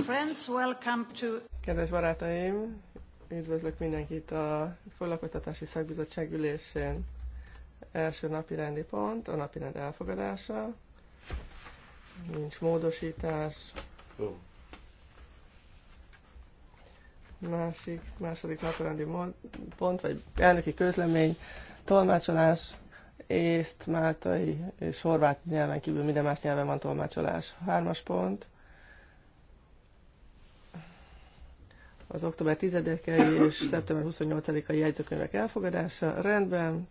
Friends, welcome to... Kedves barátaim, üdvözlök mindenkit a Foglalkoztatási Szakbizottság ülésén. Első napi rendi pont, a napi rend elfogadása. Nincs módosítás. Másik, második napi rendi pont, vagy elnöki közlemény, tolmácsolás, észt, máltai és horvát nyelven kívül minden más nyelven van tolmácsolás. Hármas pont, az október 10-i és szeptember 28-ai jegyzőkönyvek elfogadása. Rendben,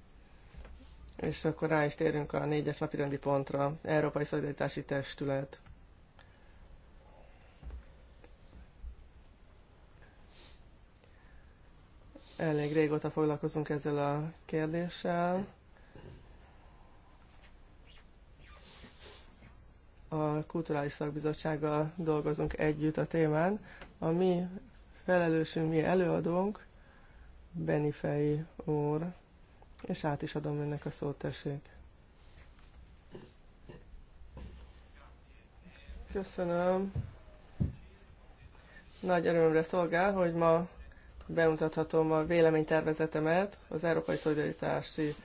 és akkor rá is térünk a négyes napi rendi pontra. Európai Szolidaritási Testület. Elég régóta foglalkozunk ezzel a kérdéssel. A Kulturális Szakbizottsággal dolgozunk együtt a témán. A mi felelősünk, mi előadónk, Benifei úr, és át is adom önnek a szót, tessék. Köszönöm. Nagy örömre szolgál, hogy ma bemutathatom a véleménytervezetemet az Európai Szolidaritási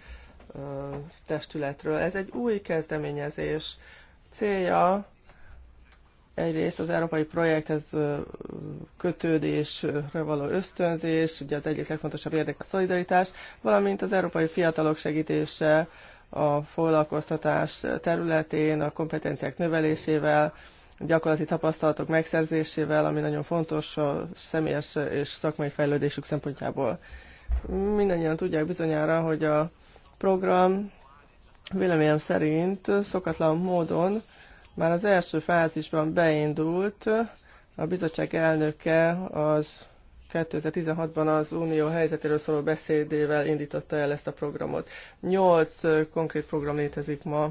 Testületről. Ez egy új kezdeményezés. Célja Egyrészt az európai projekthez kötődésre való ösztönzés, ugye az egyik legfontosabb érdek a szolidaritás, valamint az európai fiatalok segítése a foglalkoztatás területén, a kompetenciák növelésével, gyakorlati tapasztalatok megszerzésével, ami nagyon fontos a személyes és szakmai fejlődésük szempontjából. Mindannyian tudják bizonyára, hogy a program véleményem szerint szokatlan módon már az első fázisban beindult, a bizottság elnöke az 2016-ban az Unió helyzetéről szóló beszédével indította el ezt a programot. Nyolc konkrét program létezik ma.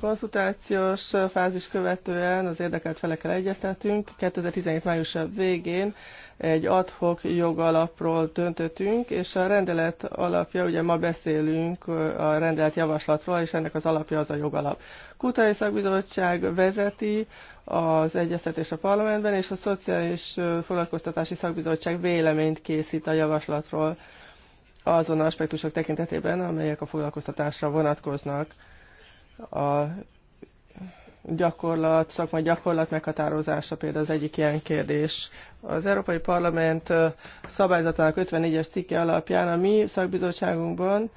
Konszultációs fázis követően az érdekelt felekkel egyeztetünk. 2017 május végén egy adhok jogalapról döntöttünk, és a rendelet alapja, ugye ma beszélünk a rendelet javaslatról, és ennek az alapja az a jogalap. Kutai Szakbizottság vezeti az egyeztetés a parlamentben, és a Szociális Foglalkoztatási Szakbizottság véleményt készít a javaslatról azon aspektusok tekintetében, amelyek a foglalkoztatásra vonatkoznak. A gyakorlat, szakmai gyakorlat meghatározása például az egyik ilyen kérdés. Az Európai Parlament szabályzatának 54-es cikke alapján a mi szakbizottságunkban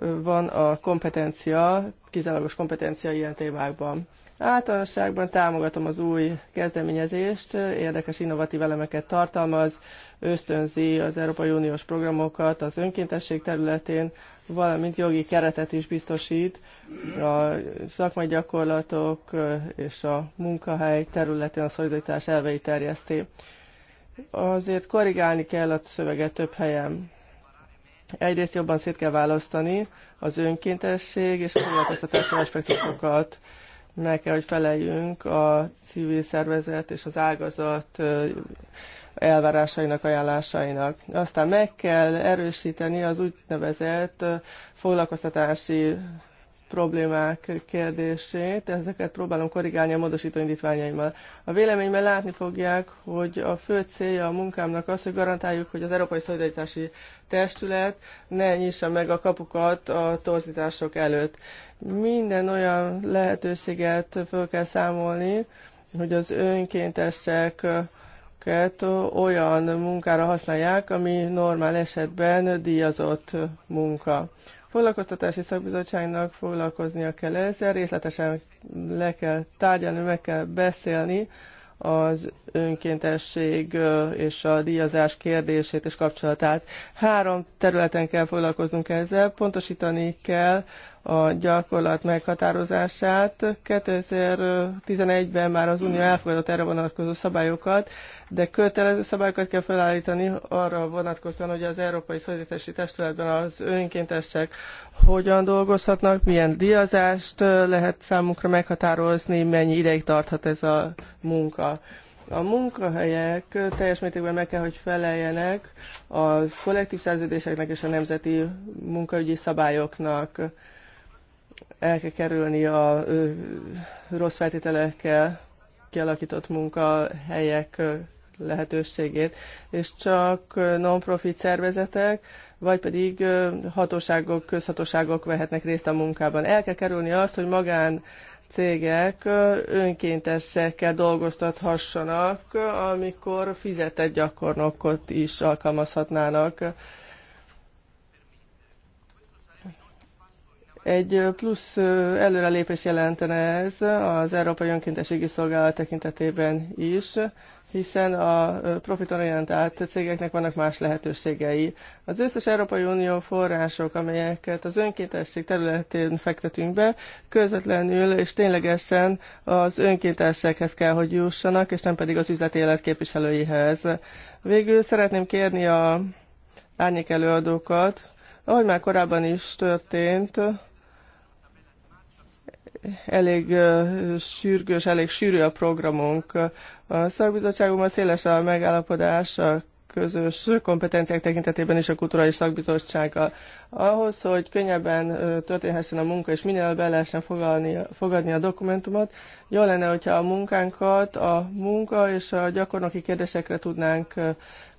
van a kompetencia, kizárólagos kompetencia ilyen témákban. Általánosságban támogatom az új kezdeményezést, érdekes innovatív elemeket tartalmaz, ösztönzi az Európai Uniós programokat az önkéntesség területén, valamint jogi keretet is biztosít a szakmai gyakorlatok és a munkahely területén a szolidaritás elveit terjeszti. Azért korrigálni kell a szöveget több helyen. Egyrészt jobban szét kell választani az önkéntesség és a foglalkoztatási aspektusokat. Meg kell, hogy feleljünk a civil szervezet és az ágazat elvárásainak, ajánlásainak. Aztán meg kell erősíteni az úgynevezett foglalkoztatási problémák kérdését, ezeket próbálom korrigálni a módosító indítványaimmal. A véleményben látni fogják, hogy a fő célja a munkámnak az, hogy garantáljuk, hogy az Európai Szolidaritási Testület ne nyissa meg a kapukat a torzítások előtt. Minden olyan lehetőséget föl kell számolni, hogy az önkéntesek olyan munkára használják, ami normál esetben díjazott munka foglalkoztatási szakbizottságnak foglalkoznia kell ezzel, részletesen le kell tárgyalni, meg kell beszélni az önkéntesség és a díjazás kérdését és kapcsolatát. Három területen kell foglalkoznunk ezzel, pontosítani kell a gyakorlat meghatározását. 2011-ben már az Unió elfogadott erre vonatkozó szabályokat, de kötelező szabályokat kell felállítani arra vonatkozóan, hogy az Európai Szolidaritási Testületben az önkéntesek hogyan dolgozhatnak, milyen díjazást lehet számukra meghatározni, mennyi ideig tarthat ez a munka. A munkahelyek teljes mértékben meg kell, hogy feleljenek a kollektív szerződéseknek és a nemzeti munkaügyi szabályoknak. El kell kerülni a rossz feltételekkel kialakított munkahelyek lehetőségét, és csak non-profit szervezetek, vagy pedig hatóságok, közhatóságok vehetnek részt a munkában. El kell kerülni azt, hogy magán cégek önkéntesekkel dolgoztathassanak, amikor fizetett gyakornokot is alkalmazhatnának Egy plusz előrelépés jelentene ez az Európai Önkéntességi Szolgálat tekintetében is, hiszen a profitorientált cégeknek vannak más lehetőségei. Az összes Európai Unió források, amelyeket az önkéntesség területén fektetünk be, közvetlenül és ténylegesen az önkéntesekhez kell, hogy jussanak, és nem pedig az üzleti élet képviselőihez. Végül szeretném kérni a árnyék előadókat, ahogy már korábban is történt, elég sürgős, elég sűrű a programunk. A szakbizottságunkban széles a megállapodás a közös kompetenciák tekintetében is a kulturális szakbizottsággal. Ahhoz, hogy könnyebben történhessen a munka, és minél be lehessen fogadni, fogadni a dokumentumot, jó lenne, hogyha a munkánkat a munka és a gyakornoki kérdésekre tudnánk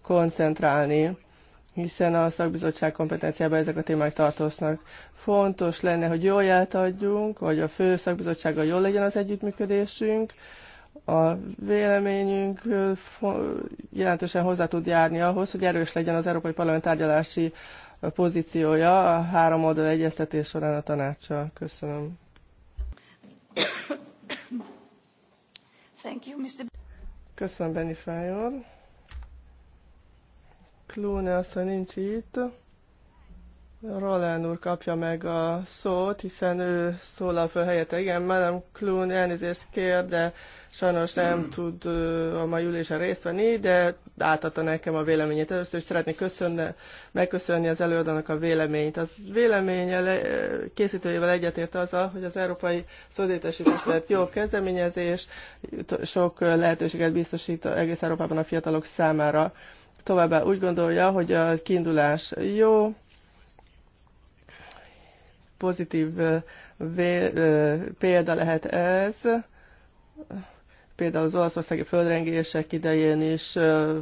koncentrálni hiszen a szakbizottság kompetenciában ezek a témák tartoznak. Fontos lenne, hogy jól átadjunk, adjunk, hogy a fő szakbizottsággal jól legyen az együttműködésünk, a véleményünk jelentősen hozzá tud járni ahhoz, hogy erős legyen az Európai Parlament tárgyalási pozíciója a három oldal egyeztetés során a tanácsa. Köszönöm. Thank you, Mr. Köszönöm, Benny Fájor. Klóne asszony nincs itt. Roland úr kapja meg a szót, hiszen ő szólal föl helyette. Igen, Madame Klun elnézést kér, de sajnos nem tud a mai ülésen részt venni, de átadta nekem a véleményét. Először is szeretnék köszönne, megköszönni az előadónak a véleményt. Az véleménye készítőjével egyetért azzal, hogy az Európai Szolidaritásítás lett jó kezdeményezés, sok lehetőséget biztosít egész Európában a fiatalok számára Továbbá úgy gondolja, hogy a kiindulás jó, pozitív példa lehet ez. Például az olaszországi földrengések idején is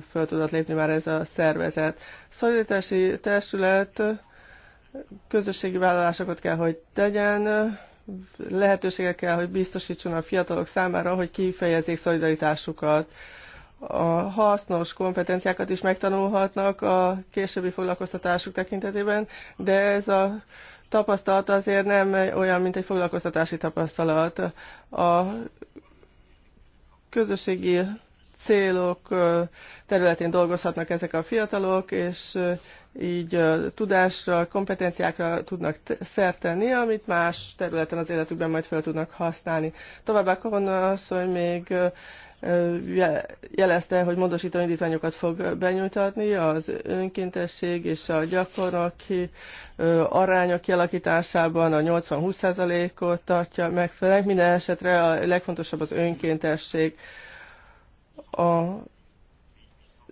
föl tudott lépni már ez a szervezet. Szolidaritási testület közösségi vállalásokat kell, hogy tegyen, lehetőséget kell, hogy biztosítson a fiatalok számára, hogy kifejezzék szolidaritásukat a hasznos kompetenciákat is megtanulhatnak a későbbi foglalkoztatásuk tekintetében, de ez a tapasztalat azért nem olyan, mint egy foglalkoztatási tapasztalat. A közösségi célok területén dolgozhatnak ezek a fiatalok, és így tudásra, kompetenciákra tudnak szert tenni, amit más területen az életükben majd fel tudnak használni. Továbbá Kavona asszony még jelezte, hogy módosító indítványokat fog benyújtatni az önkéntesség és a gyakornoki arányok kialakításában a 80-20%-ot tartja megfelelően. Minden esetre a legfontosabb az önkéntesség. A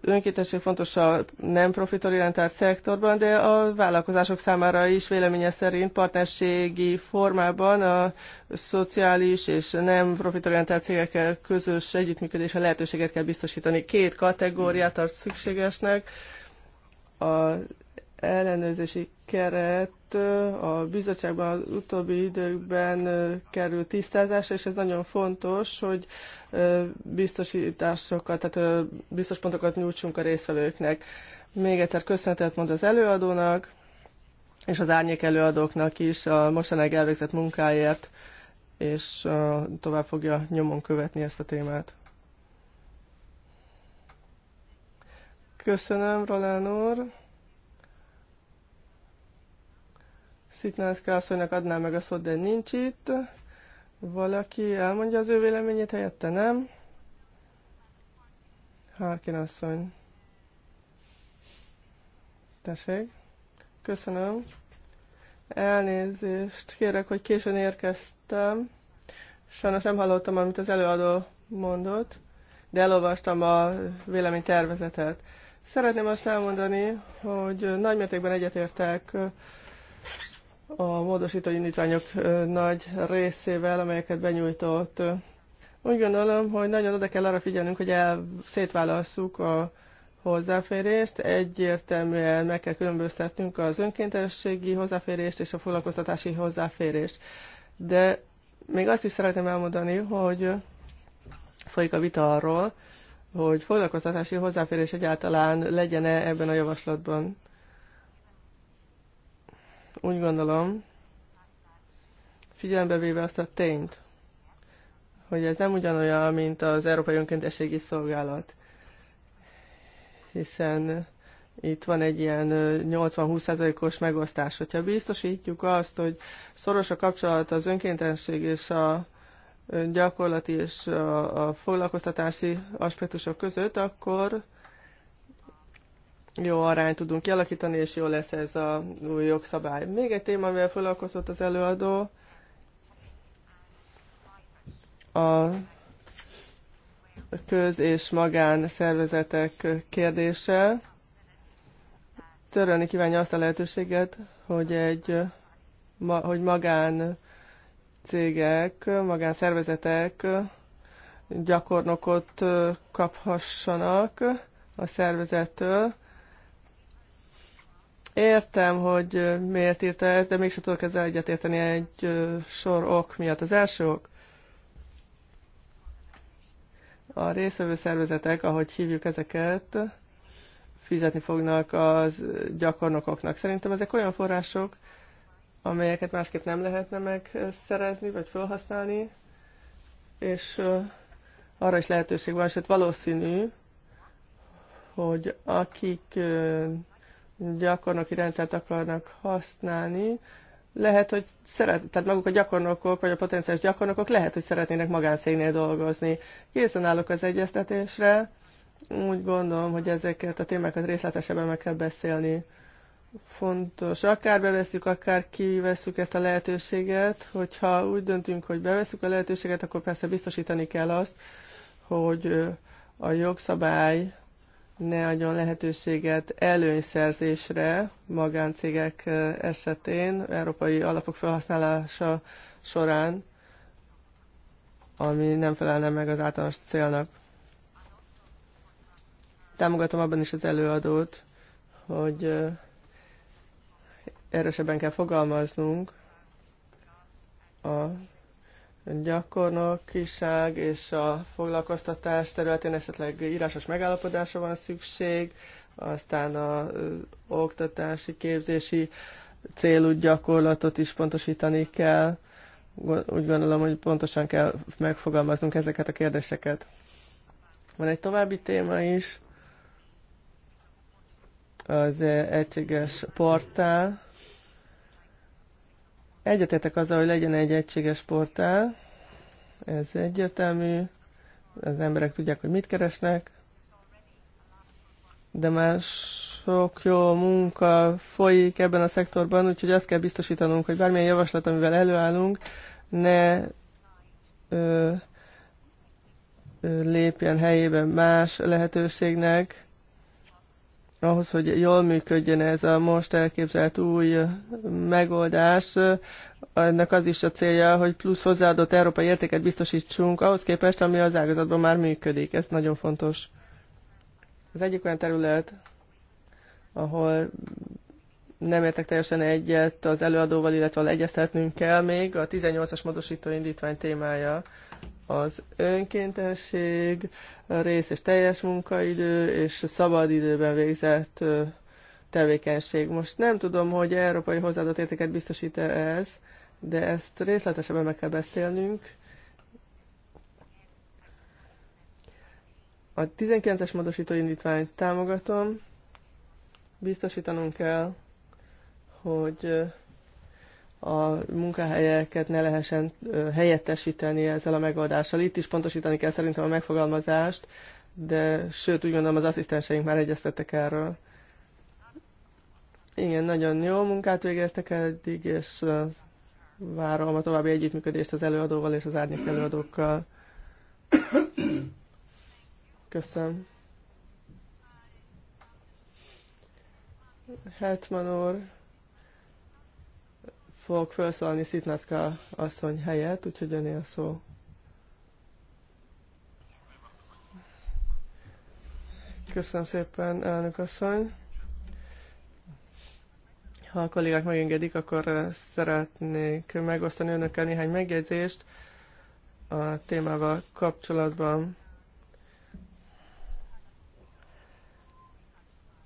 önkéntesség fontos a nem profitorientált szektorban, de a vállalkozások számára is véleménye szerint partnerségi formában a szociális és nem profitorientált cégekkel közös együttműködésre lehetőséget kell biztosítani. Két kategóriát tart szükségesnek, a ellenőrzési keret a bizottságban az utóbbi időkben kerül tisztázásra, és ez nagyon fontos, hogy biztosításokat, tehát biztos pontokat nyújtsunk a részvevőknek. Még egyszer köszönetet mond az előadónak, és az árnyék előadóknak is a mostanáig elvégzett munkáért, és tovább fogja nyomon követni ezt a témát. Köszönöm, Roland úr. Szitnánszka asszonynak adnám meg a szót, de nincs itt. Valaki elmondja az ő véleményét, helyette nem. Harkin asszony. Tessék. Köszönöm. Elnézést kérek, hogy későn érkeztem. Sajnos nem hallottam, amit az előadó mondott, de elolvastam a véleménytervezetet. Szeretném azt elmondani, hogy nagymértékben egyetértek a módosító indítványok nagy részével, amelyeket benyújtott. Úgy gondolom, hogy nagyon oda kell arra figyelnünk, hogy el, szétválasszuk a hozzáférést. Egyértelműen meg kell különböztetnünk az önkéntességi hozzáférést és a foglalkoztatási hozzáférést. De még azt is szeretném elmondani, hogy folyik a vita arról, hogy foglalkoztatási hozzáférés egyáltalán legyen-e ebben a javaslatban. Úgy gondolom, figyelembe véve azt a tényt, hogy ez nem ugyanolyan, mint az Európai Önkéntességi Szolgálat, hiszen itt van egy ilyen 80-20%-os megosztás. Hogyha biztosítjuk azt, hogy szoros a kapcsolat az önkéntesség és a gyakorlati és a, foglalkoztatási aspektusok között, akkor jó arányt tudunk kialakítani, és jó lesz ez a új jogszabály. Még egy téma, amivel foglalkozott az előadó, a köz- és magán szervezetek kérdése. Törölni kívánja azt a lehetőséget, hogy egy hogy magán cégek, magán szervezetek gyakornokot kaphassanak a szervezettől, Értem, hogy miért írta ezt, de mégsem tudok ezzel egyetérteni egy sor ok miatt. Az első ok, a részvevő szervezetek, ahogy hívjuk ezeket, fizetni fognak az gyakornokoknak. Szerintem ezek olyan források, amelyeket másképp nem lehetne megszerezni, vagy felhasználni, és arra is lehetőség van, sőt valószínű, hogy akik gyakornoki rendszert akarnak használni, lehet, hogy szeret, tehát maguk a gyakornokok, vagy a potenciális gyakornokok lehet, hogy szeretnének magáncégnél dolgozni. Készen állok az egyeztetésre, úgy gondolom, hogy ezeket a témákat részletesebben meg kell beszélni. Fontos, akár beveszük, akár kiveszük ezt a lehetőséget, hogyha úgy döntünk, hogy beveszük a lehetőséget, akkor persze biztosítani kell azt, hogy a jogszabály ne adjon lehetőséget előnyszerzésre magáncégek esetén, európai alapok felhasználása során, ami nem felelne meg az általános célnak. Támogatom abban is az előadót, hogy erősebben kell fogalmaznunk a gyakornokiság és a foglalkoztatás területén esetleg írásos megállapodásra van szükség, aztán a oktatási, képzési célú gyakorlatot is pontosítani kell. Úgy gondolom, hogy pontosan kell megfogalmaznunk ezeket a kérdéseket. Van egy további téma is, az egységes portál, Egyetetek azzal, hogy legyen egy egységes portál, ez egyértelmű, az emberek tudják, hogy mit keresnek, de már sok jó munka folyik ebben a szektorban, úgyhogy azt kell biztosítanunk, hogy bármilyen javaslat, amivel előállunk, ne ö, lépjen helyébe más lehetőségnek, ahhoz, hogy jól működjön ez a most elképzelt új megoldás, ennek az is a célja, hogy plusz hozzáadott európai értéket biztosítsunk ahhoz képest, ami az ágazatban már működik. Ez nagyon fontos. Az egyik olyan terület, ahol nem értek teljesen egyet az előadóval, illetve egyeztetnünk kell még, a 18-as módosító indítvány témája az önkéntesség, rész és teljes munkaidő és szabadidőben végzett tevékenység. Most nem tudom, hogy európai hozzáadott értéket biztosít-e ez, de ezt részletesebben meg kell beszélnünk. A 19-es módosító indítványt támogatom. Biztosítanunk kell, hogy a munkahelyeket ne lehessen helyettesíteni ezzel a megoldással. Itt is pontosítani kell szerintem a megfogalmazást, de sőt úgy gondolom az asszisztenseink már egyeztettek erről. Igen, nagyon jó munkát végeztek eddig, és várom a további együttműködést az előadóval és az árnyék előadókkal. Köszönöm. Hetman úr fogok felszólalni Szitnászka asszony helyett, úgyhogy öné a szó. Köszönöm szépen, elnök asszony. Ha a kollégák megengedik, akkor szeretnék megosztani önökkel néhány megjegyzést a témával kapcsolatban.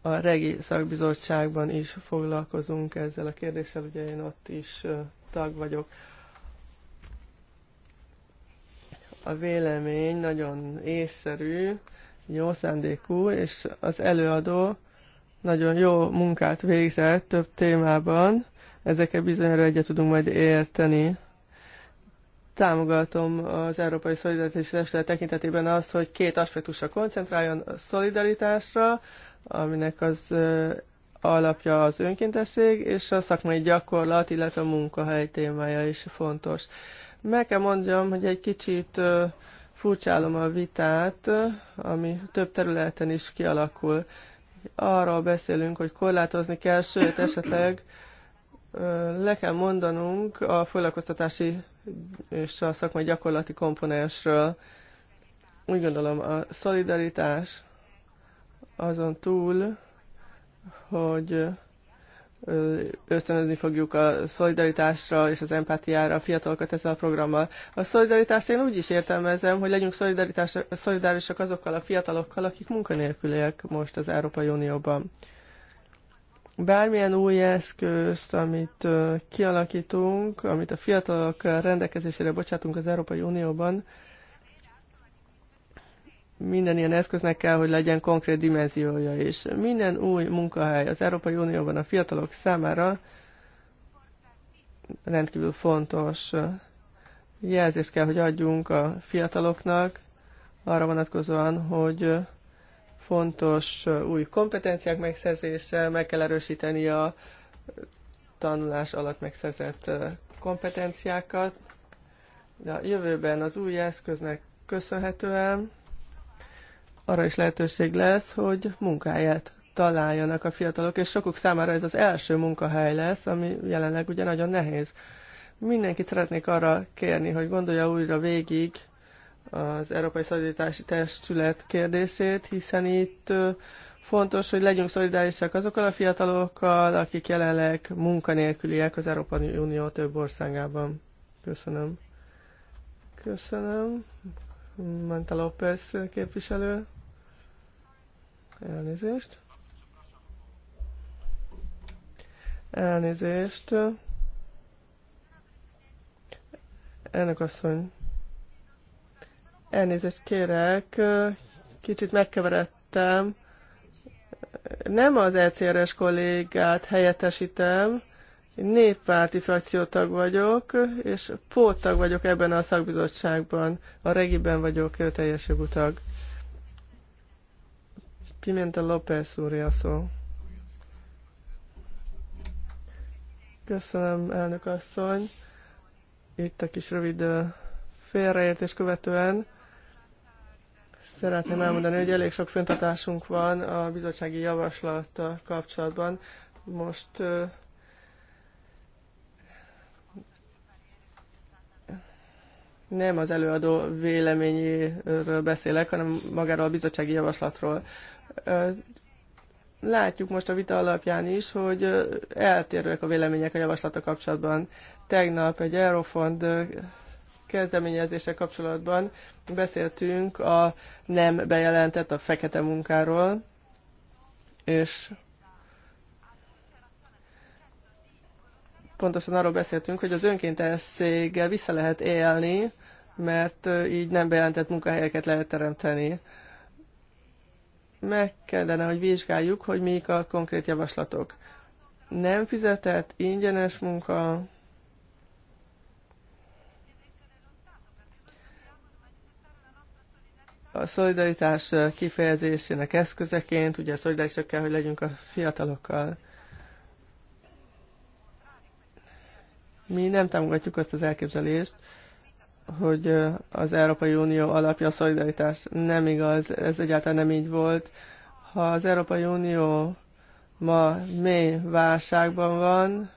a regi szakbizottságban is foglalkozunk ezzel a kérdéssel, ugye én ott is tag vagyok. A vélemény nagyon észszerű, jó szándékú, és az előadó nagyon jó munkát végzett több témában, ezeket bizonyára egyet tudunk majd érteni. Támogatom az Európai Szolidaritási Testület tekintetében azt, hogy két aspektusra koncentráljon, a szolidaritásra, aminek az alapja az önkéntesség, és a szakmai gyakorlat, illetve a munkahely témája is fontos. Meg kell mondjam, hogy egy kicsit furcsálom a vitát, ami több területen is kialakul. Arról beszélünk, hogy korlátozni kell, sőt, esetleg le kell mondanunk a foglalkoztatási és a szakmai gyakorlati komponensről. Úgy gondolom, a szolidaritás, azon túl, hogy ösztönözni fogjuk a szolidaritásra és az empátiára a fiatalokat ezzel a programmal. A szolidaritást én úgy is értelmezem, hogy legyünk szolidárisak azokkal a fiatalokkal, akik munkanélküliek most az Európai Unióban. Bármilyen új eszközt, amit kialakítunk, amit a fiatalok rendelkezésére bocsátunk az Európai Unióban, minden ilyen eszköznek kell, hogy legyen konkrét dimenziója és Minden új munkahely az Európai Unióban a fiatalok számára rendkívül fontos jelzést kell, hogy adjunk a fiataloknak arra vonatkozóan, hogy fontos új kompetenciák megszerzése, meg kell erősíteni a tanulás alatt megszerzett kompetenciákat. De a jövőben az új eszköznek köszönhetően arra is lehetőség lesz, hogy munkáját találjanak a fiatalok, és sokuk számára ez az első munkahely lesz, ami jelenleg ugye nagyon nehéz. Mindenkit szeretnék arra kérni, hogy gondolja újra végig az Európai Szolidaritási Testület kérdését, hiszen itt fontos, hogy legyünk szolidárisak azokkal a fiatalokkal, akik jelenleg munkanélküliek az Európai Unió több országában. Köszönöm. Köszönöm. Manta López képviselő. Elnézést. Elnézést. Elnök asszony. Elnézést kérek. Kicsit megkeveredtem. Nem az ECRS kollégát helyettesítem, néppárti frakciótag vagyok, és póttag vagyok ebben a szakbizottságban. A regiben vagyok teljes jogú tag. Pimenta López úr, szó. Köszönöm, elnök asszony. Itt a kis rövid félreértés követően szeretném elmondani, hogy elég sok föntatásunk van a bizottsági javaslattal kapcsolatban. Most nem az előadó véleményéről beszélek, hanem magáról a bizottsági javaslatról látjuk most a vita alapján is, hogy eltérőek a vélemények a javaslata kapcsolatban. Tegnap egy Eurofond kezdeményezése kapcsolatban beszéltünk a nem bejelentett, a fekete munkáról, és pontosan arról beszéltünk, hogy az önkéntességgel vissza lehet élni, mert így nem bejelentett munkahelyeket lehet teremteni meg kellene, hogy vizsgáljuk, hogy mik a konkrét javaslatok. Nem fizetett, ingyenes munka, a szolidaritás kifejezésének eszközeként, ugye szolidaritások kell, hogy legyünk a fiatalokkal. Mi nem támogatjuk azt az elképzelést, hogy az Európai Unió alapja a szolidaritás. Nem igaz, ez egyáltalán nem így volt. Ha az Európai Unió ma mély válságban van,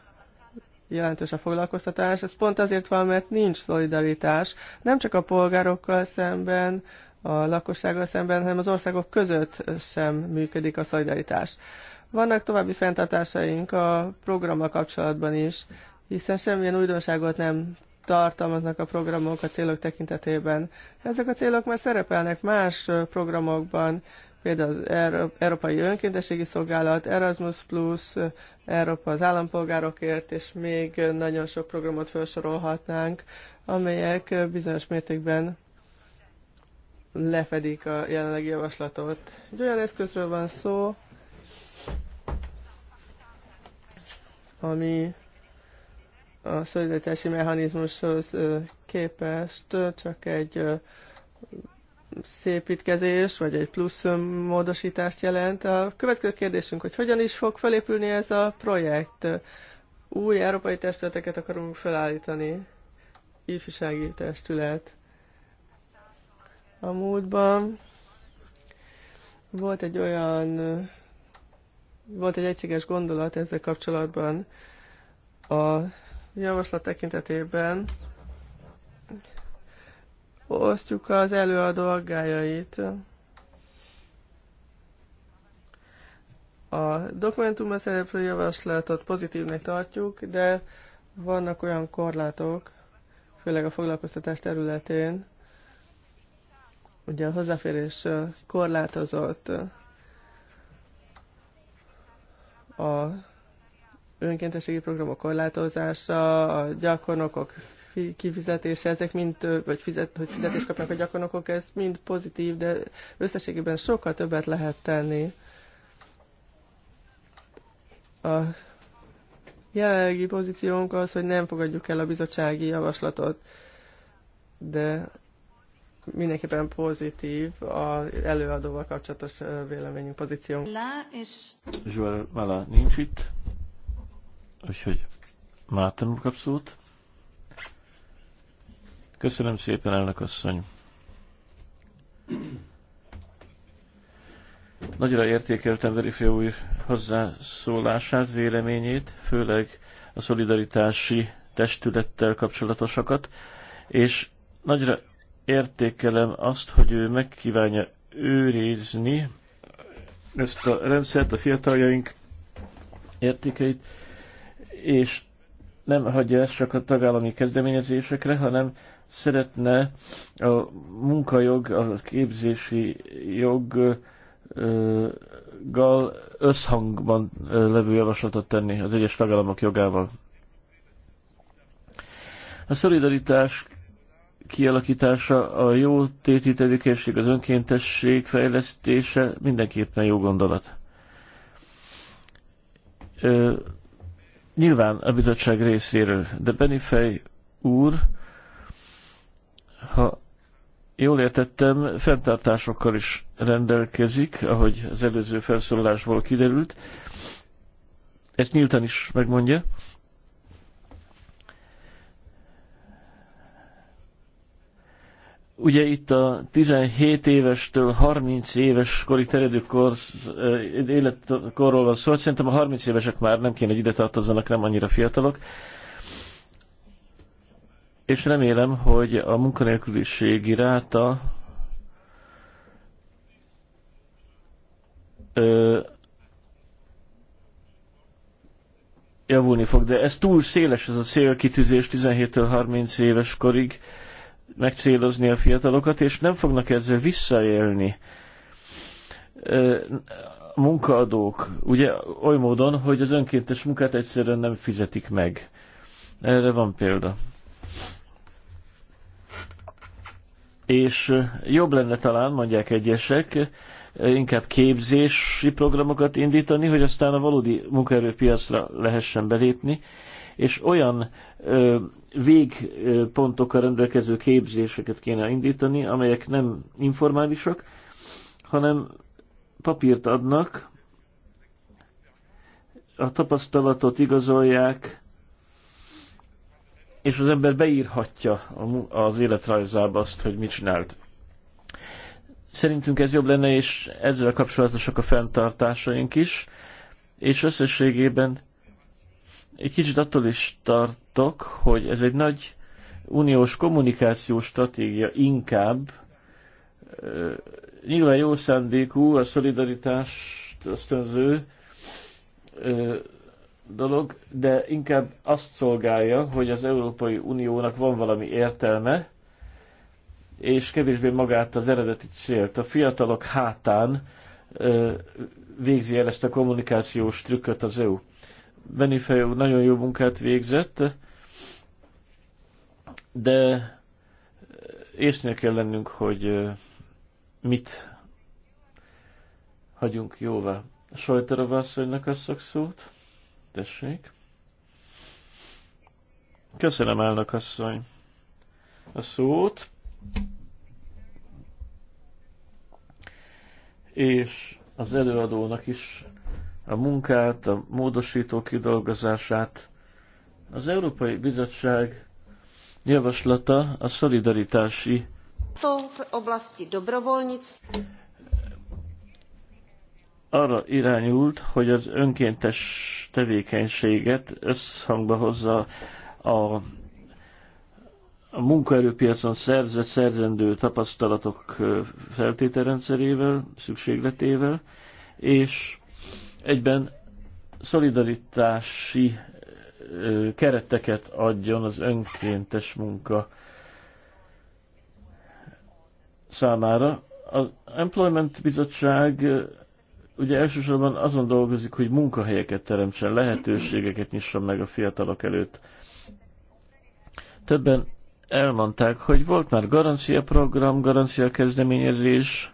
jelentős a foglalkoztatás, ez pont azért van, mert nincs szolidaritás, nem csak a polgárokkal szemben, a lakossággal szemben, hanem az országok között sem működik a szolidaritás. Vannak további fenntartásaink a programmal kapcsolatban is, hiszen semmilyen újdonságot nem tartalmaznak a programok a célok tekintetében. Ezek a célok már szerepelnek más programokban, például az Európai Önkéntességi Szolgálat, Erasmus Plus, Európa az állampolgárokért, és még nagyon sok programot felsorolhatnánk, amelyek bizonyos mértékben lefedik a jelenlegi javaslatot. Egy olyan eszközről van szó, ami a szolidaritási mechanizmushoz képest csak egy szépítkezés, vagy egy plusz módosítást jelent. A következő kérdésünk, hogy hogyan is fog felépülni ez a projekt? Új európai testületeket akarunk felállítani, ifjúsági testület. A múltban volt egy olyan, volt egy egységes gondolat ezzel kapcsolatban, a javaslat tekintetében osztjuk az előadó aggájait. A dokumentumban szereplő javaslatot pozitívnek tartjuk, de vannak olyan korlátok, főleg a foglalkoztatás területén, ugye a hozzáférés korlátozott a önkéntességi programok korlátozása, a gyakornokok kifizetése, ezek mind, vagy fizet, hogy fizetést kapnak a gyakornokok, ez mind pozitív, de összességében sokkal többet lehet tenni. A jelenlegi pozíciónk az, hogy nem fogadjuk el a bizottsági javaslatot, de mindenképpen pozitív az előadóval kapcsolatos véleményünk, pozíciónk. Zsuvala nincs itt. Úgyhogy Márton úr kap Köszönöm szépen, elnök asszony. Nagyra értékeltem Verifé úr hozzászólását, véleményét, főleg a szolidaritási testülettel kapcsolatosakat, és nagyra értékelem azt, hogy ő megkívánja őrizni ezt a rendszert, a fiataljaink értékeit, és nem hagyja ezt csak a tagállami kezdeményezésekre, hanem szeretne a munkajog, a képzési joggal összhangban levő javaslatot tenni az egyes tagállamok jogával. A szolidaritás kialakítása, a jó téti tevékenység, az önkéntesség fejlesztése mindenképpen jó gondolat Nyilván a bizottság részéről, de Benifej úr, ha jól értettem, fenntartásokkal is rendelkezik, ahogy az előző felszólalásból kiderült. Ezt nyíltan is megmondja. Ugye itt a 17 évestől 30 éves korig terjedő életkorról van szó, hát szerintem a 30 évesek már nem kéne, hogy ide tartozzanak, nem annyira fiatalok. És remélem, hogy a munkanélküliségi ráta ö, javulni fog, de ez túl széles ez a célkitűzés 17-től 30 éves korig. Ö, megcélozni a fiatalokat, és nem fognak ezzel visszaélni munkaadók, ugye oly módon, hogy az önkéntes munkát egyszerűen nem fizetik meg. Erre van példa. És jobb lenne talán, mondják egyesek, inkább képzési programokat indítani, hogy aztán a valódi munkaerőpiacra lehessen belépni, és olyan ö, végpontokkal rendelkező képzéseket kéne indítani, amelyek nem informálisak, hanem papírt adnak, a tapasztalatot igazolják, és az ember beírhatja az életrajzába azt, hogy mit csinált. Szerintünk ez jobb lenne, és ezzel kapcsolatosak a fenntartásaink is, és összességében egy kicsit attól is tart, láttak, hogy ez egy nagy uniós kommunikációs stratégia inkább. Nyilván jó szándékú, a szolidaritást ösztönző dolog, de inkább azt szolgálja, hogy az Európai Uniónak van valami értelme, és kevésbé magát az eredeti célt. A fiatalok hátán ö, végzi el ezt a kommunikációs trükköt az EU. Benifejó nagyon jó munkát végzett, de eh, észnél kell lennünk, hogy eh, mit hagyunk jóvá. Sajterova asszonynak a szakszót, Tessék. Köszönöm, elnök asszony, a szót. És az előadónak is a munkát, a módosító kidolgozását. Az Európai Bizottság javaslata a szolidaritási arra irányult, hogy az önkéntes tevékenységet összhangba hozza a a munkaerőpiacon szerzett, szerzendő tapasztalatok feltételrendszerével, szükségletével, és egyben szolidaritási kereteket adjon az önkéntes munka számára. Az Employment Bizottság ugye elsősorban azon dolgozik, hogy munkahelyeket teremtsen, lehetőségeket nyisson meg a fiatalok előtt. Többen elmondták, hogy volt már garancia program, garancia kezdeményezés,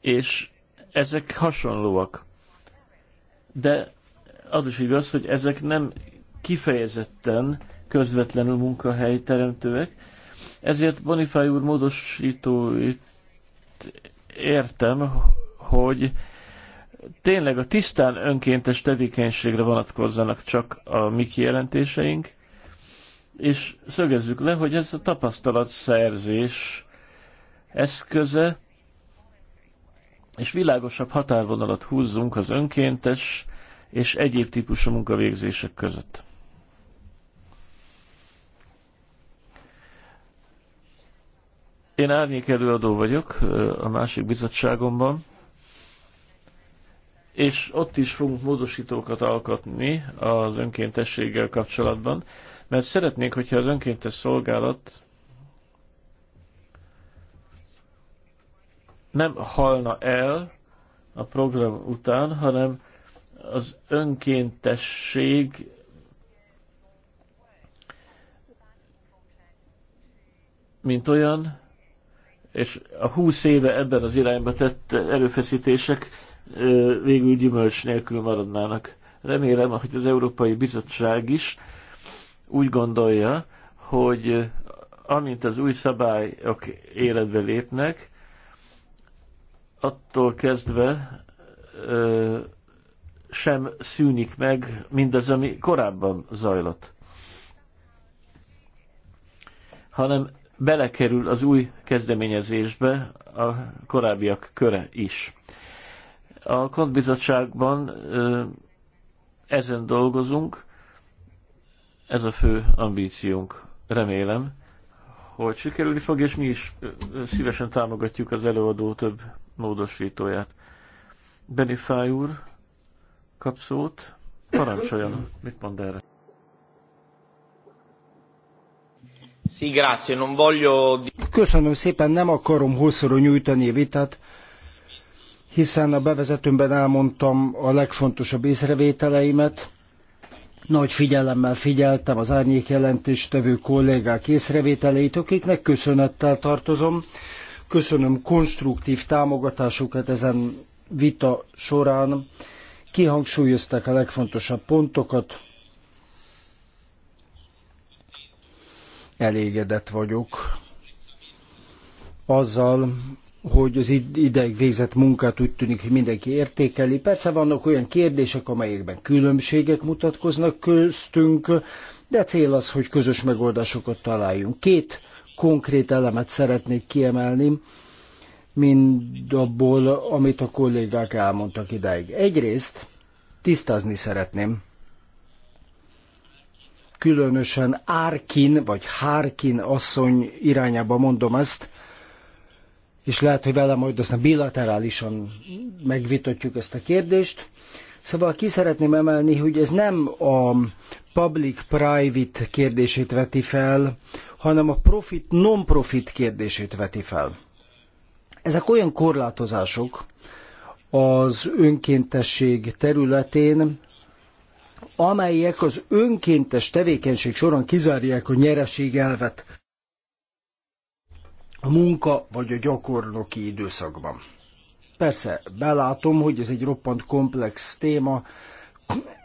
és ezek hasonlóak de az is igaz, hogy ezek nem kifejezetten közvetlenül munkahely teremtőek, ezért Bonifáj úr módosítóit értem, hogy tényleg a tisztán önkéntes tevékenységre vonatkozzanak csak a mi kijelentéseink, és szögezzük le, hogy ez a tapasztalatszerzés eszköze, és világosabb határvonalat húzzunk az önkéntes és egyéb típusú munkavégzések között. Én árnyék előadó vagyok a másik bizottságomban, és ott is fogunk módosítókat alkotni az önkéntességgel kapcsolatban, mert szeretnénk, hogyha az önkéntes szolgálat nem halna el a program után, hanem az önkéntesség mint olyan, és a húsz éve ebben az irányba tett erőfeszítések végül gyümölcs nélkül maradnának. Remélem, hogy az Európai Bizottság is úgy gondolja, hogy amint az új szabályok életbe lépnek, attól kezdve ö, sem szűnik meg mindaz, ami korábban zajlott, hanem belekerül az új kezdeményezésbe a korábbiak köre is. A kontbizottságban ö, ezen dolgozunk, ez a fő ambíciónk, remélem, hogy sikerülni fog, és mi is szívesen támogatjuk az előadó több módosítóját. Benifáj úr kap szót. Parancsoljon, mit mond erre? Sì, grazie, non voglio... Köszönöm szépen, nem akarom hosszúra nyújtani a vitát, hiszen a bevezetőmben elmondtam a legfontosabb észrevételeimet. Nagy figyelemmel figyeltem az árnyék jelentéstevő kollégák észrevételeit, akiknek köszönettel tartozom Köszönöm konstruktív támogatásukat ezen vita során. Kihangsúlyozták a legfontosabb pontokat. Elégedett vagyok azzal, hogy az ideig végzett munkát úgy tűnik, hogy mindenki értékeli. Persze vannak olyan kérdések, amelyekben különbségek mutatkoznak köztünk, de cél az, hogy közös megoldásokat találjunk. Két konkrét elemet szeretnék kiemelni, mind abból, amit a kollégák elmondtak idáig. Egyrészt tisztázni szeretném, különösen Árkin vagy Hárkin asszony irányába mondom ezt, és lehet, hogy vele majd aztán bilaterálisan megvitatjuk ezt a kérdést. Szóval ki szeretném emelni, hogy ez nem a public-private kérdését veti fel, hanem a profit non-profit kérdését veti fel. Ezek olyan korlátozások az önkéntesség területén, amelyek az önkéntes tevékenység során kizárják a nyereség elvet a munka vagy a gyakornoki időszakban. Persze, belátom, hogy ez egy roppant komplex téma.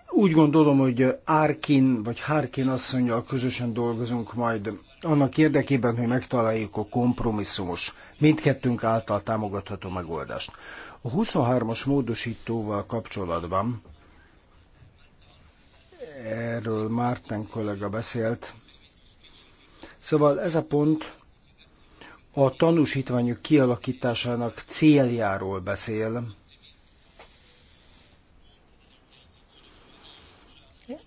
Úgy gondolom, hogy Árkin vagy Harkin asszonyjal közösen dolgozunk majd annak érdekében, hogy megtaláljuk a kompromisszumos, mindkettőnk által támogatható megoldást. A 23-as módosítóval kapcsolatban, erről Márten kollega beszélt, szóval ez a pont a tanúsítványok kialakításának céljáról beszél,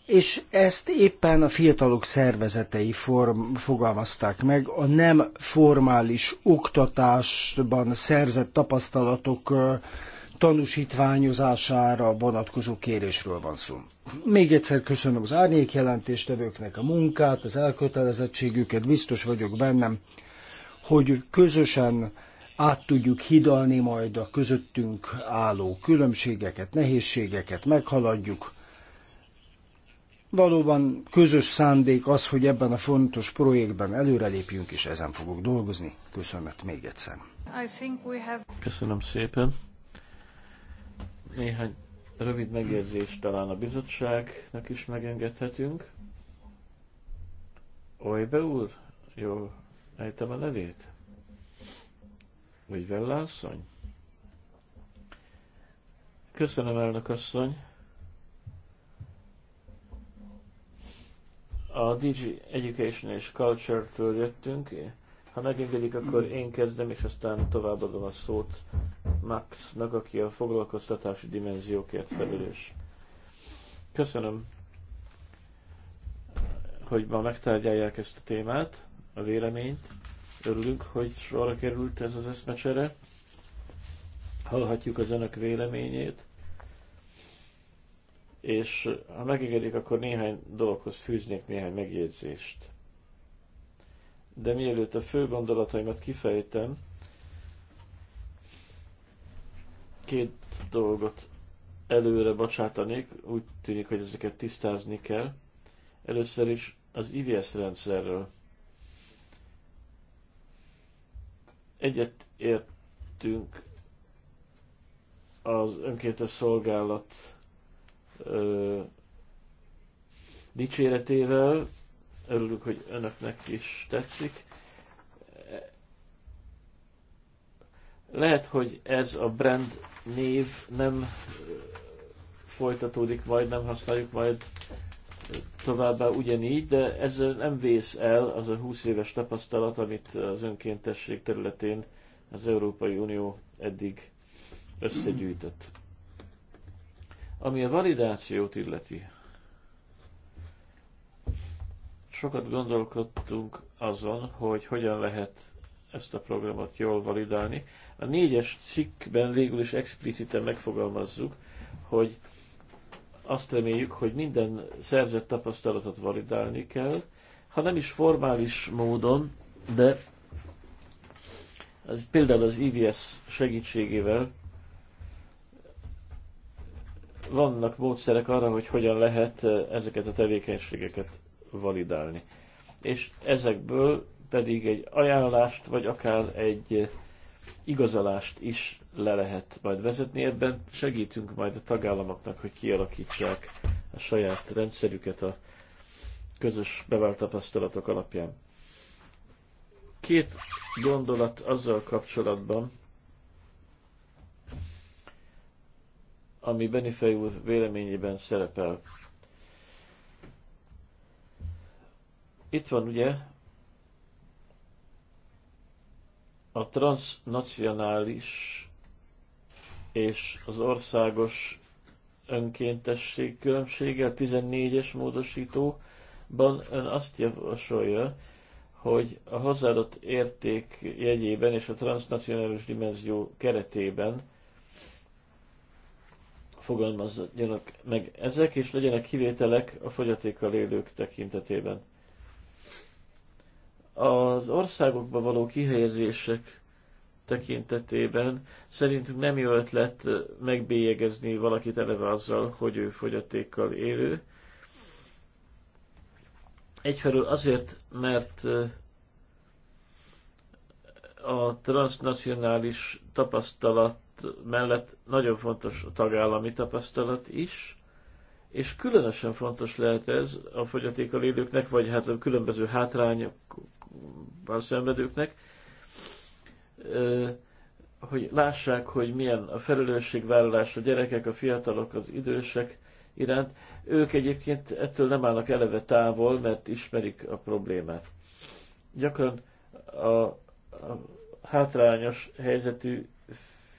és ezt éppen a fiatalok szervezetei form, fogalmazták meg, a nem formális oktatásban szerzett tapasztalatok tanúsítványozására vonatkozó kérésről van szó. Még egyszer köszönöm az árnyék jelentéstevőknek a munkát, az elkötelezettségüket, biztos vagyok bennem, hogy közösen át tudjuk hidalni majd a közöttünk álló különbségeket, nehézségeket, meghaladjuk, Valóban közös szándék az, hogy ebben a fontos projektben előrelépjünk, és ezen fogok dolgozni. Köszönöm még egyszer. Köszönöm szépen. Néhány rövid megjegyzést talán a bizottságnak is megengedhetünk. Ojbe úr? Jó, ejtem a nevét? Vagy asszony. Köszönöm, elnök asszony. A DG Education és Culture-től jöttünk. Ha megengedik, akkor én kezdem, és aztán továbbadom a szót Maxnak, aki a foglalkoztatási dimenziókért felelős. Köszönöm, hogy ma megtárgyalják ezt a témát, a véleményt. Örülünk, hogy sorra került ez az eszmecsere. Hallhatjuk az önök véleményét és ha megengedik, akkor néhány dologhoz fűznék néhány megjegyzést. De mielőtt a fő gondolataimat kifejtem, két dolgot előre bocsátanék, úgy tűnik, hogy ezeket tisztázni kell. Először is az IVS rendszerről. Egyet értünk az önkéntes szolgálat ö, dicséretével. Örülök, hogy önöknek is tetszik. Lehet, hogy ez a brand név nem folytatódik majd, nem használjuk majd továbbá ugyanígy, de ez nem vész el az a 20 éves tapasztalat, amit az önkéntesség területén az Európai Unió eddig összegyűjtött. Ami a validációt illeti, sokat gondolkodtunk azon, hogy hogyan lehet ezt a programot jól validálni. A négyes cikkben végül is expliciten megfogalmazzuk, hogy azt reméljük, hogy minden szerzett tapasztalatot validálni kell, ha nem is formális módon, de az, például az IVS segítségével vannak módszerek arra, hogy hogyan lehet ezeket a tevékenységeket validálni. És ezekből pedig egy ajánlást, vagy akár egy igazolást is le lehet majd vezetni. Ebben segítünk majd a tagállamoknak, hogy kialakítsák a saját rendszerüket a közös bevált tapasztalatok alapján. Két gondolat azzal kapcsolatban, ami Benifei úr véleményében szerepel. Itt van ugye a transnacionális és az országos önkéntesség különbsége, a 14-es módosítóban ön azt javasolja, hogy a hozzáadott érték jegyében és a transnacionális dimenzió keretében fogalmazjanak meg ezek, és legyenek kivételek a fogyatékkal élők tekintetében. Az országokba való kihelyezések tekintetében szerintünk nem jó ötlet megbélyegezni valakit eleve azzal, hogy ő fogyatékkal élő. Egyfelől azért, mert a transnacionális tapasztalat mellett nagyon fontos a tagállami tapasztalat is, és különösen fontos lehet ez a fogyatékkal élőknek, vagy hát a különböző hátrányokban szenvedőknek, hogy lássák, hogy milyen a felelősségvállalás a gyerekek, a fiatalok, az idősek iránt. Ők egyébként ettől nem állnak eleve távol, mert ismerik a problémát. Gyakran a, a hátrányos helyzetű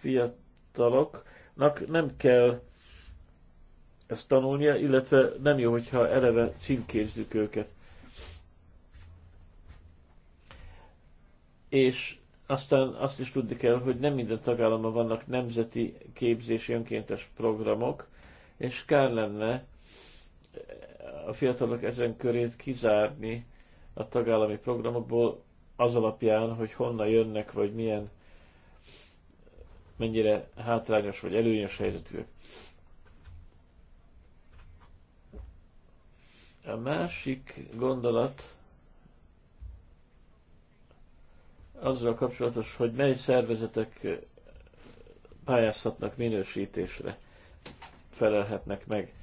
fiataloknak nem kell ezt tanulnia, illetve nem jó, hogyha eleve címkézzük őket. És aztán azt is tudni kell, hogy nem minden tagállamban vannak nemzeti képzési önkéntes programok, és kár lenne a fiatalok ezen körét kizárni a tagállami programokból az alapján, hogy honnan jönnek, vagy milyen mennyire hátrányos vagy előnyös helyzetűek. A másik gondolat azzal kapcsolatos, hogy mely szervezetek pályázhatnak minősítésre, felelhetnek meg.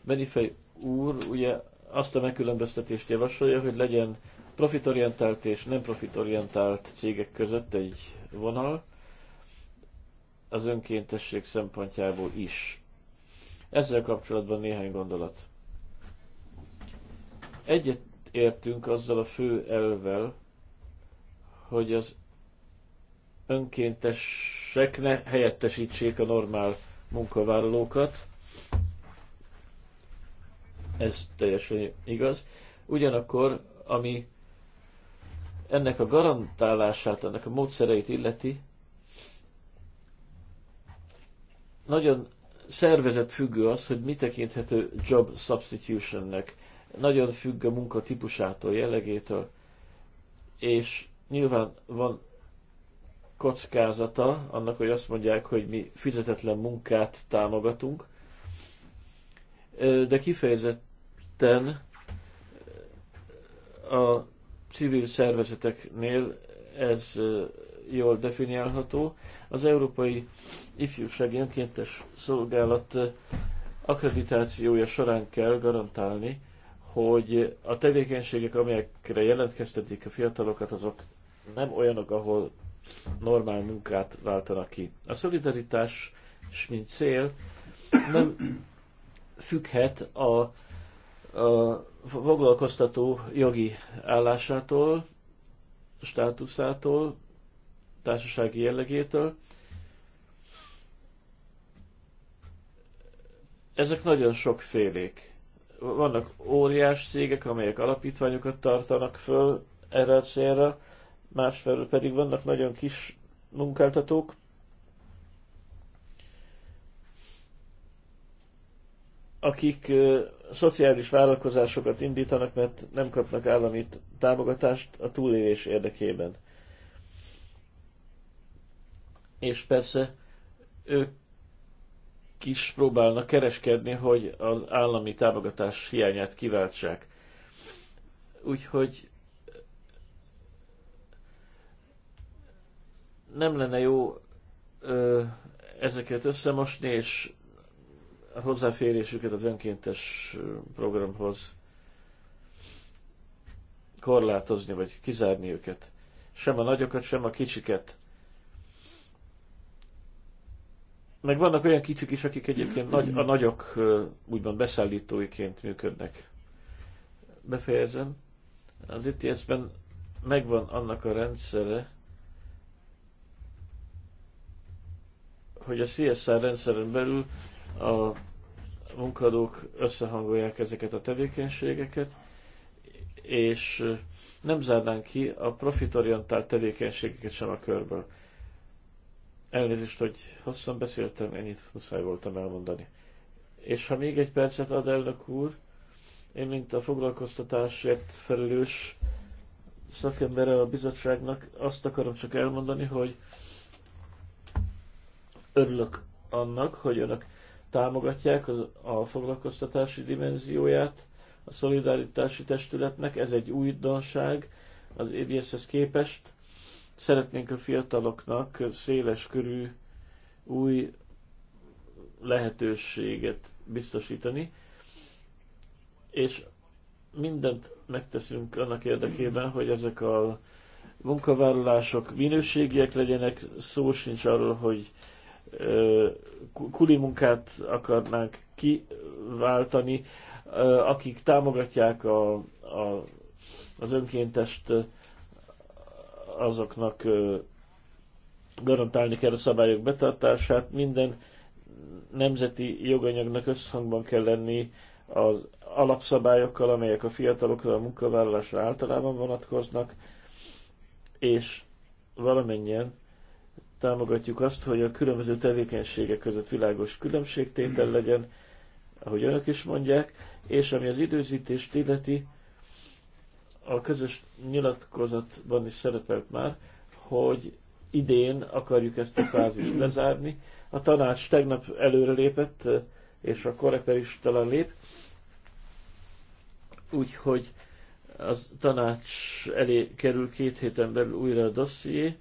Menifej úr ugye azt a megkülönböztetést javasolja, hogy legyen profitorientált és nem profitorientált cégek között egy vonal, az önkéntesség szempontjából is. Ezzel kapcsolatban néhány gondolat. Egyet értünk azzal a fő elvel, hogy az önkéntesek ne helyettesítsék a normál munkavállalókat. Ez teljesen igaz. Ugyanakkor, ami ennek a garantálását, ennek a módszereit illeti, Nagyon szervezet függő az, hogy mi tekinthető job substitutionnek. Nagyon függ a munka típusától, jellegétől, és nyilván van kockázata annak, hogy azt mondják, hogy mi fizetetlen munkát támogatunk, de kifejezetten a civil szervezeteknél ez jól definiálható. Az Európai Ifjúsági Önkéntes Szolgálat eh, akkreditációja során kell garantálni, hogy a tevékenységek, amelyekre jelentkeztetik a fiatalokat, azok nem olyanok, ahol normál munkát váltanak ki. A szolidaritás, mint cél, nem függhet a, a foglalkoztató jogi állásától, státuszától, társasági jellegétől. Ezek nagyon sokfélék. Vannak óriás cégek, amelyek alapítványokat tartanak föl erre a célra, másfelől pedig vannak nagyon kis munkáltatók, akik ö, szociális vállalkozásokat indítanak, mert nem kapnak állami támogatást a túlélés érdekében és persze ők is próbálnak kereskedni, hogy az állami támogatás hiányát kiváltsák. Úgyhogy nem lenne jó ö, ezeket összemosni, és a hozzáférésüket az önkéntes programhoz korlátozni, vagy kizárni őket. Sem a nagyokat, sem a kicsiket. meg vannak olyan kicsik is, akik egyébként nagy, a nagyok úgymond beszállítóiként működnek. Befejezem. Az ITS-ben e megvan annak a rendszere, hogy a CSR rendszeren belül a munkadók összehangolják ezeket a tevékenységeket, és nem zárnánk ki a profitorientált tevékenységeket sem a körből. Elnézést, hogy hosszan beszéltem, ennyit muszáj voltam elmondani. És ha még egy percet ad elnök úr, én, mint a foglalkoztatásért felelős szakembere a bizottságnak, azt akarom csak elmondani, hogy örülök annak, hogy önök támogatják az, a foglalkoztatási dimenzióját a szolidaritási testületnek. Ez egy újdonság az EBS-hez képest Szeretnénk a fiataloknak széles körű új lehetőséget biztosítani, és mindent megteszünk annak érdekében, hogy ezek a munkavállalások minőségiek legyenek, szó sincs arról, hogy kuli munkát akarnánk kiváltani, akik támogatják a, a, az önkéntest, azoknak garantálni kell a szabályok betartását, minden nemzeti joganyagnak összhangban kell lenni az alapszabályokkal, amelyek a fiatalokra, a munkavállalásra általában vonatkoznak, és valamennyien támogatjuk azt, hogy a különböző tevékenységek között világos különbségtétel legyen, ahogy önök is mondják, és ami az időzítést illeti, a közös nyilatkozatban is szerepelt már, hogy idén akarjuk ezt a fázist lezárni. A tanács tegnap előrelépett, és a koreper is talán lép. Úgyhogy az tanács elé kerül két héten belül újra a dosszié,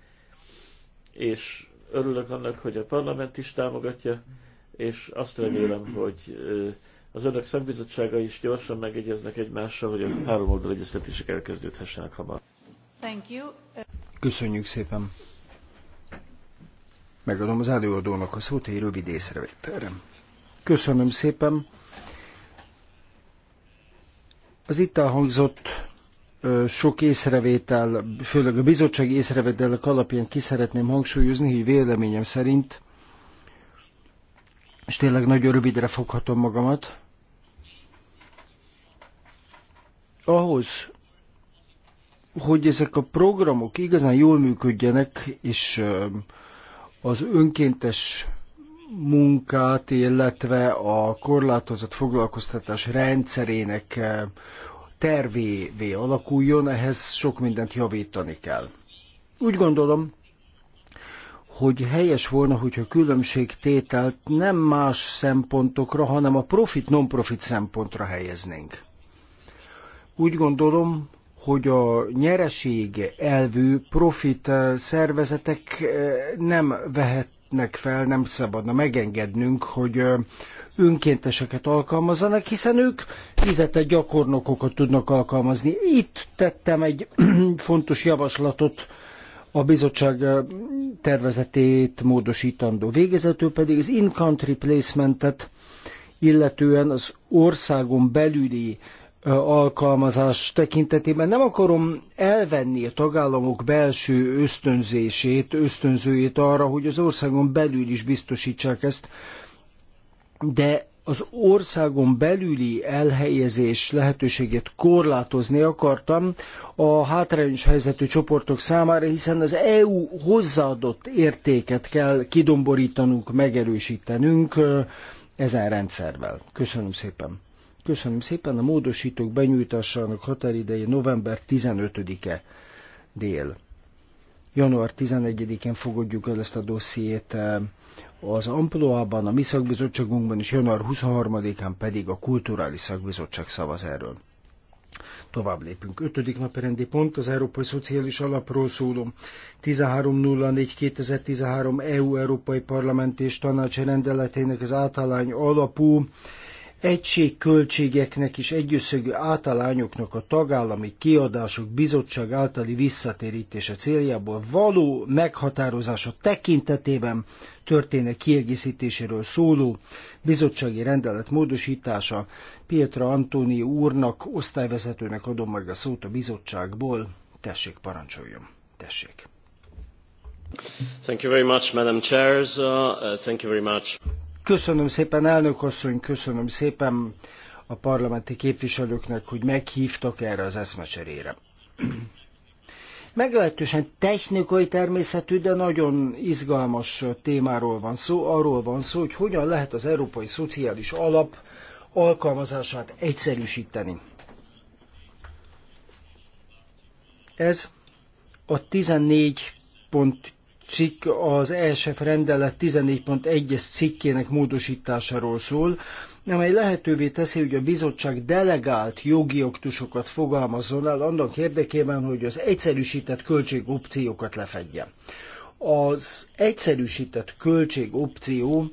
és örülök annak, hogy a parlament is támogatja, és azt remélem, hogy az önök szakbizottsága is gyorsan megegyeznek egymással, hogy a három oldal egyeztetések elkezdődhessenek hamar. Thank you. Köszönjük szépen. Megadom az előadónak a szót egy rövid észrevételre. Köszönöm szépen. Az itt elhangzott sok észrevétel, főleg a bizottsági észrevételek alapján ki szeretném hangsúlyozni, hogy véleményem szerint és tényleg nagyon rövidre foghatom magamat, ahhoz, hogy ezek a programok igazán jól működjenek, és az önkéntes munkát, illetve a korlátozott foglalkoztatás rendszerének tervévé alakuljon, ehhez sok mindent javítani kell. Úgy gondolom, hogy helyes volna, hogyha különbségtételt nem más szempontokra, hanem a profit-non-profit szempontra helyeznénk. Úgy gondolom, hogy a nyereség elvű profit eh, szervezetek eh, nem vehetnek fel, nem szabadna megengednünk, hogy eh, önkénteseket alkalmazzanak, hiszen ők fizetett gyakornokokat tudnak alkalmazni. Itt tettem egy fontos javaslatot, a bizottság eh, tervezetét módosítandó. Végezetül pedig az in-country placementet, illetően az országon belüli eh, alkalmazás tekintetében nem akarom elvenni a tagállamok belső ösztönzését, ösztönzőjét arra, hogy az országon belül is biztosítsák ezt, de az országon belüli elhelyezés lehetőségét korlátozni akartam a hátrányos helyzetű csoportok számára, hiszen az EU hozzáadott értéket kell kidomborítanunk, megerősítenünk ezen rendszervel. Köszönöm szépen. Köszönöm szépen a módosítók benyújtásának határideje november 15-e dél. Január 11-én fogadjuk el ezt a dossziét az Amploában, a mi szakbizottságunkban és január 23-án pedig a Kulturális Szakbizottság szavaz erről. Tovább lépünk. Ötödik napi rendi pont az Európai Szociális Alapról szóló 1304-2013 EU Európai Parlament és Tanács rendeletének az általány alapú egységköltségeknek és egyösszegű általányoknak a tagállami kiadások bizottság általi visszatérítése céljából való meghatározása tekintetében történő kiegészítéséről szóló bizottsági rendelet módosítása. Pietra Antoni úrnak, osztályvezetőnek adom meg a szót a bizottságból. Tessék, parancsoljon. Tessék. Thank you very much, Madam Chairs. Uh, thank you very much. Köszönöm szépen, elnök asszony, köszönöm szépen a parlamenti képviselőknek, hogy meghívtak erre az eszmecserére. Meglehetősen technikai természetű, de nagyon izgalmas témáról van szó. Arról van szó, hogy hogyan lehet az Európai Szociális Alap alkalmazását egyszerűsíteni. Ez a 14 pont cikk az ESF rendelet 14.1-es cikkének módosításáról szól, amely lehetővé teszi, hogy a bizottság delegált jogi aktusokat fogalmazzon el annak érdekében, hogy az egyszerűsített költségopciókat lefedje. Az egyszerűsített költségopció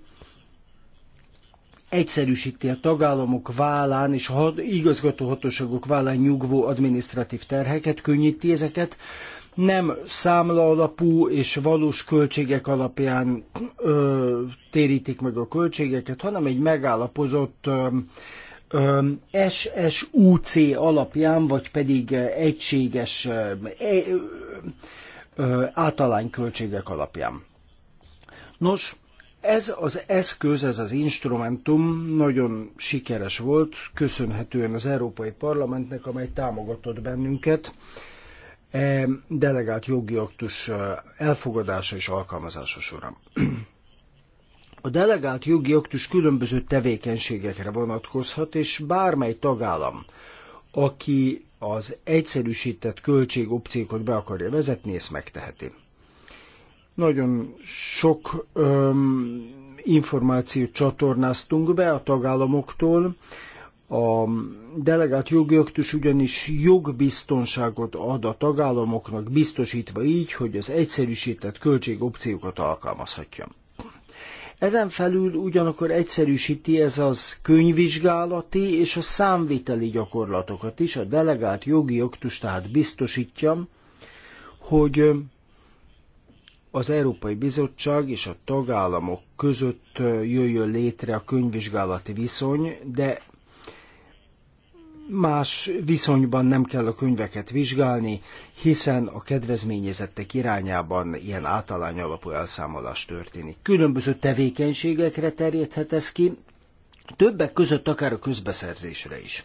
egyszerűsíti a tagállamok vállán és a igazgatóhatóságok vállán nyugvó administratív terheket, könnyíti ezeket, nem számla alapú és valós költségek alapján ö, térítik meg a költségeket, hanem egy megállapozott ö, ö, SSUC alapján, vagy pedig egységes ö, e, költségek általányköltségek alapján. Nos, ez az eszköz, ez az instrumentum nagyon sikeres volt, köszönhetően az Európai Parlamentnek, amely támogatott bennünket E, delegált jogi aktus e, elfogadása és alkalmazása során. A delegált jogi aktus különböző tevékenységekre vonatkozhat, és bármely tagállam, aki az egyszerűsített költségopciókat be akarja vezetni, ezt megteheti. Nagyon sok öm, információt csatornáztunk be a tagállamoktól, a delegált jogi aktus ugyanis jogbiztonságot ad a tagállamoknak, biztosítva így, hogy az egyszerűsített költségopciókat alkalmazhatja. Ezen felül ugyanakkor egyszerűsíti ez az könyvvizsgálati és a számviteli gyakorlatokat is, a delegált jogi aktus tehát biztosítja, hogy az Európai Bizottság és a tagállamok között jöjjön létre a könyvvizsgálati viszony, de más viszonyban nem kell a könyveket vizsgálni, hiszen a kedvezményezettek irányában ilyen általány alapú elszámolás történik. Különböző tevékenységekre terjedhet ez ki, többek között akár a közbeszerzésre is.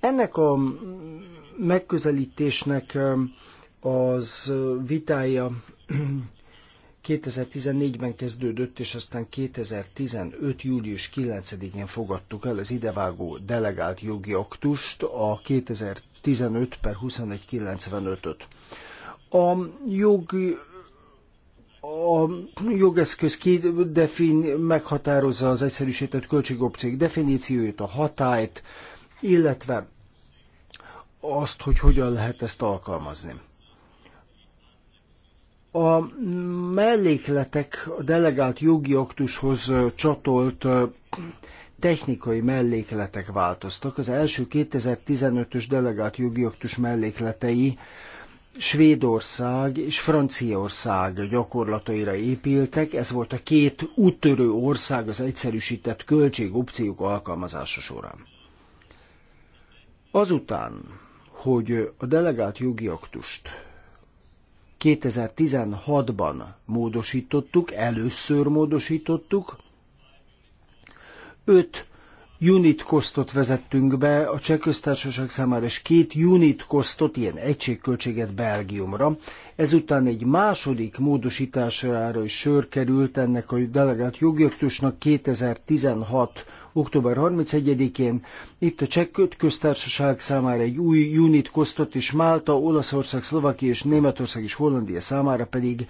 Ennek a megközelítésnek az vitája 2014-ben kezdődött, és aztán 2015. július 9-én fogadtuk el az idevágó delegált jogi aktust, a 2015 per 2195-öt. A jog a jogeszköz defin, meghatározza az egyszerűsített költségopciók definícióját, a hatályt, illetve azt, hogy hogyan lehet ezt alkalmazni. A mellékletek a delegált jogi aktushoz csatolt technikai mellékletek változtak. Az első 2015-ös delegált jogi aktus mellékletei Svédország és Franciaország gyakorlataira épültek, ez volt a két úttörő ország az egyszerűsített költségopciók alkalmazása során. Azután, hogy a delegált jogi aktust 2016-ban módosítottuk, először módosítottuk, öt unit kosztot vezettünk be a cseh köztársaság számára, és két unit kosztot, ilyen egységköltséget Belgiumra. Ezután egy második módosítására is sör került ennek a delegált jogjöktősnek 2016 október 31-én. Itt a Cseh köztársaság számára egy új unit kosztott, és Málta, Olaszország, Szlovákia és Németország és Hollandia számára pedig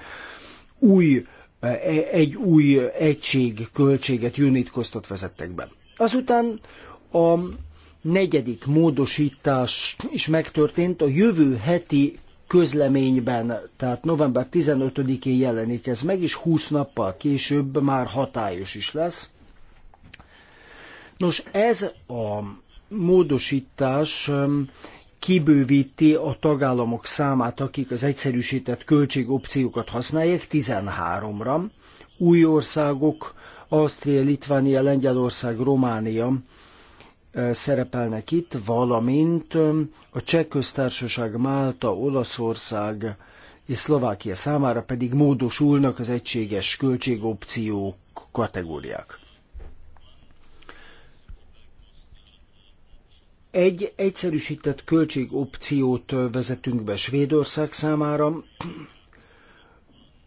új, e, egy új egység költséget, unit kosztot vezettek be. Azután a negyedik módosítás is megtörtént a jövő heti közleményben, tehát november 15-én jelenik ez meg, és 20 nappal később már hatályos is lesz. Nos, ez a módosítás um, kibővíti a tagállamok számát, akik az egyszerűsített költségopciókat használják 13-ra. Új országok, Ausztria, Litvánia, Lengyelország, Románia uh, szerepelnek itt, valamint um, a Cseh köztársaság, Málta, Olaszország és Szlovákia számára pedig módosulnak az egységes költségopciók kategóriák. Egy egyszerűsített költségopciót vezetünk be Svédország számára.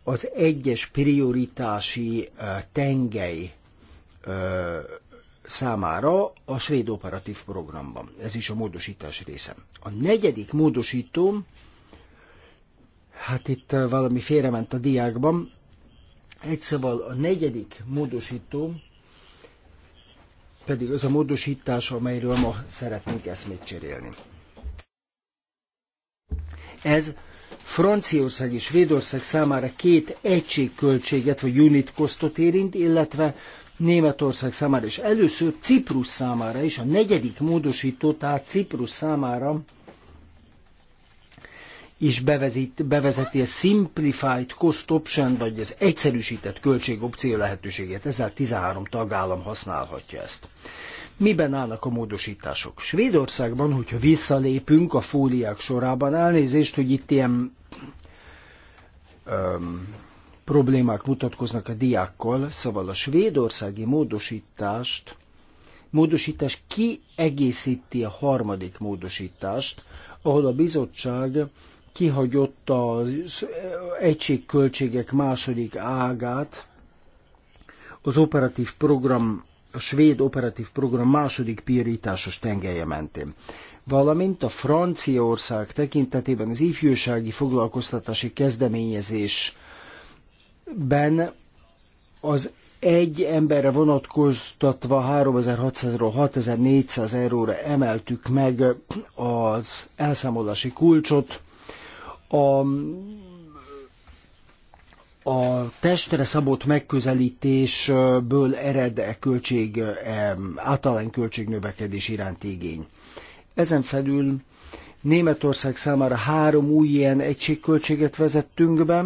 Az egyes prioritási tengely számára a svéd operatív programban. Ez is a módosítás része. A negyedik módosító, hát itt valami félrement a diákban, egy szóval a negyedik módosító pedig az a módosítás, amelyről ma szeretnénk eszmét cserélni. Ez Franciaország és Svédország számára két egységköltséget vagy unit costot érint, illetve Németország számára, és először Ciprus számára is, a negyedik módosító, tehát Ciprus számára is bevezet, bevezeti a Simplified Cost Option, vagy az egyszerűsített költségopció lehetőségét. Ezzel 13 tagállam használhatja ezt. Miben állnak a módosítások? Svédországban, hogyha visszalépünk a fóliák sorában, elnézést, hogy itt ilyen öm, problémák mutatkoznak a diákkal, szóval a svédországi módosítást, módosítás kiegészíti a harmadik módosítást, ahol a bizottság kihagyott az egységköltségek második ágát, az operatív program, a svéd operatív program második prioritásos tengelye mentén valamint a Franciaország tekintetében az ifjúsági foglalkoztatási kezdeményezésben az egy emberre vonatkoztatva 3600-ról 6400 euróra emeltük meg az elszámolási kulcsot, a a testre szabott megközelítésből ered -e költség, e, általán költségnövekedés iránti igény. Ezen felül Németország számára három új ilyen egységköltséget vezettünk be.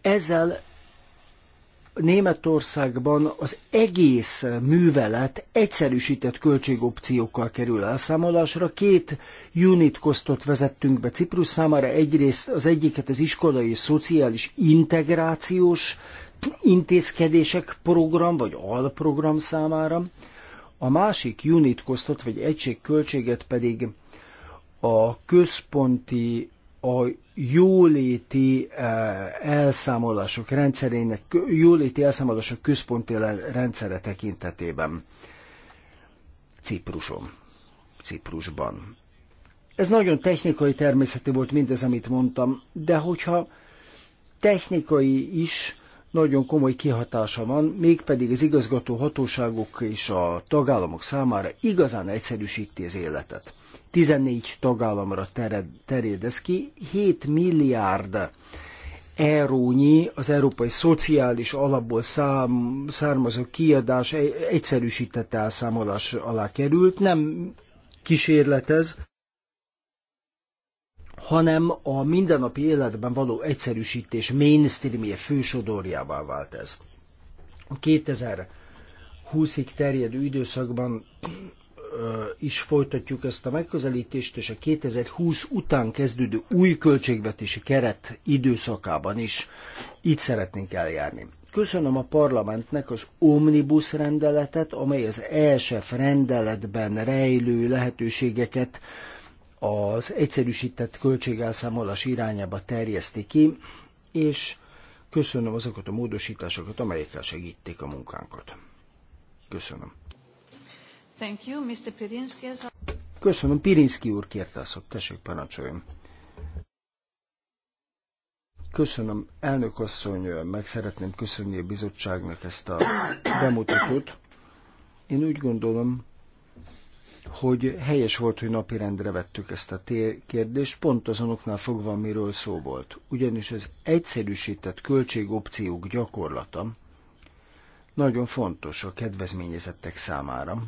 Ezzel Németországban az egész művelet egyszerűsített költségopciókkal kerül elszámolásra. Két unit kosztot vezettünk be Ciprus számára. Egyrészt az egyiket az iskolai és szociális integrációs intézkedések program vagy alprogram számára. A másik unit kosztot vagy egységköltséget pedig a központi a jóléti eh, elszámolások rendszerének, jóléti elszámolások központi rendszere tekintetében Cipruson, Ciprusban. Ez nagyon technikai természetű volt mindez, amit mondtam, de hogyha technikai is, nagyon komoly kihatása van, mégpedig az igazgató hatóságok és a tagállamok számára igazán egyszerűsíti az életet. 14 tagállamra tered, terjed ez ki, 7 milliárd eurónyi az európai szociális alapból szám, származó kiadás egyszerűsített elszámolás alá került, nem kísérletez, hanem a mindennapi életben való egyszerűsítés mainstreamje fősodorjává vált ez. A 2020-ig terjedő időszakban is folytatjuk ezt a megközelítést, és a 2020 után kezdődő új költségvetési keret időszakában is itt szeretnénk eljárni. Köszönöm a parlamentnek az omnibus rendeletet, amely az ESF rendeletben rejlő lehetőségeket az egyszerűsített költségelszámolás irányába terjeszti ki, és köszönöm azokat a módosításokat, amelyekkel segítik a munkánkat. Köszönöm. Thank you, Mr. Pirinski. Köszönöm, Pirinski úr kérte a szót, tessék parancsoljon. Köszönöm, elnök asszony, meg szeretném köszönni a bizottságnak ezt a bemutatót. Én úgy gondolom, hogy helyes volt, hogy napirendre vettük ezt a kérdést, pont azonoknál fogva, miről szó volt. Ugyanis az egyszerűsített költségopciók gyakorlata nagyon fontos a kedvezményezettek számára,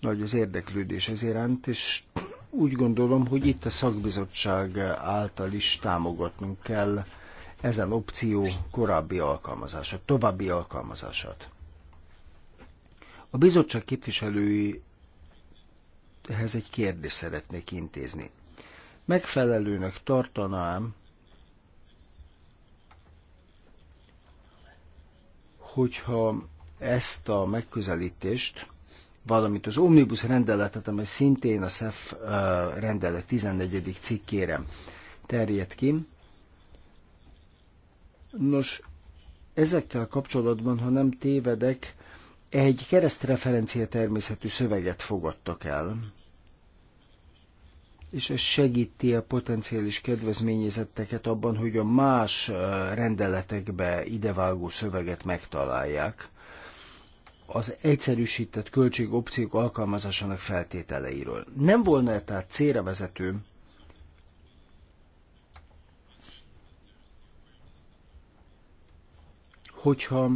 nagy az érdeklődés ez iránt, és úgy gondolom, hogy itt a szakbizottság által is támogatnunk kell ezen opció korábbi alkalmazását, további alkalmazását. A bizottság képviselői ehhez egy kérdést szeretnék intézni. Megfelelőnek tartanám, hogyha ezt a megközelítést valamint az omnibus rendeletet, amely szintén a SZEF rendelet 14. cikkére terjed ki. Nos, ezekkel kapcsolatban, ha nem tévedek, egy keresztreferencia természetű szöveget fogadtak el, és ez segíti a potenciális kedvezményezetteket abban, hogy a más rendeletekbe idevágó szöveget megtalálják az egyszerűsített költségopciók alkalmazásának feltételeiről. Nem volna -e tehát célra vezető, hogyha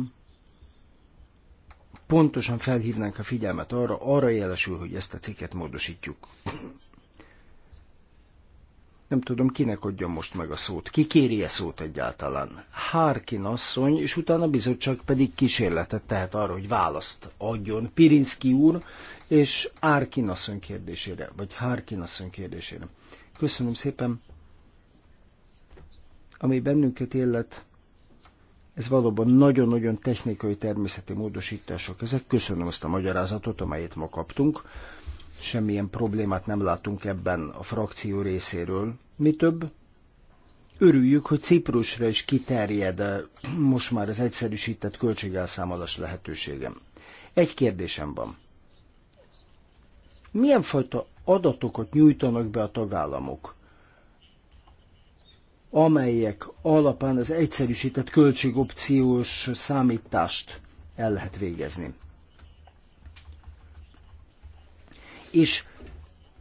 pontosan felhívnánk a figyelmet arra, arra jelesül, hogy ezt a cikket módosítjuk nem tudom, kinek adjam most meg a szót. Ki kéri -e szót egyáltalán? Hárkin asszony, és utána bizottság pedig kísérletet tehet arra, hogy választ adjon Pirinski úr és Árkin asszony kérdésére, vagy Hárkin asszony kérdésére. Köszönöm szépen. Ami bennünket illet, ez valóban nagyon-nagyon technikai természeti módosítások. Ezek köszönöm azt a magyarázatot, amelyet ma kaptunk semmilyen problémát nem látunk ebben a frakció részéről. Mi több, örüljük, hogy Ciprusra is kiterjed most már az egyszerűsített költségelszámolás lehetőségem. Egy kérdésem van. Milyen fajta adatokat nyújtanak be a tagállamok, amelyek alapán az egyszerűsített költségopciós számítást el lehet végezni? és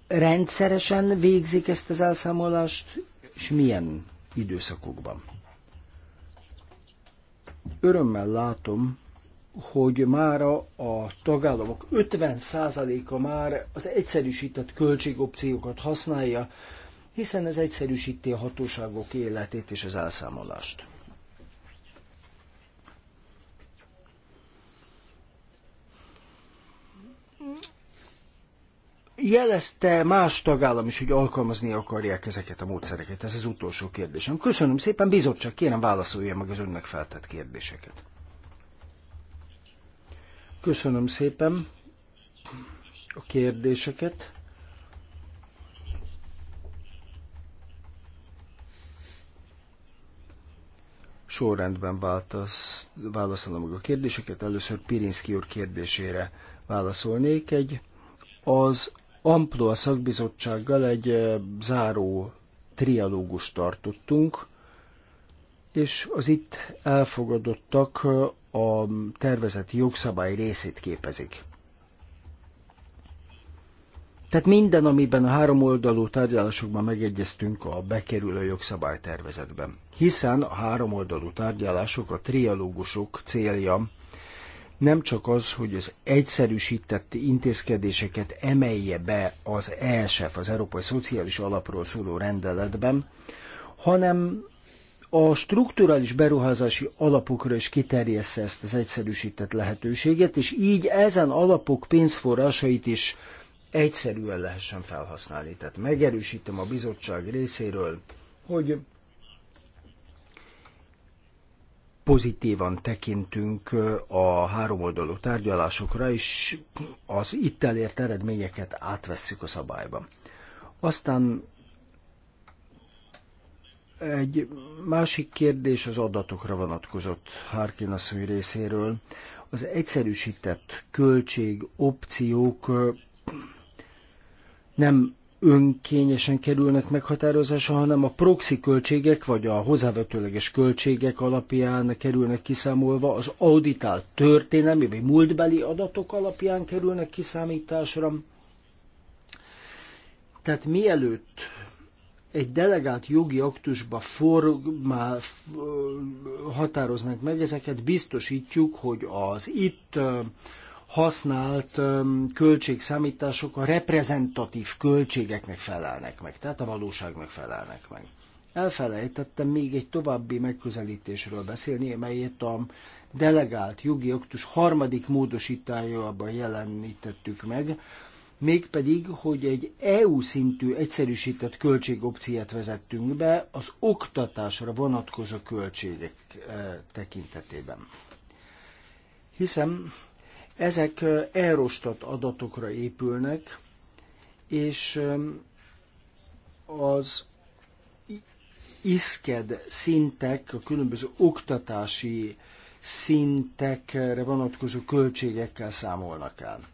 rendszeresen végzik ezt az elszámolást, és milyen időszakokban. Örömmel látom, hogy már a tagállamok 50%-a már az egyszerűsített költségopciókat használja, hiszen ez egyszerűsíti a hatóságok életét és az elszámolást. jelezte más tagállam is, hogy alkalmazni akarják ezeket a módszereket? Ez az utolsó kérdésem. Köszönöm szépen, bizottság, kérem válaszolja meg az önnek feltett kérdéseket. Köszönöm szépen a kérdéseket. Sorrendben válaszolom meg a kérdéseket. Először Pirinszki úr kérdésére válaszolnék. Egy az Ampló a szakbizottsággal egy záró trialógust tartottunk, és az itt elfogadottak a tervezeti jogszabály részét képezik. Tehát minden, amiben a három oldalú tárgyalásokban megegyeztünk a bekerülő jogszabálytervezetben. Hiszen a három oldalú tárgyalások, a trialógusok célja nem csak az, hogy az egyszerűsített intézkedéseket emelje be az ESF, az Európai Szociális Alapról szóló rendeletben, hanem a strukturális beruházási alapokra is kiterjessze ezt az egyszerűsített lehetőséget, és így ezen alapok pénzforrásait is egyszerűen lehessen felhasználni. Tehát megerősítem a bizottság részéről, hogy pozitívan tekintünk a háromoldalú tárgyalásokra, és az itt elért eredményeket átvesszük a szabályba. Aztán egy másik kérdés az adatokra vonatkozott Harkin asszony részéről. Az egyszerűsített költség opciók nem önkényesen kerülnek meghatározásra, hanem a proxy költségek vagy a hozzávetőleges költségek alapján kerülnek kiszámolva, az auditált történelmi vagy múltbeli adatok alapján kerülnek kiszámításra. Tehát mielőtt egy delegált jogi aktusba formál, határoznánk meg ezeket, biztosítjuk, hogy az itt használt költségszámítások a reprezentatív költségeknek felelnek meg, tehát a valóságnak felelnek meg. Elfelejtettem még egy további megközelítésről beszélni, melyet a delegált jogi aktus harmadik módosítájában jelenítettük meg, mégpedig, hogy egy EU szintű egyszerűsített költségopciát vezettünk be az oktatásra vonatkozó költségek tekintetében. Hiszem, ezek Eurostat adatokra épülnek, és az iszked szintek, a különböző oktatási szintekre vonatkozó költségekkel számolnak el.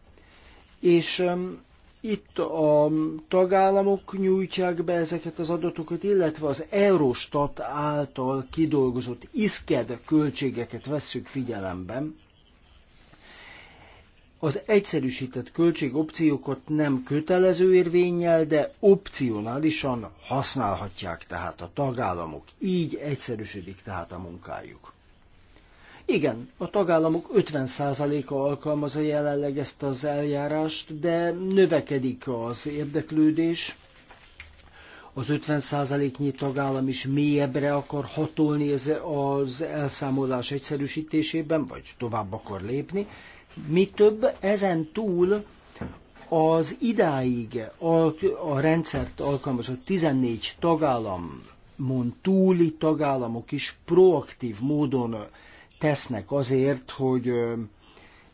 És itt a tagállamok nyújtják be ezeket az adatokat, illetve az Eurostat által kidolgozott iszked költségeket vesszük figyelemben, az egyszerűsített költségopciókat nem kötelező érvényel, de opcionálisan használhatják tehát a tagállamok. Így egyszerűsödik tehát a munkájuk. Igen, a tagállamok 50%-a alkalmazza jelenleg ezt az eljárást, de növekedik az érdeklődés. Az 50%-nyi tagállam is mélyebbre akar hatolni az elszámolás egyszerűsítésében, vagy tovább akar lépni, mi több, ezen túl az idáig a, a rendszert alkalmazott 14 tagállamon túli tagállamok is proaktív módon tesznek azért, hogy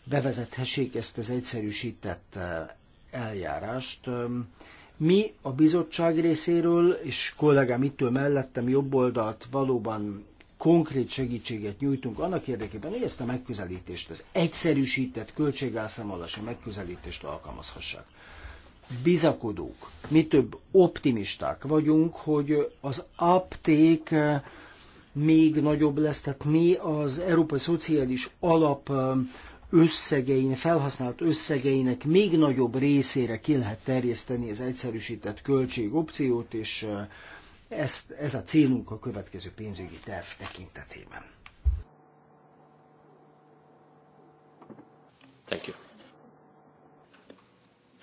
bevezethessék ezt az egyszerűsített eljárást. Mi a bizottság részéről, és kollégám ittől mellettem jobb oldalt valóban konkrét segítséget nyújtunk annak érdekében, hogy ezt a megközelítést, az egyszerűsített költségelszámolási megközelítést alkalmazhassák. Bizakodók, mi több optimisták vagyunk, hogy az apték eh, még nagyobb lesz, tehát mi az Európai Szociális Alap eh, összegein, felhasznált összegeinek még nagyobb részére ki lehet terjeszteni az egyszerűsített költség opciót, és eh, ezt, ez a célunk a következő pénzügyi terv tekintetében. Thank you.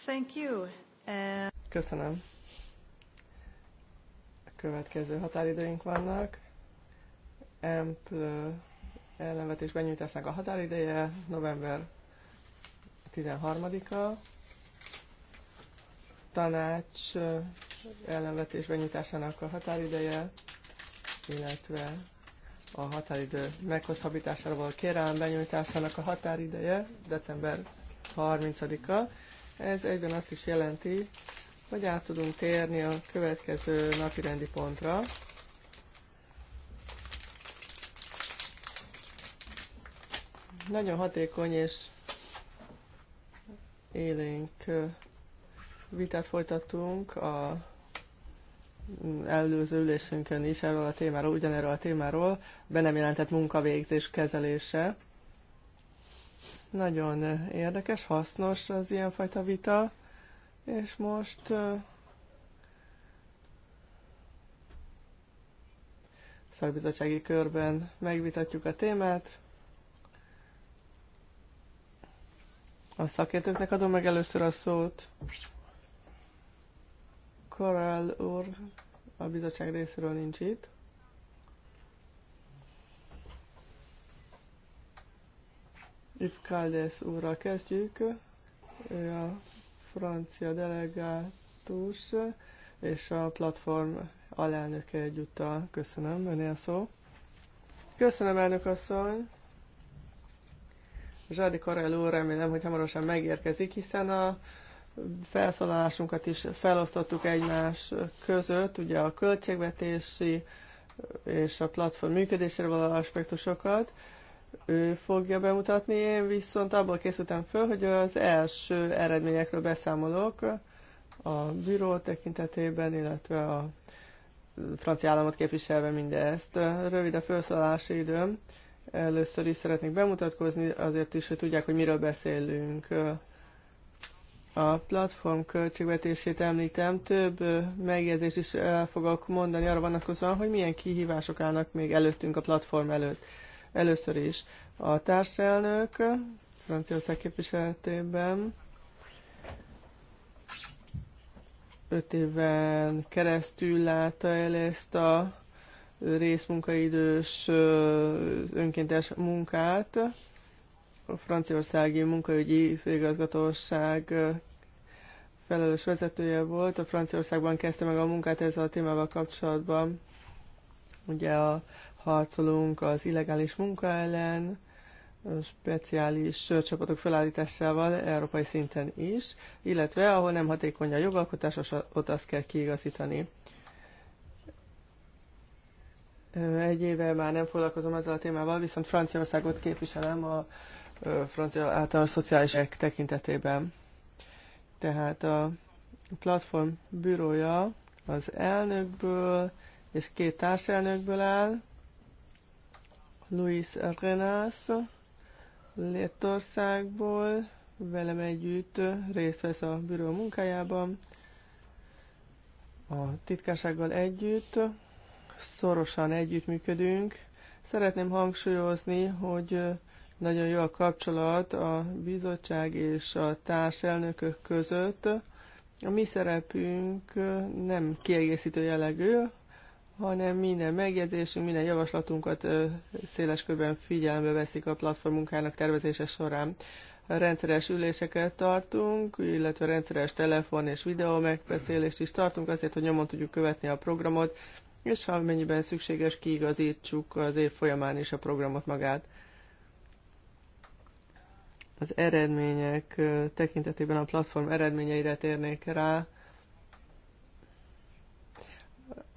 Thank you. Uh... Köszönöm. A következő határidőink vannak. EMP ellenvetés benyújtásnak a határideje november 13-a tanács ellenvetés benyújtásának a határideje, illetve a határidő meghosszabbítására való kérelem benyújtásának a határideje december 30-a. Ez egyben azt is jelenti, hogy át tudunk térni a következő napi rendi pontra. Nagyon hatékony és élénk vitát folytattunk a előző ülésünkön is erről a témáról, ugyanerről a témáról, be nem jelentett munkavégzés kezelése. Nagyon érdekes, hasznos az ilyenfajta vita, és most szakbizottsági körben megvitatjuk a témát. A szakértőknek adom meg először a szót. Korral úr a bizottság részéről nincs itt. Yves Caldes úrral kezdjük. Ő a francia delegátus és a platform alelnöke egyúttal. Köszönöm, önél szó. Köszönöm, elnök asszony. Zsádi Karel úr remélem, hogy hamarosan megérkezik, hiszen a felszólalásunkat is felosztottuk egymás között, ugye a költségvetési és a platform működésére való aspektusokat ő fogja bemutatni, én viszont abból készültem föl, hogy az első eredményekről beszámolok a bűró tekintetében, illetve a francia államot képviselve mindezt. Rövid a felszólalási időm. Először is szeretnék bemutatkozni, azért is, hogy tudják, hogy miről beszélünk a platform költségvetését említem, több megjegyzést is el fogok mondani arra vonatkozóan, hogy milyen kihívások állnak még előttünk a platform előtt. Először is a társelnök Franciaország képviseletében öt éven keresztül látta el ezt a részmunkaidős önkéntes munkát, franciaországi munkaügyi főigazgatóság felelős vezetője volt. A Franciaországban kezdte meg a munkát ezzel a témával kapcsolatban. Ugye a harcolunk az illegális munka ellen, speciális csapatok felállításával európai szinten is, illetve ahol nem hatékony a jogalkotás, ott azt kell kiigazítani. Egy éve már nem foglalkozom ezzel a témával, viszont Franciaországot képviselem a francia általános szociális tekintetében. Tehát a platform bürója az elnökből és két társelnökből áll, Luis Renas Lettországból, velem együtt részt vesz a büró munkájában, a titkársággal együtt, szorosan együttműködünk. Szeretném hangsúlyozni, hogy nagyon jó a kapcsolat a bizottság és a társelnökök között. A mi szerepünk nem kiegészítő jellegű, hanem minden megjegyzésünk, minden javaslatunkat széles körben figyelembe veszik a platform munkának tervezése során. Rendszeres üléseket tartunk, illetve rendszeres telefon és videó megbeszélést is tartunk azért, hogy nyomon tudjuk követni a programot, és ha mennyiben szükséges, kiigazítsuk az év folyamán is a programot magát. Az eredmények tekintetében a platform eredményeire térnék rá.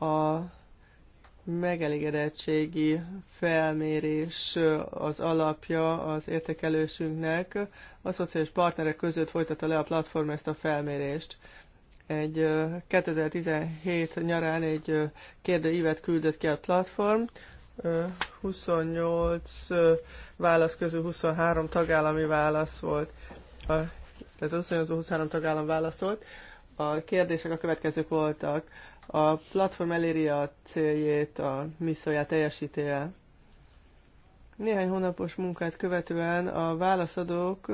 A megelégedettségi felmérés az alapja az értékelősünknek. A szociális partnerek között folytatta le a platform ezt a felmérést. Egy 2017 nyarán egy kérdőívet küldött ki a platform, 28 válasz közül 23 tagállami válasz volt. A, tehát 28 23 tagállam válaszolt. A kérdések a következők voltak. A platform eléri a céljét, a misszóját teljesíti e Néhány hónapos munkát követően a válaszadók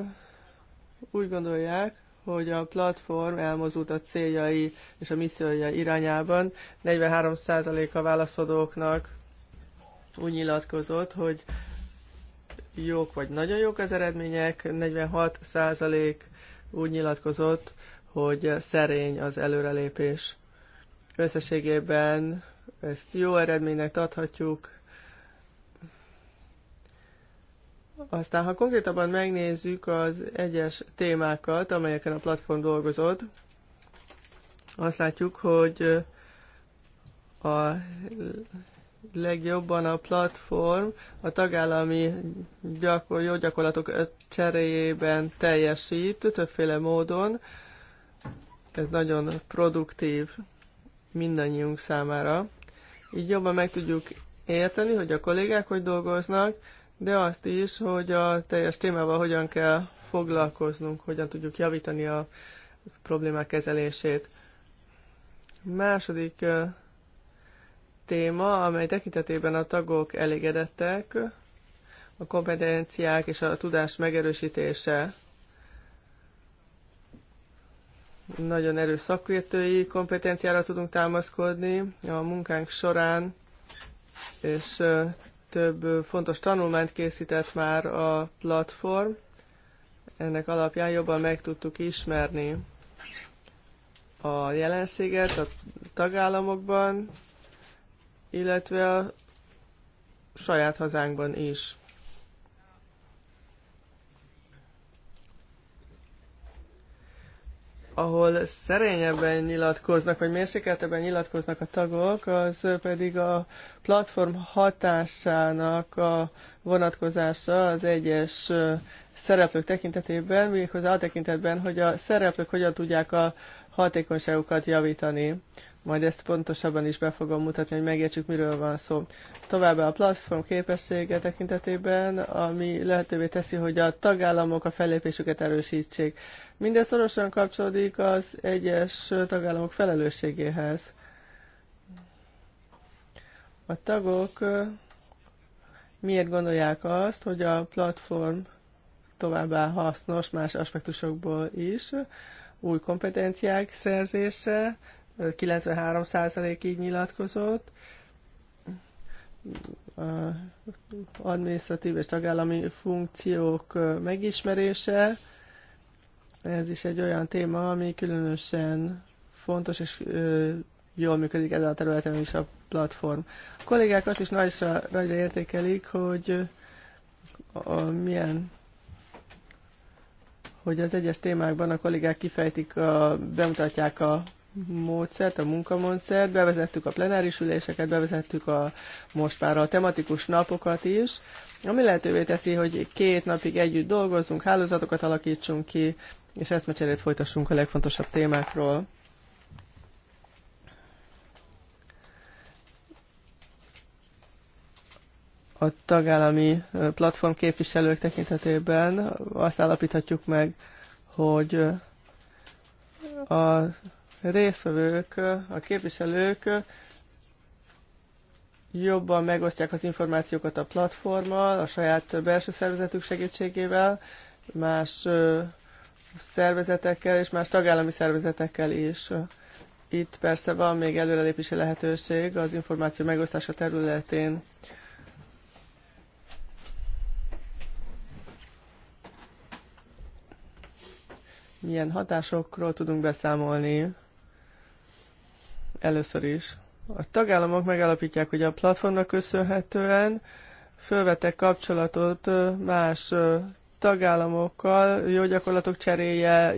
úgy gondolják, hogy a platform elmozult a céljai és a missziója irányában. 43% a válaszadóknak úgy nyilatkozott, hogy jók vagy nagyon jók az eredmények, 46 százalék úgy nyilatkozott, hogy szerény az előrelépés. Összességében ezt jó eredménynek adhatjuk. Aztán, ha konkrétabban megnézzük az egyes témákat, amelyeken a platform dolgozott, azt látjuk, hogy a legjobban a platform a tagállami gyakor, jó gyakorlatok cseréjében teljesít többféle módon. Ez nagyon produktív mindannyiunk számára. Így jobban meg tudjuk érteni, hogy a kollégák hogy dolgoznak, de azt is, hogy a teljes témával hogyan kell foglalkoznunk, hogyan tudjuk javítani a problémák kezelését. Második téma, amely tekintetében a tagok elégedettek, a kompetenciák és a tudás megerősítése. Nagyon erős szakértői kompetenciára tudunk támaszkodni a munkánk során, és több fontos tanulmányt készített már a platform. Ennek alapján jobban meg tudtuk ismerni a jelenséget a tagállamokban, illetve a saját hazánkban is. ahol szerényebben nyilatkoznak, vagy mérsékeltebben nyilatkoznak a tagok, az pedig a platform hatásának a vonatkozása az egyes szereplők tekintetében, méghozzá a tekintetben, hogy a szereplők hogyan tudják a hatékonyságukat javítani majd ezt pontosabban is be fogom mutatni, hogy megértsük, miről van szó. Továbbá a platform képessége tekintetében, ami lehetővé teszi, hogy a tagállamok a fellépésüket erősítsék. Mindez szorosan kapcsolódik az egyes tagállamok felelősségéhez. A tagok miért gondolják azt, hogy a platform továbbá hasznos más aspektusokból is, új kompetenciák szerzése, 93% így nyilatkozott. A administratív és tagállami funkciók megismerése, ez is egy olyan téma, ami különösen fontos és jól működik ezen a területen is a platform. A kollégák azt is nagyra, nagyra értékelik, hogy a, a, milyen hogy az egyes témákban a kollégák kifejtik, a, bemutatják a módszert, a munkamódszert, bevezettük a plenáris üléseket, bevezettük a most már a tematikus napokat is, ami lehetővé teszi, hogy két napig együtt dolgozzunk, hálózatokat alakítsunk ki, és eszmecserét folytassunk a legfontosabb témákról. A tagállami platform képviselők tekintetében azt állapíthatjuk meg, hogy a résztvevők, a képviselők jobban megosztják az információkat a platformmal, a saját belső szervezetük segítségével, más szervezetekkel és más tagállami szervezetekkel is. Itt persze van még előrelépési lehetőség az információ megosztása területén. Milyen hatásokról tudunk beszámolni? Először is. A tagállamok megállapítják, hogy a platformnak köszönhetően fölvettek kapcsolatot más tagállamokkal, jó gyakorlatok cseréje,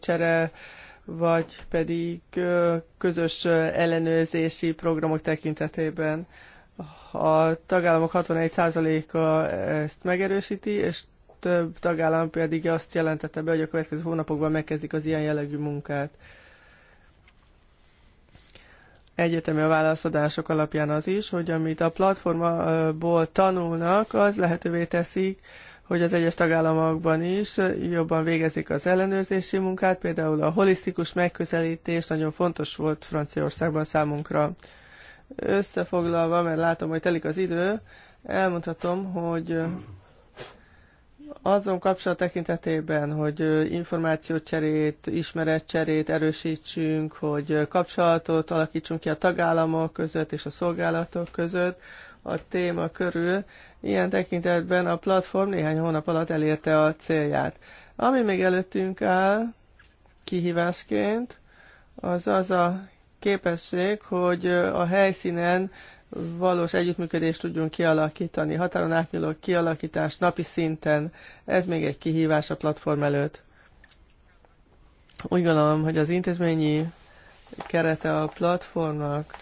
csere, vagy pedig közös ellenőrzési programok tekintetében. A tagállamok 61%-a ezt megerősíti, és több tagállam pedig azt jelentette be, hogy a következő hónapokban megkezdik az ilyen jellegű munkát egyetemi a válaszadások alapján az is, hogy amit a platformból tanulnak, az lehetővé teszik, hogy az egyes tagállamokban is jobban végezik az ellenőrzési munkát, például a holisztikus megközelítés nagyon fontos volt Franciaországban számunkra. Összefoglalva, mert látom, hogy telik az idő, elmondhatom, hogy azon kapcsolat tekintetében, hogy információcserét, ismeretcserét erősítsünk, hogy kapcsolatot alakítsunk ki a tagállamok között és a szolgálatok között a téma körül. Ilyen tekintetben a platform néhány hónap alatt elérte a célját. Ami még előttünk áll kihívásként, az az a képesség, hogy a helyszínen valós együttműködést tudjunk kialakítani, határon átnyúló kialakítás napi szinten. Ez még egy kihívás a platform előtt. Úgy gondolom, hogy az intézményi kerete a platformnak,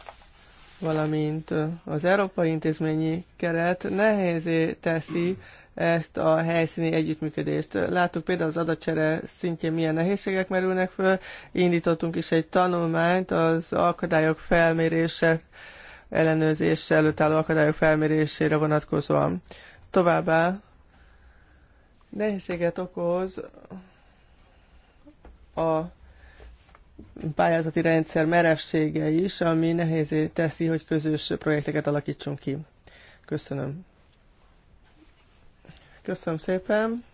valamint az európai intézményi keret nehézé teszi ezt a helyszíni együttműködést. Láttuk például az adatcsere szintjén milyen nehézségek merülnek föl. Indítottunk is egy tanulmányt az akadályok felmérése ellenőrzése előtt álló akadályok felmérésére vonatkozóan. Továbbá nehézséget okoz a pályázati rendszer merevsége is, ami nehézé teszi, hogy közös projekteket alakítsunk ki. Köszönöm. Köszönöm szépen.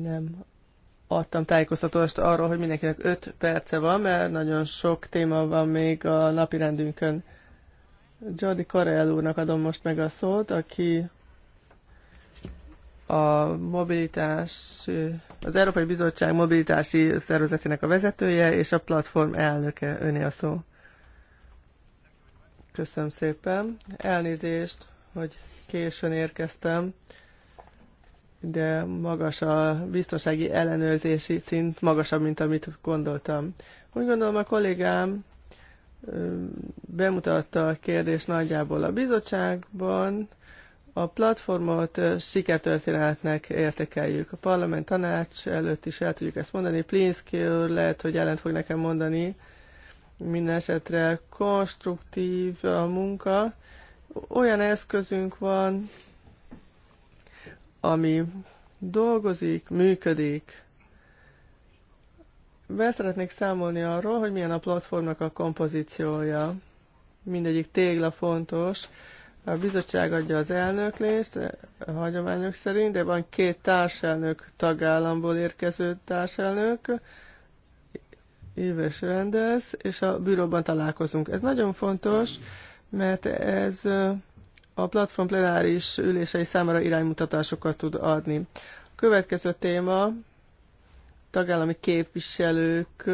Nem adtam tájékoztatást arról, hogy mindenkinek 5 perce van, mert nagyon sok téma van még a napi rendünkön. Jordi Karel úrnak adom most meg a szót, aki a mobilitás, az Európai Bizottság mobilitási szervezetének a vezetője és a platform elnöke öné a szó. Köszönöm szépen. Elnézést, hogy későn érkeztem de magas a biztonsági ellenőrzési szint, magasabb, mint amit gondoltam. Úgy gondolom a kollégám bemutatta a kérdést nagyjából a bizottságban, a platformot sikertörténetnek értekeljük. A parlament tanács előtt is el tudjuk ezt mondani. Plinszki úr lehet, hogy ellent fog nekem mondani. Minden esetre konstruktív a munka. Olyan eszközünk van, ami dolgozik, működik. Be szeretnék számolni arról, hogy milyen a platformnak a kompozíciója. Mindegyik tégla fontos. A bizottság adja az elnöklést, a hagyományok szerint, de van két társelnök, tagállamból érkező társelnök, éves rendez, és a bűróban találkozunk. Ez nagyon fontos, mert ez a platform plenáris ülései számára iránymutatásokat tud adni. A következő téma tagállami képviselők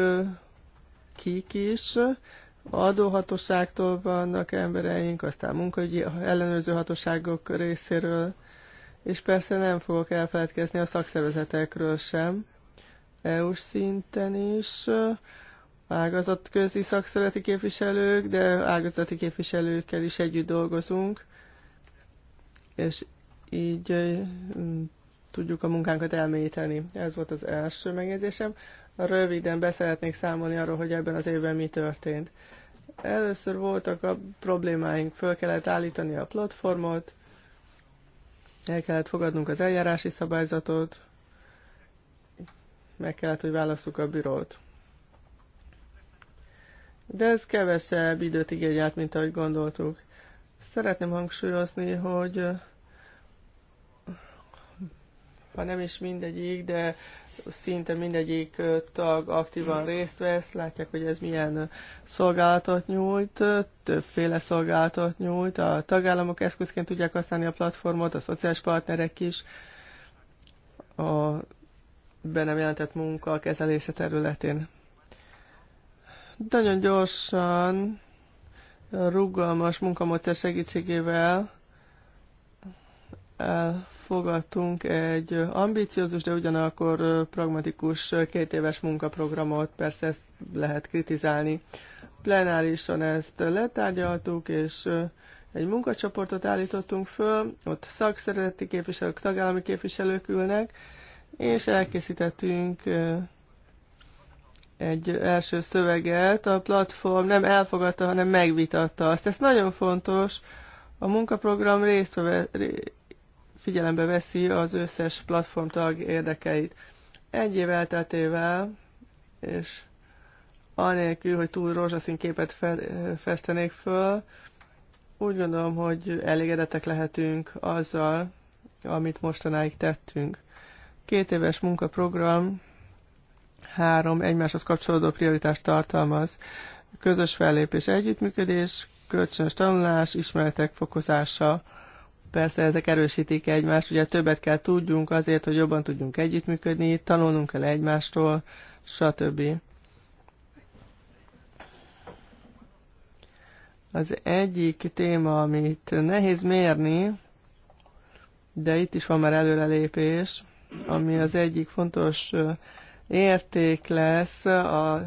kik is, adóhatóságtól vannak embereink, aztán munkaügyi ellenőrző hatóságok részéről, és persze nem fogok elfeledkezni a szakszervezetekről sem, EU-s szinten is, ágazatközi szakszereti képviselők, de ágazati képviselőkkel is együtt dolgozunk, és így tudjuk a munkánkat elmélyíteni. Ez volt az első megjegyzésem. Röviden beszeretnék számolni arról, hogy ebben az évben mi történt. Először voltak a problémáink, föl kellett állítani a platformot, el kellett fogadnunk az eljárási szabályzatot, meg kellett, hogy válasszuk a bürót. De ez kevesebb időt igényelt, mint ahogy gondoltuk. Szeretném hangsúlyozni, hogy ha nem is mindegyik, de szinte mindegyik tag aktívan részt vesz, látják, hogy ez milyen szolgálatot nyújt, többféle szolgálatot nyújt, a tagállamok eszközként tudják használni a platformot, a szociális partnerek is, a be nem jelentett munka kezelése területén. Nagyon gyorsan, rugalmas munkamódszer segítségével elfogadtunk egy ambiciózus, de ugyanakkor pragmatikus két éves munkaprogramot, persze ezt lehet kritizálni. Plenárison ezt letárgyaltuk, és egy munkacsoportot állítottunk föl, ott szakszereti képviselők, tagállami képviselők ülnek, és elkészítettünk egy első szöveget. A platform nem elfogadta, hanem megvitatta azt. Ez nagyon fontos, a munkaprogram részt figyelembe veszi az összes platformtag érdekeit. Egy év elteltével, és anélkül, hogy túl rózsaszín képet fe, festenék föl, úgy gondolom, hogy elégedettek lehetünk azzal, amit mostanáig tettünk. Két éves munkaprogram három egymáshoz kapcsolódó prioritást tartalmaz. Közös fellépés, együttműködés, kölcsönös tanulás, ismeretek fokozása. Persze ezek erősítik egymást, ugye többet kell tudjunk azért, hogy jobban tudjunk együttműködni, tanulnunk kell egymástól, stb. Az egyik téma, amit nehéz mérni, de itt is van már előrelépés, ami az egyik fontos érték lesz a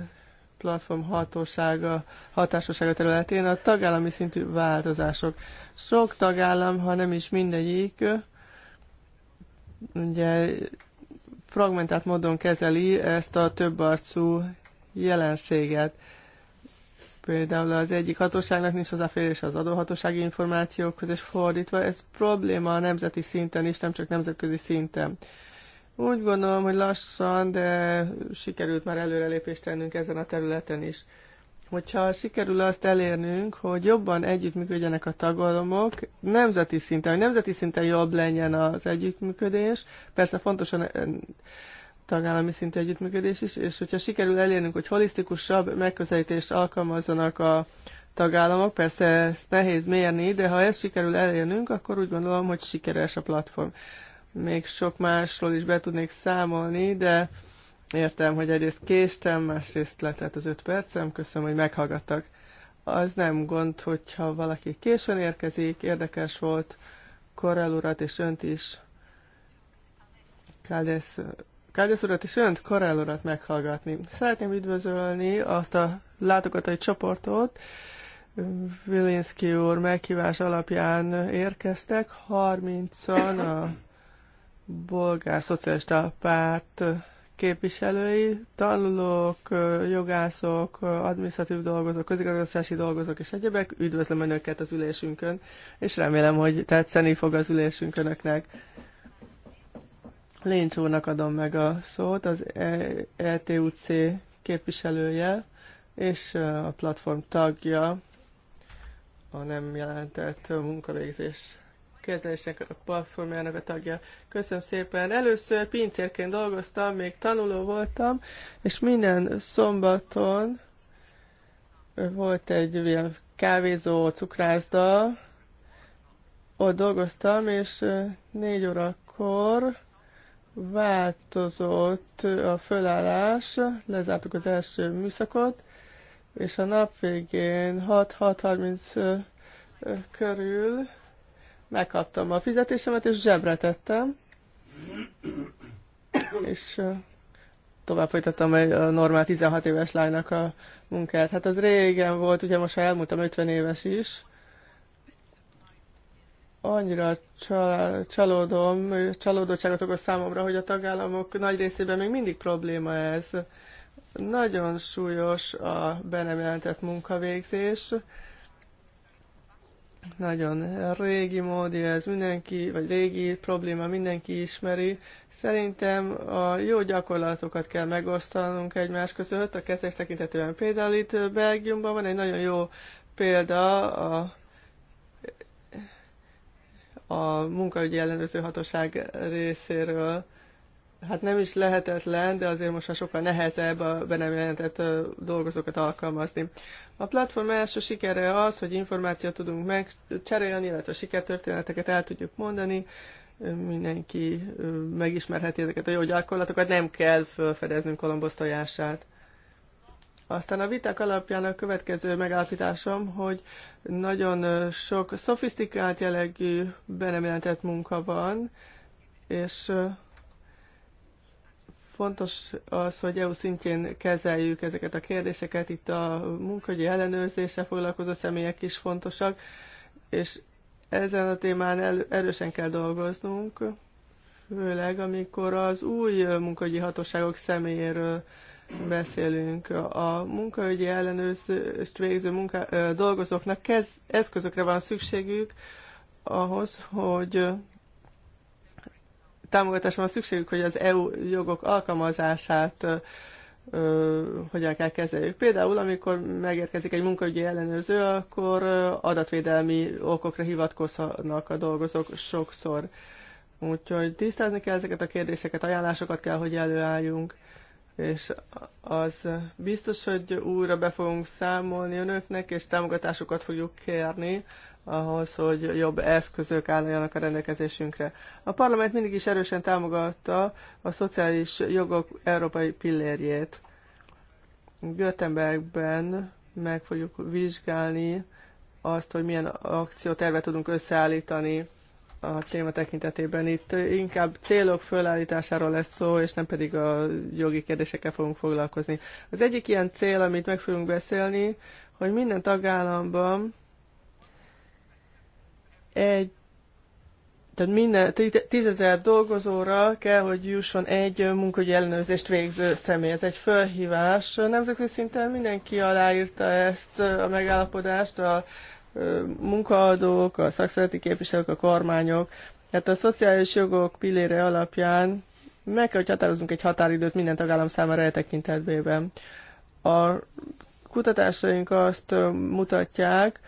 platform hatósága, hatásossága területén a tagállami szintű változások. Sok tagállam, ha nem is mindegyik, ugye fragmentált módon kezeli ezt a többarcú jelenséget. Például az egyik hatóságnak nincs hozzáférés az adóhatósági információkhoz, és fordítva ez probléma a nemzeti szinten is, nem csak nemzetközi szinten. Úgy gondolom, hogy lassan, de sikerült már előrelépést tennünk ezen a területen is. Hogyha sikerül azt elérnünk, hogy jobban együttműködjenek a tagállamok, nemzeti szinten, hogy nemzeti szinten jobb legyen az együttműködés, persze fontosan eh, tagállami szintű együttműködés is, és hogyha sikerül elérnünk, hogy holisztikusabb megközelítést alkalmazzanak a tagállamok, persze ezt nehéz mérni, de ha ezt sikerül elérnünk, akkor úgy gondolom, hogy sikeres a platform még sok másról is be tudnék számolni, de értem, hogy egyrészt késtem, másrészt letett az öt percem, köszönöm, hogy meghallgattak. Az nem gond, hogyha valaki későn érkezik, érdekes volt, Korrel urat és önt is, Kádesz, Kádesz urat és önt, Korrel urat meghallgatni. Szeretném üdvözölni azt a látogatói csoportot, Vilinszki úr meghívás alapján érkeztek, 30-an a bolgár szocialista párt képviselői, tanulók, jogászok, administratív dolgozók, közigazgatási dolgozók és egyebek. Üdvözlöm Önöket az ülésünkön, és remélem, hogy tetszeni fog az ülésünk Önöknek. Lincs úrnak adom meg a szót, az ETUC e képviselője és a platform tagja a nem jelentett munkavégzés kezdeményezésnek a platformjának a tagja. Köszönöm szépen. Először pincérként dolgoztam, még tanuló voltam, és minden szombaton volt egy ilyen kávézó, cukrászda, ott dolgoztam, és négy órakor változott a fölállás, lezártuk az első műszakot, és a nap végén 6-6.30 körül megkaptam a fizetésemet, és zsebre tettem, és tovább folytattam egy normál 16 éves lánynak a munkát. Hát az régen volt, ugye most már elmúltam 50 éves is, annyira csalódom, csalódottságot okoz számomra, hogy a tagállamok nagy részében még mindig probléma ez. Nagyon súlyos a be nem jelentett munkavégzés, nagyon régi módi, ez mindenki, vagy régi probléma, mindenki ismeri. Szerintem a jó gyakorlatokat kell megosztanunk egymás között. A kezdés tekintetően például itt Belgiumban van egy nagyon jó példa a, a munkaügyi ellenőrző hatóság részéről hát nem is lehetetlen, de azért most már sokkal nehezebb a be nem jelentett dolgozókat alkalmazni. A platform első sikere az, hogy információt tudunk megcserélni, illetve sikertörténeteket el tudjuk mondani, mindenki megismerheti ezeket a jó gyakorlatokat, nem kell felfedeznünk Kolumbusz tojását. Aztán a viták alapján a következő megállapításom, hogy nagyon sok szofisztikált jellegű be nem jelentett munka van, és fontos az, hogy EU szintjén kezeljük ezeket a kérdéseket. Itt a munkahogyi ellenőrzése foglalkozó személyek is fontosak, és ezen a témán erősen kell dolgoznunk, főleg amikor az új munkahogyi hatóságok személyéről beszélünk. A munkahogyi ellenőrzést végző munka, dolgozóknak kez, eszközökre van szükségük ahhoz, hogy támogatásra van szükségük, hogy az EU jogok alkalmazását ö, hogyan kell kezeljük. Például, amikor megérkezik egy munkaügyi ellenőrző, akkor adatvédelmi okokra hivatkoznak a dolgozók sokszor. Úgyhogy tisztázni kell ezeket a kérdéseket, ajánlásokat kell, hogy előálljunk. És az biztos, hogy újra be fogunk számolni önöknek, és támogatásokat fogjuk kérni ahhoz, hogy jobb eszközök álljanak a rendelkezésünkre. A parlament mindig is erősen támogatta a szociális jogok európai pillérjét. Göteborgben meg fogjuk vizsgálni azt, hogy milyen akciótervet tudunk összeállítani a téma tekintetében. Itt inkább célok fölállításáról lesz szó, és nem pedig a jogi kérdésekkel fogunk foglalkozni. Az egyik ilyen cél, amit meg fogunk beszélni, hogy minden tagállamban egy tehát minden, tízezer dolgozóra kell, hogy jusson egy munkahogy ellenőrzést végző személy. Ez egy fölhívás. Nemzetközi szinten mindenki aláírta ezt a megállapodást, a munkaadók, a szakszereti képviselők, a kormányok. Tehát a szociális jogok pillére alapján meg kell, hogy határozunk egy határidőt minden tagállam számára eltekintetbében. A kutatásaink azt mutatják,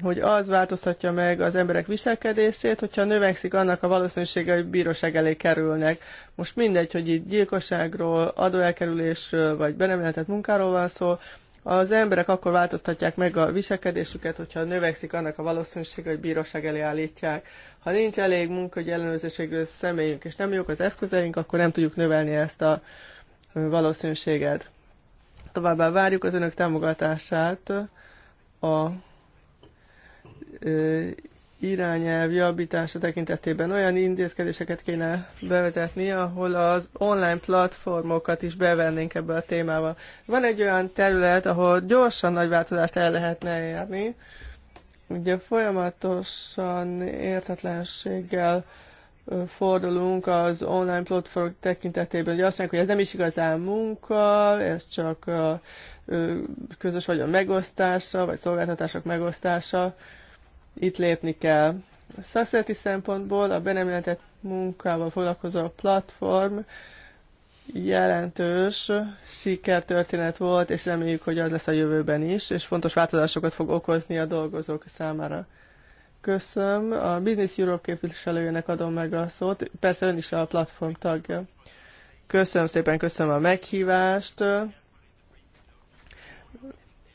hogy az változtatja meg az emberek viselkedését, hogyha növekszik annak a valószínűsége, hogy bíróság elé kerülnek. Most mindegy, hogy itt gyilkosságról, adóelkerülésről, vagy be munkáról van szó, az emberek akkor változtatják meg a viselkedésüket, hogyha növekszik annak a valószínűsége, hogy bíróság elé állítják. Ha nincs elég munka ellenőrzésségű személyünk, és nem jók az eszközeink, akkor nem tudjuk növelni ezt a valószínűséget. Továbbá várjuk az önök támogatását a irányelv javítása tekintetében olyan intézkedéseket kéne bevezetni, ahol az online platformokat is bevennénk ebbe a témába. Van egy olyan terület, ahol gyorsan nagy változást el lehetne érni, ugye folyamatosan értetlenséggel fordulunk az online platform tekintetében, hogy azt mondják, hogy ez nem is igazán munka, ez csak a közös vagyon megosztása, vagy szolgáltatások megosztása, itt lépni kell. A szakszereti szempontból a benemletett munkával foglalkozó platform jelentős sikertörténet volt, és reméljük, hogy az lesz a jövőben is, és fontos változásokat fog okozni a dolgozók számára. Köszönöm. A Business Europe képviselőjének adom meg a szót. Persze ön is a platform tagja. Köszönöm szépen, köszönöm a meghívást.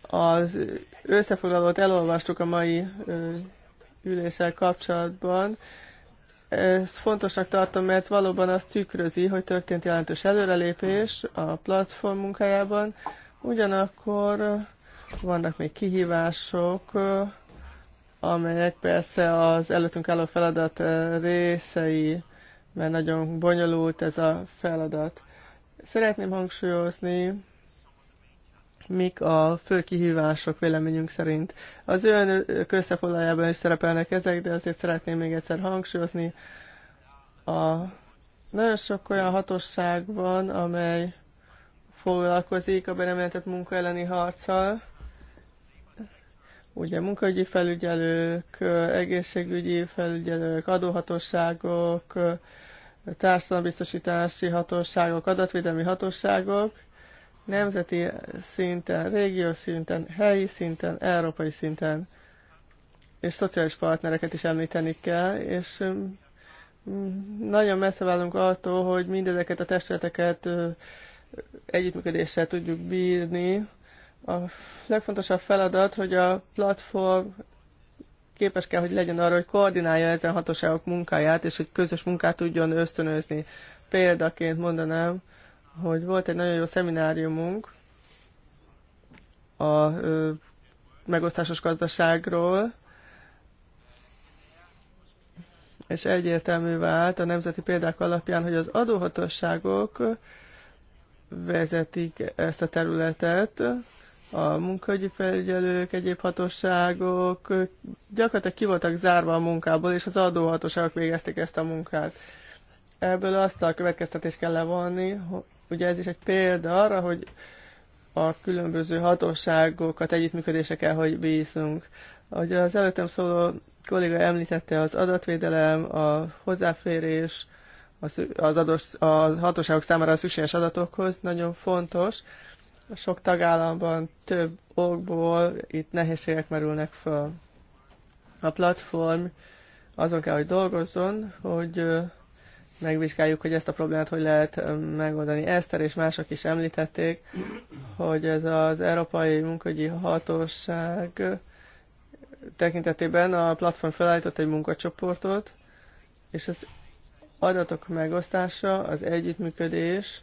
Az összefoglalót elolvastuk a mai üléssel kapcsolatban. Ezt fontosnak tartom, mert valóban azt tükrözi, hogy történt jelentős előrelépés a platform munkájában, ugyanakkor vannak még kihívások, amelyek persze az előttünk álló feladat részei, mert nagyon bonyolult ez a feladat. Szeretném hangsúlyozni, mik a fő kihívások véleményünk szerint. Az ön összefoglalójában is szerepelnek ezek, de azért szeretném még egyszer hangsúlyozni. A nagyon sok olyan hatosság van, amely foglalkozik a beremeltett munka elleni harccal. Ugye munkaügyi felügyelők, egészségügyi felügyelők, adóhatóságok, társadalombiztosítási hatóságok, adatvédelmi hatóságok, nemzeti szinten, régió szinten, helyi szinten, európai szinten, és szociális partnereket is említeni kell, és mm, mm, nagyon messze válunk attól, hogy mindezeket a testületeket együttműködéssel tudjuk bírni. A legfontosabb feladat, hogy a platform képes kell, hogy legyen arra, hogy koordinálja ezen hatóságok munkáját, és hogy közös munkát tudjon ösztönözni. Példaként mondanám, hogy volt egy nagyon jó szemináriumunk a ö, megosztásos gazdaságról, és egyértelmű vált a nemzeti példák alapján, hogy az adóhatóságok vezetik ezt a területet, a munkahogyi felügyelők, egyéb hatóságok gyakorlatilag ki voltak zárva a munkából, és az adóhatóságok végezték ezt a munkát. Ebből azt a következtetést kell levonni, Ugye ez is egy példa arra, hogy a különböző hatóságokat együttműködésre kell, hogy bízunk. Ahogy az előttem szóló kolléga említette, az adatvédelem, a hozzáférés, az, az a hatóságok számára a szükséges adatokhoz nagyon fontos. A sok tagállamban több okból itt nehézségek merülnek fel. A platform azon kell, hogy dolgozzon, hogy megvizsgáljuk, hogy ezt a problémát hogy lehet megoldani. Eszter és mások is említették, hogy ez az Európai Munkagyi Hatóság tekintetében a platform felállított egy munkacsoportot, és az adatok megosztása, az együttműködés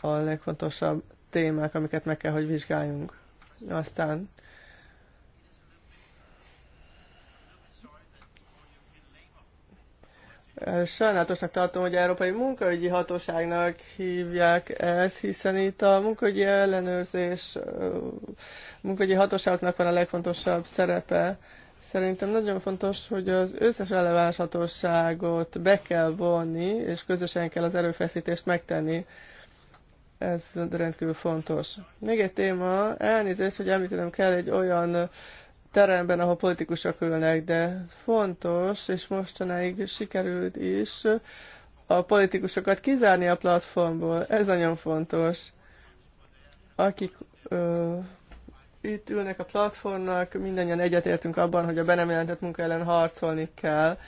a legfontosabb témák, amiket meg kell, hogy vizsgáljunk. Aztán Sajnálatosnak tartom, hogy Európai Munkaügyi Hatóságnak hívják ezt, hiszen itt a munkaügyi ellenőrzés, munkaügyi hatóságoknak van a legfontosabb szerepe. Szerintem nagyon fontos, hogy az összes releváns hatóságot be kell vonni, és közösen kell az erőfeszítést megtenni. Ez rendkívül fontos. Még egy téma, elnézést, hogy említenem kell egy olyan teremben, ahol politikusok ülnek, de fontos, és mostanáig sikerült is a politikusokat kizárni a platformból. Ez nagyon fontos. Akik ö, itt ülnek a platformnak, mindannyian egyetértünk abban, hogy a be nem jelentett munka ellen harcolni kell.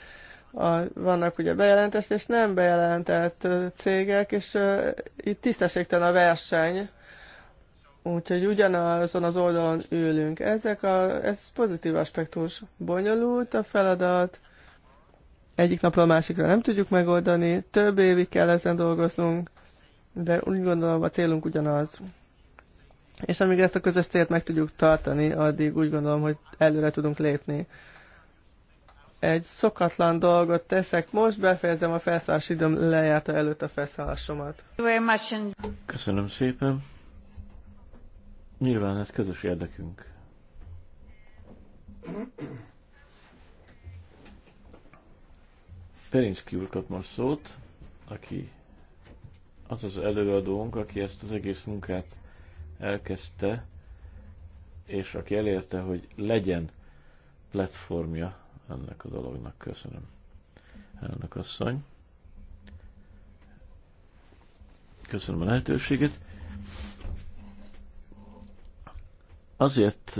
A, vannak ugye bejelentést és nem bejelentett cégek, és ö, itt tisztességtelen a verseny, Úgyhogy ugyanazon az oldalon ülünk. Ezek a, ez pozitív aspektus. Bonyolult a feladat, egyik napról a másikra nem tudjuk megoldani, több évig kell ezen dolgoznunk, de úgy gondolom a célunk ugyanaz. És amíg ezt a közös célt meg tudjuk tartani, addig úgy gondolom, hogy előre tudunk lépni. Egy szokatlan dolgot teszek, most befejezem a felszállás időm lejárta előtt a felszállásomat. Köszönöm szépen. Nyilván ez közös érdekünk. Perinszki úr kap most szót, aki az az előadónk, aki ezt az egész munkát elkezdte, és aki elérte, hogy legyen platformja ennek a dolognak. Köszönöm, elnök asszony. Köszönöm a lehetőséget. Azért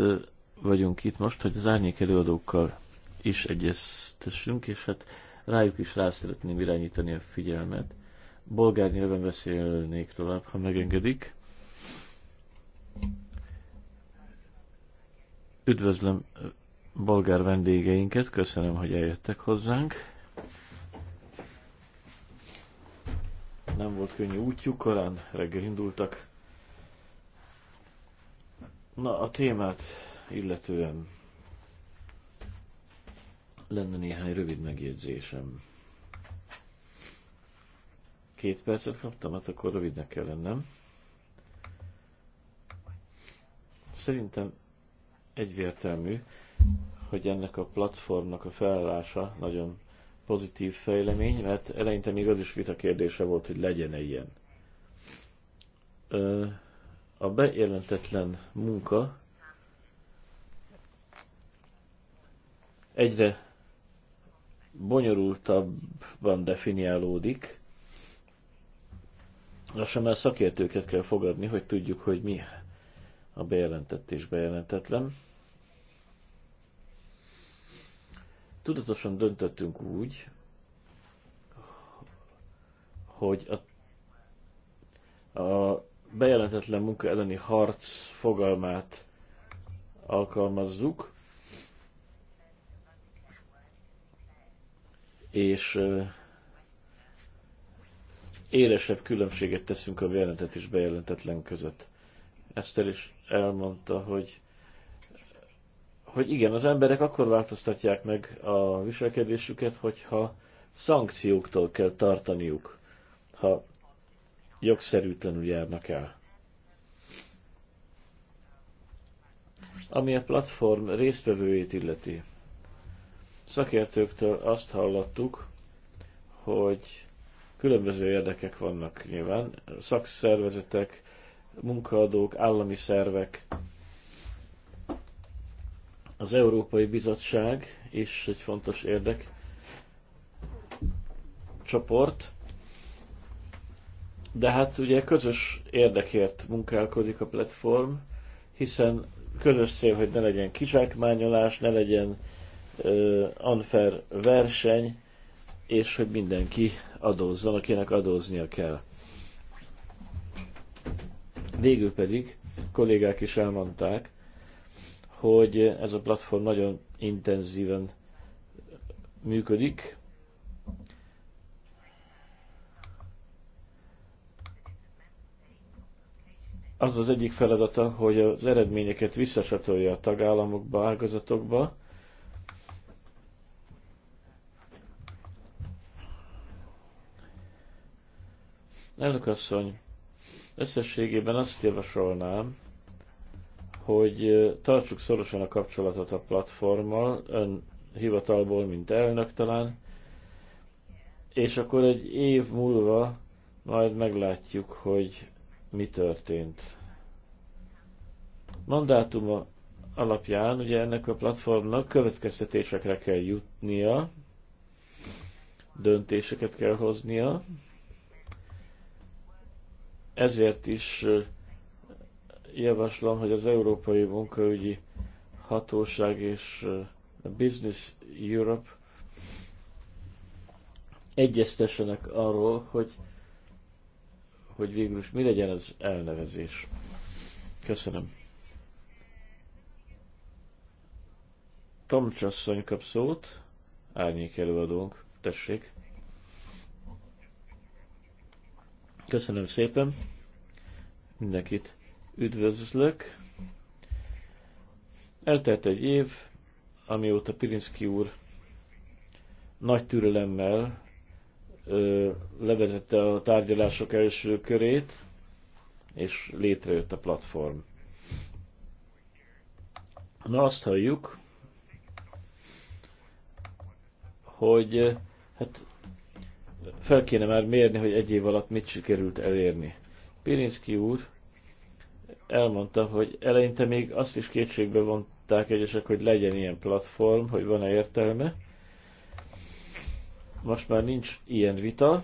vagyunk itt most, hogy az árnyék előadókkal is egyeztessünk, és hát rájuk is rá szeretném irányítani a figyelmet. Bolgár nyelven beszélnék tovább, ha megengedik. Üdvözlöm bolgár vendégeinket, köszönöm, hogy eljöttek hozzánk. Nem volt könnyű útjuk, korán reggel indultak. Na, a témát illetően lenne néhány rövid megjegyzésem. Két percet kaptam, hát akkor rövidnek kell lennem. Szerintem egyértelmű, hogy ennek a platformnak a felállása nagyon pozitív fejlemény, mert eleinte még az is vita kérdése volt, hogy legyen-e ilyen. A bejelentetlen munka egyre bonyolultabban definiálódik, lassan már szakértőket kell fogadni, hogy tudjuk, hogy mi a bejelentett és bejelentetlen. Tudatosan döntöttünk úgy, hogy a, a bejelentetlen munka elleni harc fogalmát alkalmazzuk, és élesebb különbséget teszünk a bejelentett és bejelentetlen között. Eszter is elmondta, hogy, hogy igen, az emberek akkor változtatják meg a viselkedésüket, hogyha szankcióktól kell tartaniuk, ha jogszerűtlenül járnak el. Ami a platform résztvevőjét illeti. Szakértőktől azt hallottuk, hogy különböző érdekek vannak nyilván. Szakszervezetek, munkaadók, állami szervek, az Európai Bizottság is egy fontos érdek csoport, de hát ugye közös érdekért munkálkodik a platform, hiszen közös cél, hogy ne legyen kizsákmányolás, ne legyen uh, unfair verseny, és hogy mindenki adózzon, akinek adóznia kell. Végül pedig kollégák is elmondták, hogy ez a platform nagyon intenzíven működik, az az egyik feladata, hogy az eredményeket visszasatolja a tagállamokba, ágazatokba, Elnök asszony, összességében azt javasolnám, hogy tartsuk szorosan a kapcsolatot a platformmal, ön hivatalból, mint elnök talán, és akkor egy év múlva majd meglátjuk, hogy mi történt. Mandátuma alapján ugye ennek a platformnak következtetésekre kell jutnia, döntéseket kell hoznia, ezért is javaslom, hogy az Európai Munkaügyi Hatóság és a Business Europe egyeztessenek arról, hogy hogy végül is mi legyen az elnevezés. Köszönöm. Tomcsasszony kap szót, árnyék előadónk, tessék. Köszönöm szépen, mindenkit üdvözlök. Eltelt egy év, amióta Pirinszki úr nagy türelemmel levezette a tárgyalások első körét, és létrejött a platform. Na azt halljuk, hogy hát fel kéne már mérni, hogy egy év alatt mit sikerült elérni. Pirinszki úr elmondta, hogy eleinte még azt is kétségbe vonták egyesek, hogy legyen ilyen platform, hogy van-e értelme, most már nincs ilyen vita.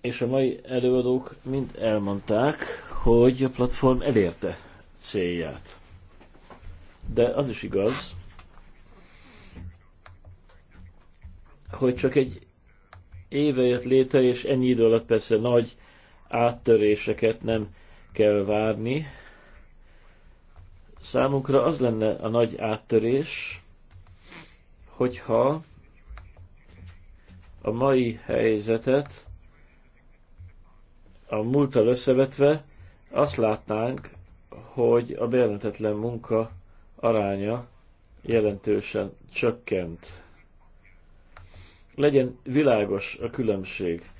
És a mai előadók mind elmondták, hogy a platform elérte célját. De az is igaz, hogy csak egy éve jött létre, és ennyi idő alatt persze nagy áttöréseket nem kell várni. Számunkra az lenne a nagy áttörés, hogyha a mai helyzetet a múlttal összevetve azt látnánk, hogy a bejelentetlen munka aránya jelentősen csökkent. Legyen világos a különbség.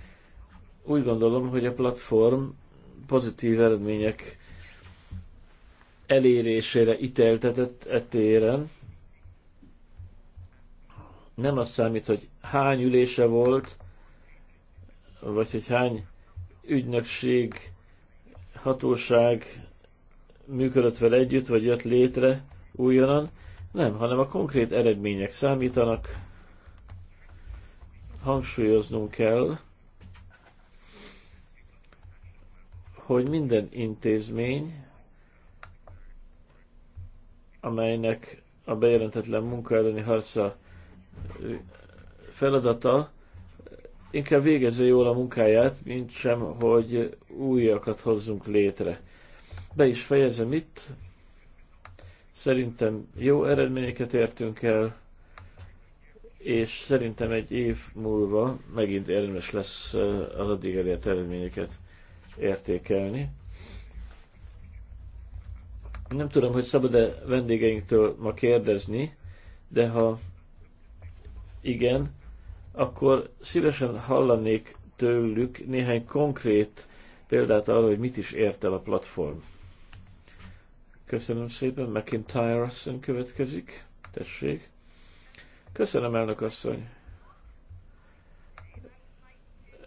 Úgy gondolom, hogy a platform pozitív eredmények elérésére ítéltetett etéren, nem az számít, hogy hány ülése volt, vagy hogy hány ügynökség, hatóság működött vele együtt, vagy jött létre újonnan, nem, hanem a konkrét eredmények számítanak, hangsúlyoznunk kell, hogy minden intézmény, amelynek a bejelentetlen munkaelleni harca feladata inkább végezze jól a munkáját, mint sem, hogy újakat hozzunk létre. Be is fejezem itt. Szerintem jó eredményeket értünk el, és szerintem egy év múlva megint érdemes lesz az eh, addig elért eredményeket értékelni. Nem tudom, hogy szabad-e vendégeinktől ma kérdezni, de ha igen, akkor szívesen hallanék tőlük néhány konkrét példát arra, hogy mit is ért el a platform. Köszönöm szépen, McIntyre asszony következik. Tessék. Köszönöm, elnök asszony.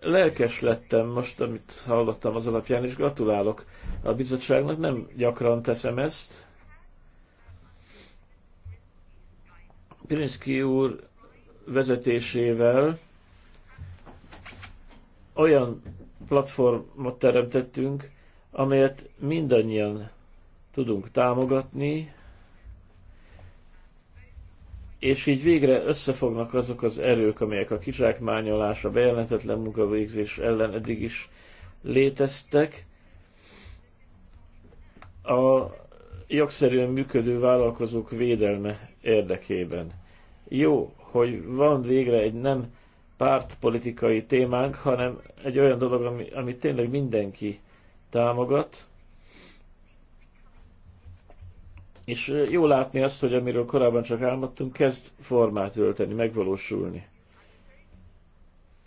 Lelkes lettem most, amit hallottam az alapján, és gratulálok a bizottságnak. Nem gyakran teszem ezt. Pirinszki úr vezetésével olyan platformot teremtettünk, amelyet mindannyian tudunk támogatni, és így végre összefognak azok az erők, amelyek a kizsákmányolás, a bejelentetlen munkavégzés ellen eddig is léteztek. A jogszerűen működő vállalkozók védelme érdekében. Jó hogy van végre egy nem pártpolitikai témánk, hanem egy olyan dolog, ami, amit tényleg mindenki támogat. És jó látni azt, hogy amiről korábban csak álmodtunk, kezd formát ölteni, megvalósulni.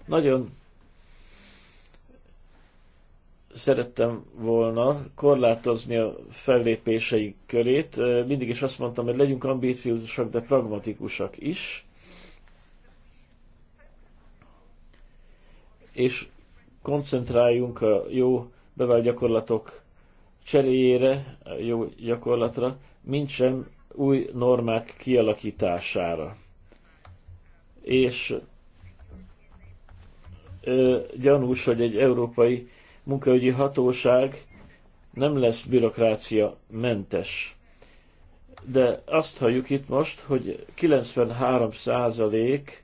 Nagyon szerettem volna korlátozni a fellépéseik körét. Mindig is azt mondtam, hogy legyünk ambíciózusak, de pragmatikusak is. és koncentráljunk a jó bevált gyakorlatok cseréjére, a jó gyakorlatra, mint sem új normák kialakítására. És ö, gyanús, hogy egy európai munkaügyi hatóság nem lesz bürokrácia mentes. De azt halljuk itt most, hogy 93 százalék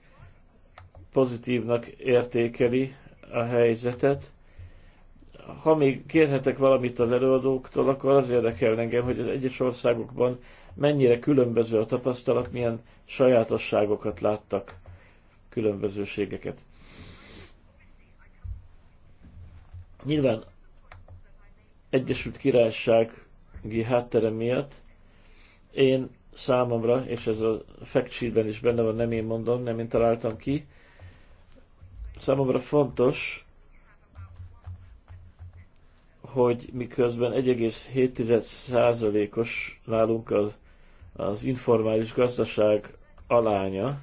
pozitívnak értékeli a helyzetet. Ha még kérhetek valamit az előadóktól, akkor az érdekel engem, hogy az egyes országokban mennyire különböző a tapasztalat, milyen sajátosságokat láttak, különbözőségeket. Nyilván Egyesült Királysági háttere miatt én számomra, és ez a fact is benne van, nem én mondom, nem én találtam ki, Számomra fontos, hogy miközben 1,7%-os nálunk az, az informális gazdaság alánya,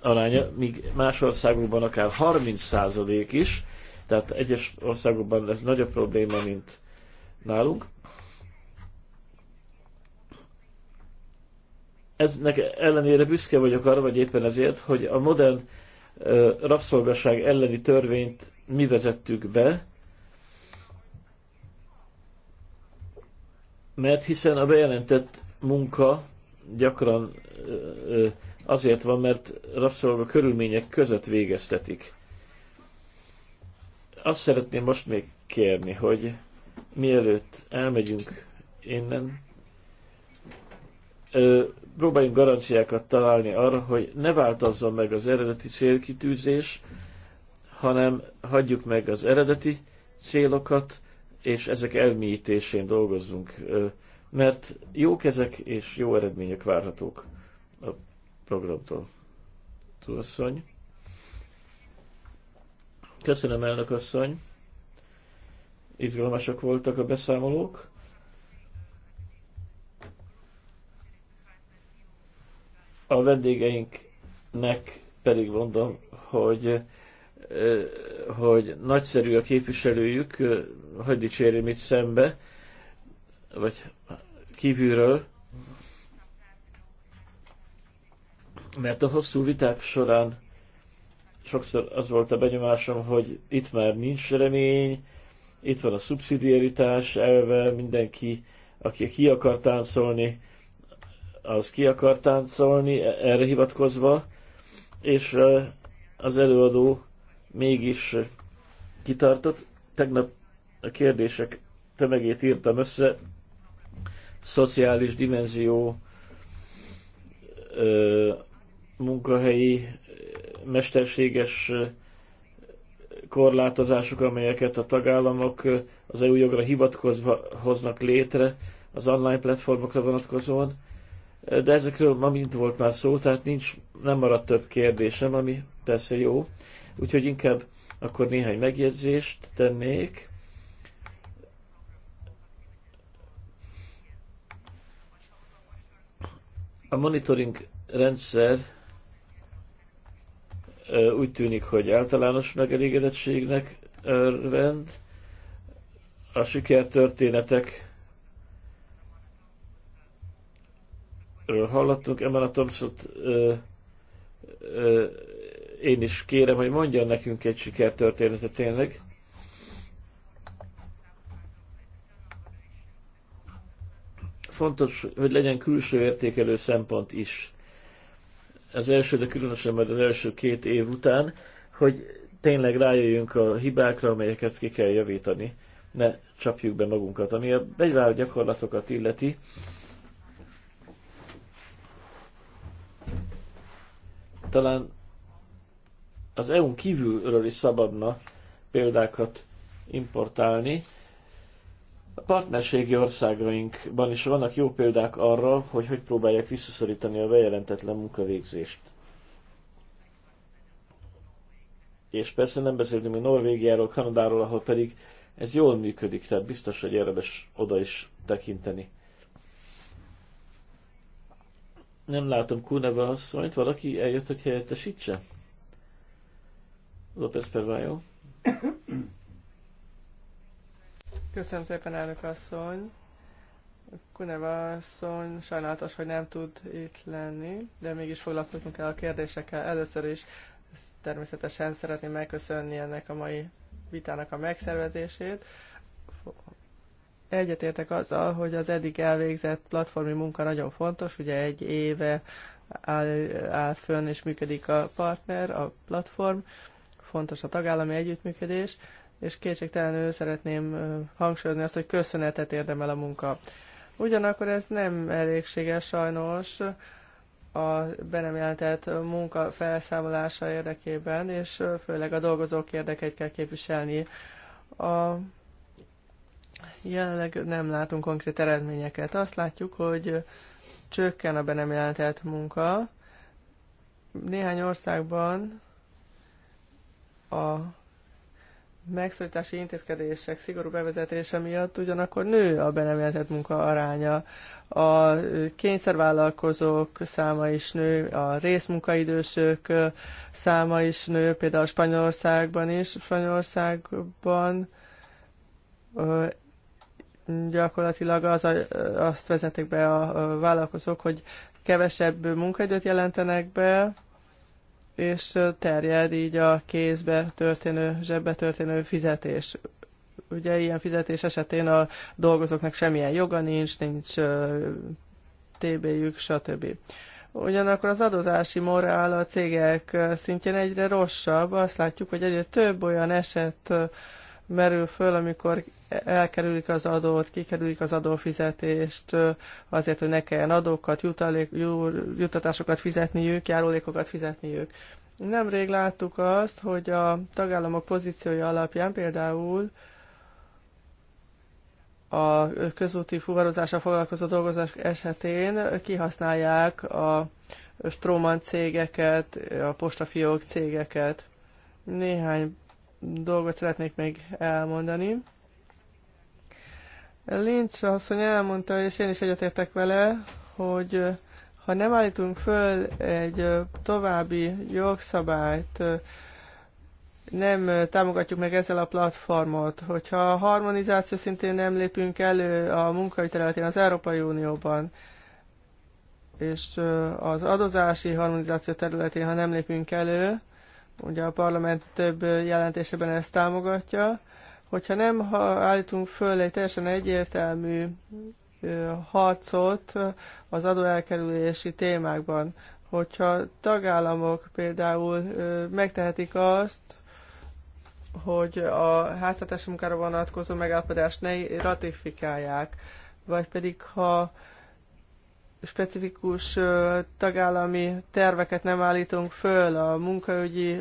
aránya, míg más országokban akár 30% is, tehát egyes országokban ez nagyobb probléma, mint nálunk. Eznek ellenére büszke vagyok arra, vagy éppen ezért, hogy a modern rabszolgaság elleni törvényt mi vezettük be, mert hiszen a bejelentett munka gyakran azért van, mert rabszolga körülmények között végeztetik. Azt szeretném most még kérni, hogy mielőtt elmegyünk innen, próbáljunk garanciákat találni arra, hogy ne változzon meg az eredeti célkitűzés, hanem hagyjuk meg az eredeti célokat, és ezek elmélyítésén dolgozzunk, mert jók ezek, és jó eredmények várhatók a programtól. Túlasszony. Köszönöm, elnök asszony. Izgalmasak voltak a beszámolók. A vendégeinknek pedig mondom, hogy hogy nagyszerű a képviselőjük, hogy dicsérjem itt szembe, vagy kívülről, mert a hosszú viták során sokszor az volt a benyomásom, hogy itt már nincs remény, itt van a szubszidiaritás elve, mindenki, aki ki akar táncolni, az ki akar táncolni e- erre hivatkozva, és az előadó mégis kitartott. Tegnap a kérdések tömegét írtam össze, szociális dimenzió, munkahelyi, mesterséges korlátozások, amelyeket a tagállamok az EU jogra hivatkozva hoznak létre az online platformokra vonatkozóan de ezekről ma mind volt már szó, tehát nincs, nem maradt több kérdésem, ami persze jó, úgyhogy inkább akkor néhány megjegyzést tennék. A monitoring rendszer úgy tűnik, hogy általános megelégedettségnek örvend, a sikertörténetek ről hallottunk, ebben a Thompson-t én is kérem, hogy mondjon nekünk egy sikertörténetet tényleg. Fontos, hogy legyen külső értékelő szempont is. Az első, de különösen majd az első két év után, hogy tényleg rájöjjünk a hibákra, amelyeket ki kell javítani. Ne csapjuk be magunkat. Ami a begyvált gyakorlatokat illeti, Talán az EU-n kívülről is szabadna példákat importálni. A partnerségi országainkban is vannak jó példák arra, hogy hogy próbálják visszaszorítani a bejelentetlen munkavégzést. És persze nem beszéltünk még Norvégiáról, Kanadáról, ahol pedig ez jól működik, tehát biztos, hogy érdemes oda is tekinteni. Nem látom Kuneva asszonyt, valaki eljött, hogy helyettesítse? López Pervájó. Köszönöm szépen, elnök asszony. Kuneva asszony sajnálatos, hogy nem tud itt lenni, de mégis foglalkozunk el a kérdésekkel. Először is természetesen szeretném megköszönni ennek a mai vitának a megszervezését egyetértek azzal, hogy az eddig elvégzett platformi munka nagyon fontos, ugye egy éve áll, áll fönn és működik a partner, a platform, fontos a tagállami együttműködés, és kétségtelenül szeretném hangsúlyozni azt, hogy köszönetet érdemel a munka. Ugyanakkor ez nem elégséges sajnos a be nem jelentett munka felszámolása érdekében, és főleg a dolgozók érdekeit kell képviselni. A Jelenleg nem látunk konkrét eredményeket. Azt látjuk, hogy csökken a be nem jelentett munka. Néhány országban a megszorítási intézkedések szigorú bevezetése miatt ugyanakkor nő a be nem jelentett munka aránya. A kényszervállalkozók száma is nő, a részmunkaidősök száma is nő, például Spanyolországban is. Spanyolországban gyakorlatilag az a, azt vezetik be a, a vállalkozók, hogy kevesebb munkaidőt jelentenek be, és terjed így a kézbe történő, zsebbe történő fizetés. Ugye ilyen fizetés esetén a dolgozóknak semmilyen joga nincs, nincs TB-jük, stb. Ugyanakkor az adózási morál a cégek szintjén egyre rosszabb. Azt látjuk, hogy egyre több olyan eset merül föl, amikor elkerülik az adót, kikerülik az adófizetést, azért, hogy ne kelljen adókat, jutalék, jutatásokat fizetniük, járulékokat fizetniük. Nemrég láttuk azt, hogy a tagállamok pozíciója alapján például a közúti fuvarozással foglalkozó dolgozás esetén kihasználják a stróman cégeket, a postafiók cégeket. Néhány dolgot szeretnék még elmondani. Lynch asszony elmondta, és én is egyetértek vele, hogy ha nem állítunk föl egy további jogszabályt, nem támogatjuk meg ezzel a platformot, hogyha a harmonizáció szintén nem lépünk elő a munkai területén az Európai Unióban, és az adozási harmonizáció területén, ha nem lépünk elő, ugye a parlament több jelentésében ezt támogatja, hogyha nem ha állítunk föl egy teljesen egyértelmű harcot az adóelkerülési témákban, hogyha tagállamok például megtehetik azt, hogy a háztartási munkára vonatkozó megállapodást ne ratifikálják, vagy pedig ha specifikus tagállami terveket nem állítunk föl a munkaügyi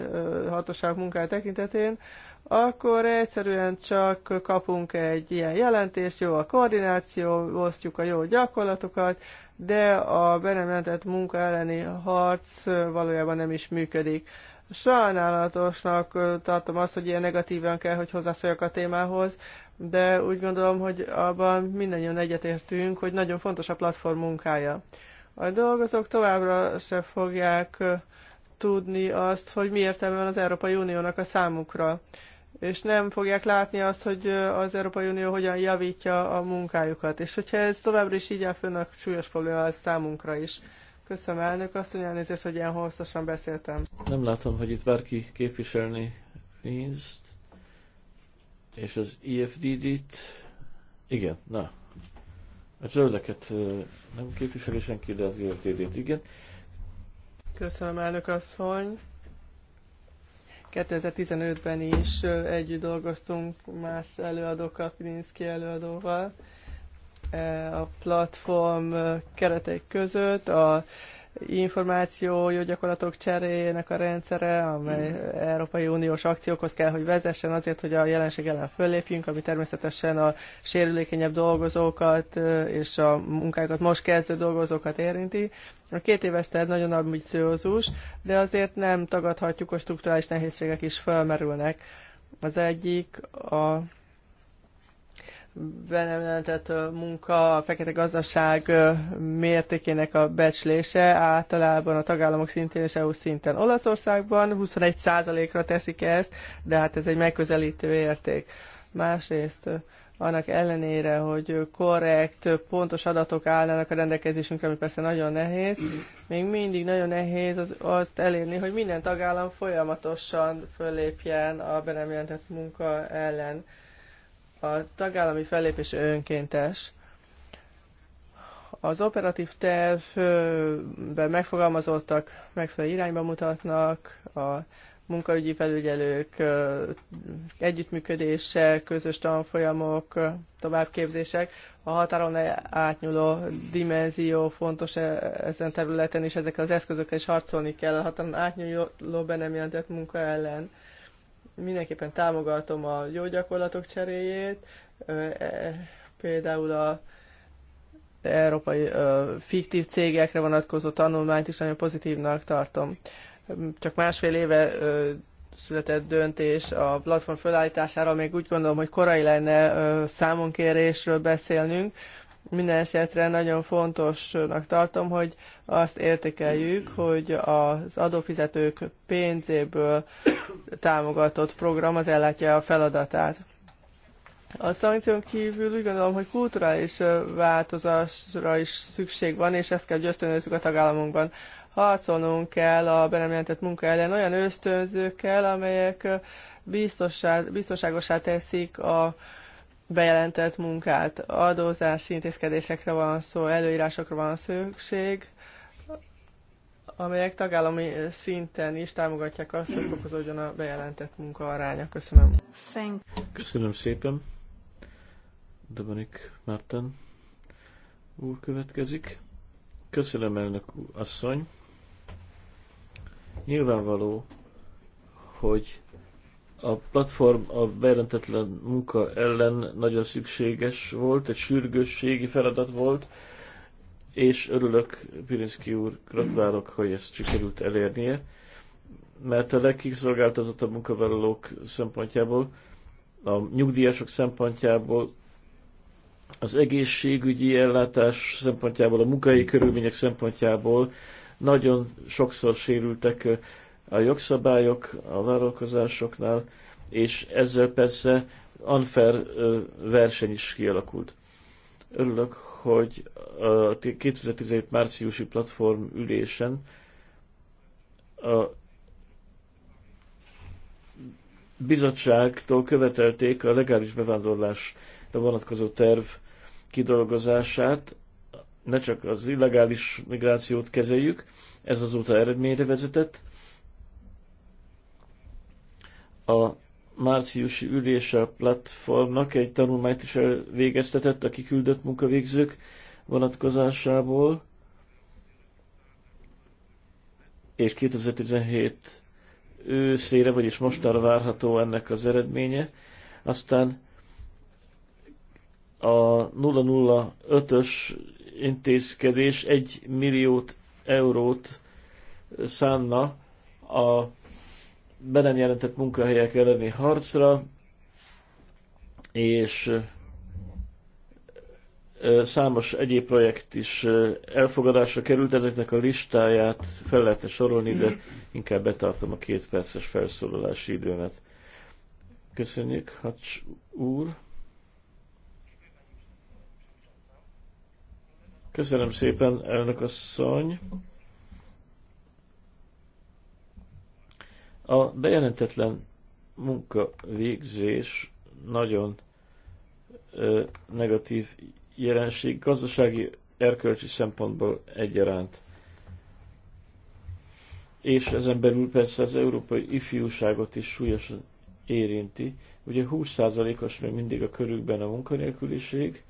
hatóság munkája tekintetén, akkor egyszerűen csak kapunk egy ilyen jelentést, jó a koordináció, osztjuk a jó gyakorlatokat, de a benemeltett munka elleni harc valójában nem is működik. Sajnálatosnak tartom azt, hogy ilyen negatívan kell, hogy hozzászóljak a témához, de úgy gondolom, hogy abban mindannyian egyetértünk, hogy nagyon fontos a platform munkája. A dolgozók továbbra se fogják tudni azt, hogy mi értelme van az Európai Uniónak a számukra, és nem fogják látni azt, hogy az Európai Unió hogyan javítja a munkájukat. És hogyha ez továbbra is így áll fönn, súlyos probléma lesz számunkra is. Köszönöm, elnök asszony, elnézést, hogy ilyen hosszasan beszéltem. Nem látom, hogy itt bárki képviselni pénzt és az IFDD-t, e igen, na, a zöldeket nem képviseli senki, de az IFDD-t e igen. Köszönöm, elnök asszony. 2015-ben is együtt dolgoztunk más előadókkal, Pilinszki előadóval e, a platform keretei között a információ, jó gyakorlatok cseréjének a rendszere, amely mhm. Európai Uniós akciókhoz kell, hogy vezessen azért, hogy a jelenség ellen föllépjünk, ami természetesen a sérülékenyebb dolgozókat és a munkákat most kezdő dolgozókat érinti. A két éves terv nagyon ambiciózus, de azért nem tagadhatjuk, hogy strukturális nehézségek is felmerülnek. Az egyik a bejelentett munka, a fekete gazdaság mértékének a becslése általában a tagállamok szintén és EU szinten. Olaszországban 21%-ra teszik ezt, de hát ez egy megközelítő érték. Másrészt annak ellenére, hogy korrekt, pontos adatok állnának a rendelkezésünkre, ami persze nagyon nehéz, még mindig nagyon nehéz az, azt elérni, hogy minden tagállam folyamatosan föllépjen a be munka ellen a tagállami fellépés önkéntes. Az operatív tervben megfogalmazottak megfelelő irányba mutatnak, a munkaügyi felügyelők együttműködése, közös tanfolyamok, továbbképzések. A határon átnyúló dimenzió fontos e-, ezen területen, és ezek az eszközökkel is harcolni kell a határon átnyúló be nem jelentett munka ellen mindenképpen támogatom a jó gyakorlatok cseréjét, e, például a európai fiktív cégekre vonatkozó tanulmányt is nagyon pozitívnak tartom. Csak másfél éve született döntés a platform fölállítására, még úgy gondolom, hogy korai lenne számonkérésről beszélnünk, minden esetre nagyon fontosnak tartom, hogy azt értékeljük, hogy az adófizetők pénzéből támogatott program az ellátja a feladatát. A szankción kívül úgy gondolom, hogy kulturális változásra is szükség van, és ezt kell, hogy ösztönözzük a tagállamunkban. Harcolnunk kell a be nem jelentett munka ellen olyan ösztönzőkkel, amelyek biztosá, biztonságosá teszik a bejelentett munkát. Adózási intézkedésekre van szó, előírásokra van szükség, amelyek tagállami szinten is támogatják azt, hogy fokozódjon a bejelentett munka aránya. Köszönöm. Köszönöm szépen. Dominik Márten úr következik. Köszönöm, elnök asszony. Nyilvánvaló, hogy a platform a bejelentetlen munka ellen nagyon szükséges volt, egy sürgősségi feladat volt, és örülök, Pirinszki úr, gratulálok, hogy ezt sikerült elérnie, mert a legkiszolgáltatottabb munkavállalók szempontjából, a nyugdíjasok szempontjából, az egészségügyi ellátás szempontjából, a munkai körülmények szempontjából nagyon sokszor sérültek a jogszabályok a vállalkozásoknál, és ezzel persze unfair verseny is kialakult. Örülök, hogy a 2017 márciusi platform ülésen a bizottságtól követelték a legális bevándorlásra vonatkozó terv kidolgozását, ne csak az illegális migrációt kezeljük, ez azóta eredményre vezetett, a márciusi ülése a platformnak egy tanulmányt is elvégeztetett, a kiküldött munkavégzők vonatkozásából, és 2017 őszére, vagyis mostanra várható ennek az eredménye. Aztán a 005-ös intézkedés 1 milliót eurót szánna a be nem jelentett munkahelyek elleni harcra, és számos egyéb projekt is elfogadásra került, ezeknek a listáját fel lehetne sorolni, de inkább betartom a két perces felszólalási időmet. Köszönjük, Hacs úr! Köszönöm szépen, elnök asszony! A bejelentetlen munkavégzés nagyon ö, negatív jelenség, gazdasági, erkölcsi szempontból egyaránt. És ezen belül persze az európai ifjúságot is súlyosan érinti. Ugye 20%-os még mindig a körükben a munkanélküliség,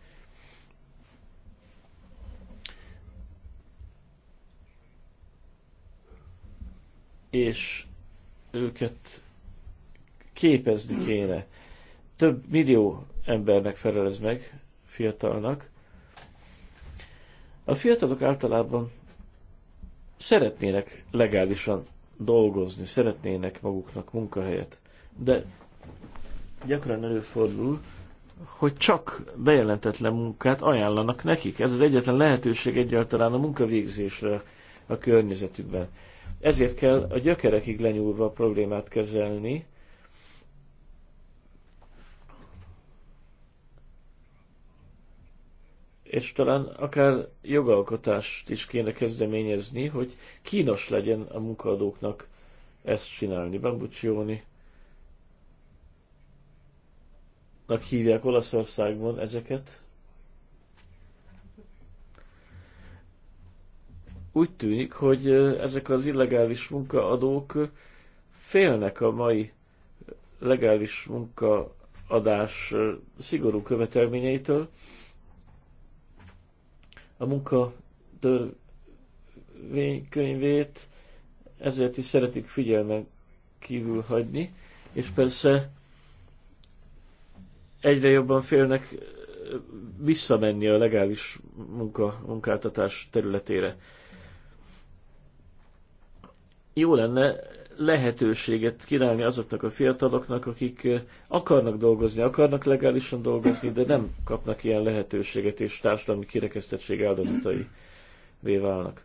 és őket képezni kéne. Több millió embernek felelez meg, fiatalnak. A fiatalok általában szeretnének legálisan dolgozni, szeretnének maguknak munkahelyet, de gyakran előfordul, hogy csak bejelentetlen munkát ajánlanak nekik. Ez az egyetlen lehetőség egyáltalán a munkavégzésre a környezetükben. Ezért kell a gyökerekig lenyúlva a problémát kezelni. És talán akár jogalkotást is kéne kezdeményezni, hogy kínos legyen a munkaadóknak ezt csinálni. Bambucsioni hívják Olaszországban ezeket, Úgy tűnik, hogy ezek az illegális munkaadók félnek a mai legális munkaadás szigorú követelményeitől. A munka törvénykönyvét ezért is szeretik figyelmen kívül hagyni, és persze egyre jobban félnek visszamenni a legális munka, munkáltatás területére jó lenne lehetőséget kínálni azoknak a fiataloknak, akik eh, akarnak dolgozni, akarnak legálisan dolgozni, de nem kapnak ilyen lehetőséget, és társadalmi kirekesztettség áldozatai válnak.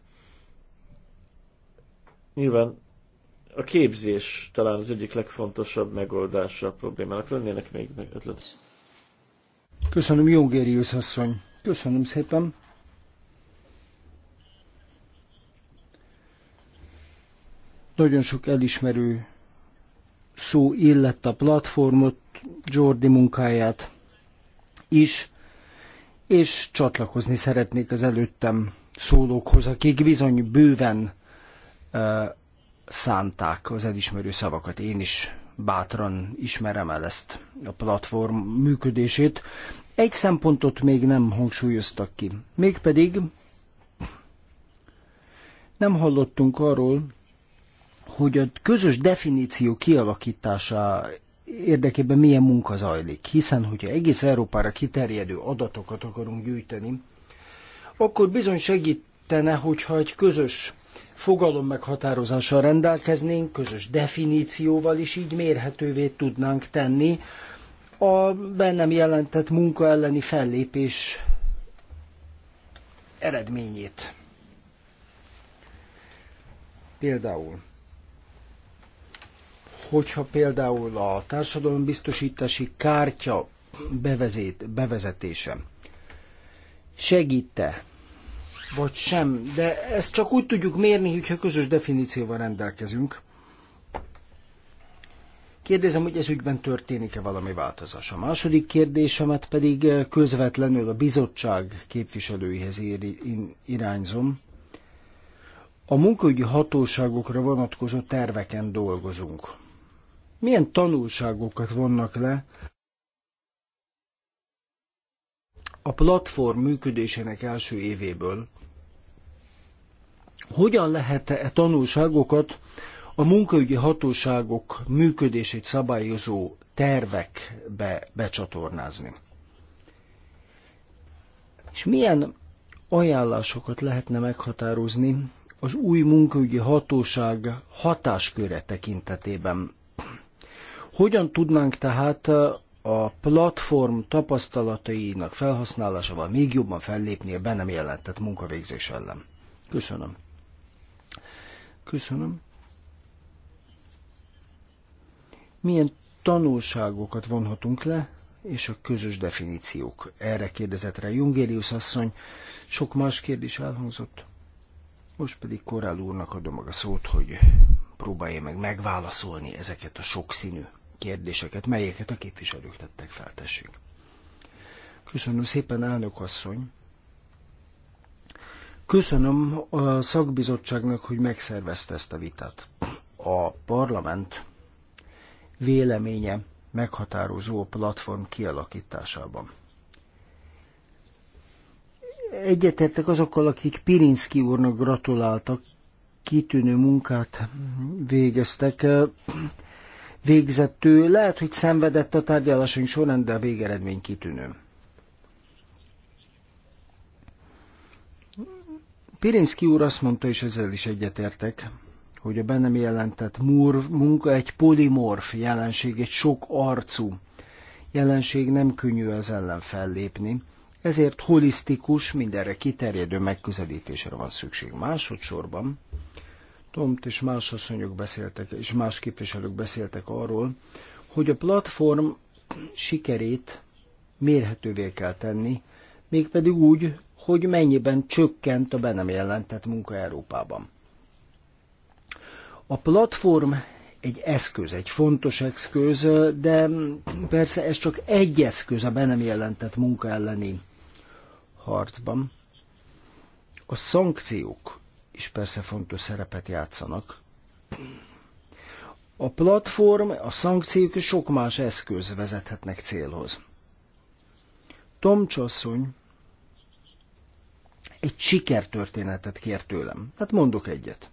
Nyilván a képzés talán az egyik legfontosabb megoldása a problémának. Lennének még ötlet. Köszönöm, Jongérius asszony. Köszönöm szépen. Nagyon sok elismerő szó illett a platformot, Jordi munkáját is, és csatlakozni szeretnék az előttem szólókhoz, akik bizony bőven uh, szánták az elismerő szavakat. Én is bátran ismerem el ezt a platform működését. Egy szempontot még nem hangsúlyoztak ki, mégpedig nem hallottunk arról, hogy a közös definíció kialakítása érdekében milyen munka zajlik, hiszen hogyha egész Európára kiterjedő adatokat akarunk gyűjteni, akkor bizony segítene, hogyha egy közös fogalom meghatározással rendelkeznénk, közös definícióval is így mérhetővé tudnánk tenni a bennem jelentett munka elleni fellépés eredményét. Például hogyha például a társadalombiztosítási kártya bevezét, bevezetése segíte, vagy sem, de ezt csak úgy tudjuk mérni, hogyha közös definícióval rendelkezünk. Kérdezem, hogy ez ügyben történik-e valami változás. A második kérdésemet pedig eh, közvetlenül a bizottság képviselőihez irányzom. A munkaügyi hatóságokra vonatkozó terveken dolgozunk milyen tanulságokat vonnak le a platform működésének első évéből. Hogyan lehet -e tanulságokat a munkaügyi hatóságok működését szabályozó tervekbe becsatornázni? És milyen ajánlásokat lehetne meghatározni az új munkaügyi hatóság hatásköre tekintetében hogyan tudnánk tehát a platform tapasztalatainak felhasználásával még jobban fellépni a be nem jelentett munkavégzés ellen? Köszönöm. Köszönöm. Milyen tanulságokat vonhatunk le, és a közös definíciók? Erre kérdezett rá Jungérius asszony, sok más kérdés elhangzott. Most pedig Korál úrnak adom meg a szót, hogy próbálja meg megválaszolni ezeket a sokszínű kérdéseket, melyeket a képviselők tettek fel, tessék. Köszönöm szépen, elnök asszony. Köszönöm a szakbizottságnak, hogy megszervezte ezt a vitát. A parlament véleménye meghatározó a platform kialakításában. Egyetértek azokkal, akik Pirinszki úrnak gratuláltak, kitűnő munkát végeztek végzett ő. Lehet, hogy szenvedett a tárgyalásunk során, de a végeredmény kitűnő. Pirinszki úr azt mondta, és ezzel is egyetértek, hogy a bennem jelentett múr, munka egy polimorf jelenség, egy sok arcú jelenség, nem könnyű az ellen fellépni. Ezért holisztikus, mindenre kiterjedő megközelítésre van szükség. Másodszorban Tomt és más asszonyok beszéltek, és más képviselők beszéltek arról, hogy a platform sikerét mérhetővé kell tenni, mégpedig úgy, hogy mennyiben csökkent a be nem jelentett munka Európában. A platform egy eszköz, egy fontos eszköz, de persze ez csak egy eszköz a be nem jelentett munka elleni harcban. A szankciók is persze fontos szerepet játszanak. A platform, a szankciók és sok más eszköz vezethetnek célhoz. Tom Csasszony egy sikertörténetet kér tőlem. Hát mondok egyet.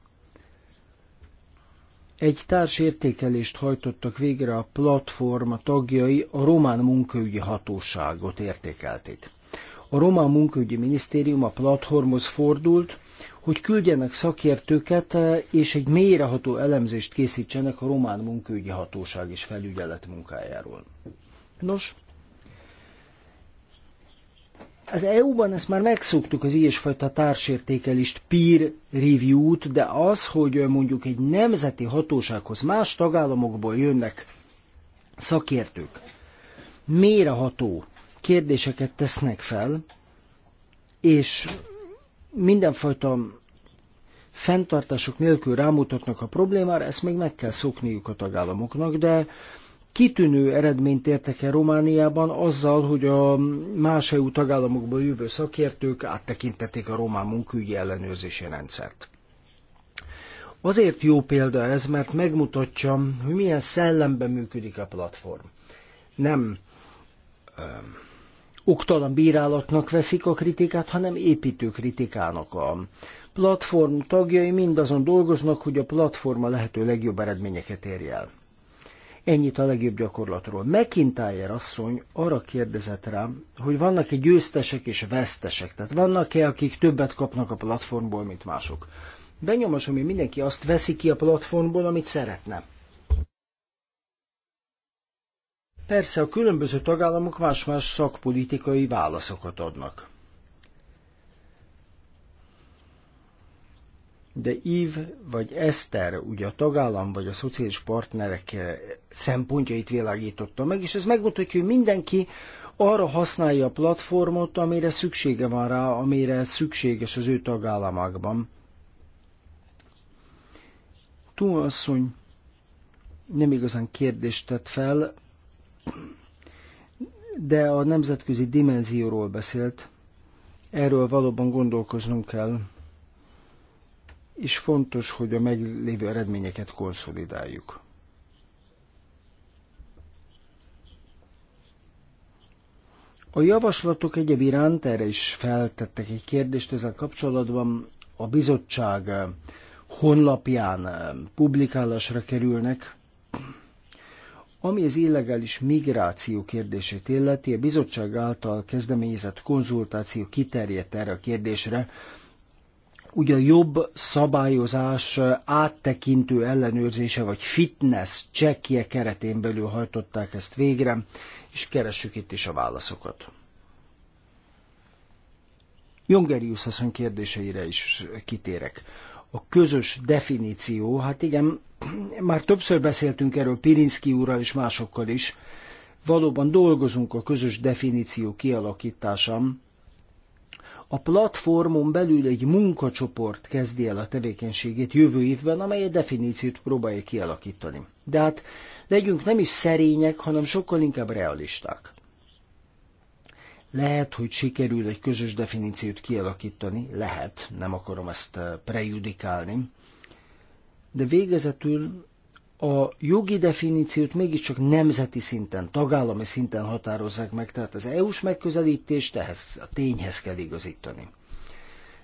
Egy társértékelést hajtottak végre a platforma tagjai, a román munkaügyi hatóságot értékelték. A román munkaügyi minisztérium a platformhoz fordult, hogy küldjenek szakértőket, eh, és egy mélyreható elemzést készítsenek a román munkaügyi hatóság és felügyelet munkájáról. Nos, az EU-ban ezt már megszoktuk az ilyesfajta társértékelést, peer review-t, de az, hogy eh, mondjuk egy nemzeti hatósághoz más tagállamokból jönnek szakértők, mélyreható kérdéseket tesznek fel, és mindenfajta fenntartások nélkül rámutatnak a problémára, ezt még meg kell szokniuk a tagállamoknak, de kitűnő eredményt értek el Romániában azzal, hogy a más EU tagállamokból jövő szakértők áttekintették a román munkügyi ellenőrzési rendszert. Azért jó példa ez, mert megmutatja, hogy milyen szellemben működik a platform. Nem oktalan bírálatnak veszik a kritikát, hanem építő kritikának. A platform tagjai mindazon dolgoznak, hogy a platforma lehető legjobb eredményeket érje el. Ennyit a legjobb gyakorlatról. McIntyre asszony arra kérdezett rám, hogy vannak-e győztesek és vesztesek, tehát vannak-e, akik többet kapnak a platformból, mint mások. Benyomásom, hogy mindenki azt veszi ki a platformból, amit szeretne. Persze a különböző tagállamok más-más szakpolitikai válaszokat adnak. De Ív vagy Eszter, ugye a tagállam vagy a szociális partnerek eh, szempontjait világította meg, és ez megmutatja, hogy mindenki arra használja a platformot, amire szüksége van rá, amire szükséges az ő tagállamokban. Túl asszony nem igazán kérdést tett fel, de a nemzetközi dimenzióról beszélt, erről valóban gondolkoznunk kell, és fontos, hogy a meglévő eredményeket konszolidáljuk. A javaslatok egyéb iránt, erre is feltettek egy kérdést ezzel kapcsolatban, a bizottság eh, honlapján eh, publikálásra kerülnek, ami az illegális migráció kérdését illeti, a bizottság által kezdeményezett konzultáció kiterjedt erre a kérdésre, ugye jobb szabályozás áttekintő ellenőrzése vagy fitness csekkje keretén belül hajtották ezt végre, és keressük itt is a válaszokat. Jongerius asszony kérdéseire is kitérek a közös definíció, hát igen, már többször beszéltünk erről Pirinszki úrral és másokkal is, valóban dolgozunk a közös definíció kialakításán. A platformon belül egy munkacsoport kezdi el a tevékenységét jövő évben, amely a definíciót próbálja kialakítani. De hát legyünk nem is szerények, hanem sokkal inkább realisták. Lehet, hogy sikerül egy közös definíciót kialakítani, lehet, nem akarom ezt eh, prejudikálni, de végezetül a jogi definíciót mégiscsak nemzeti szinten, tagállami szinten határozzák meg, tehát az EU-s megközelítést ehhez a tényhez kell igazítani.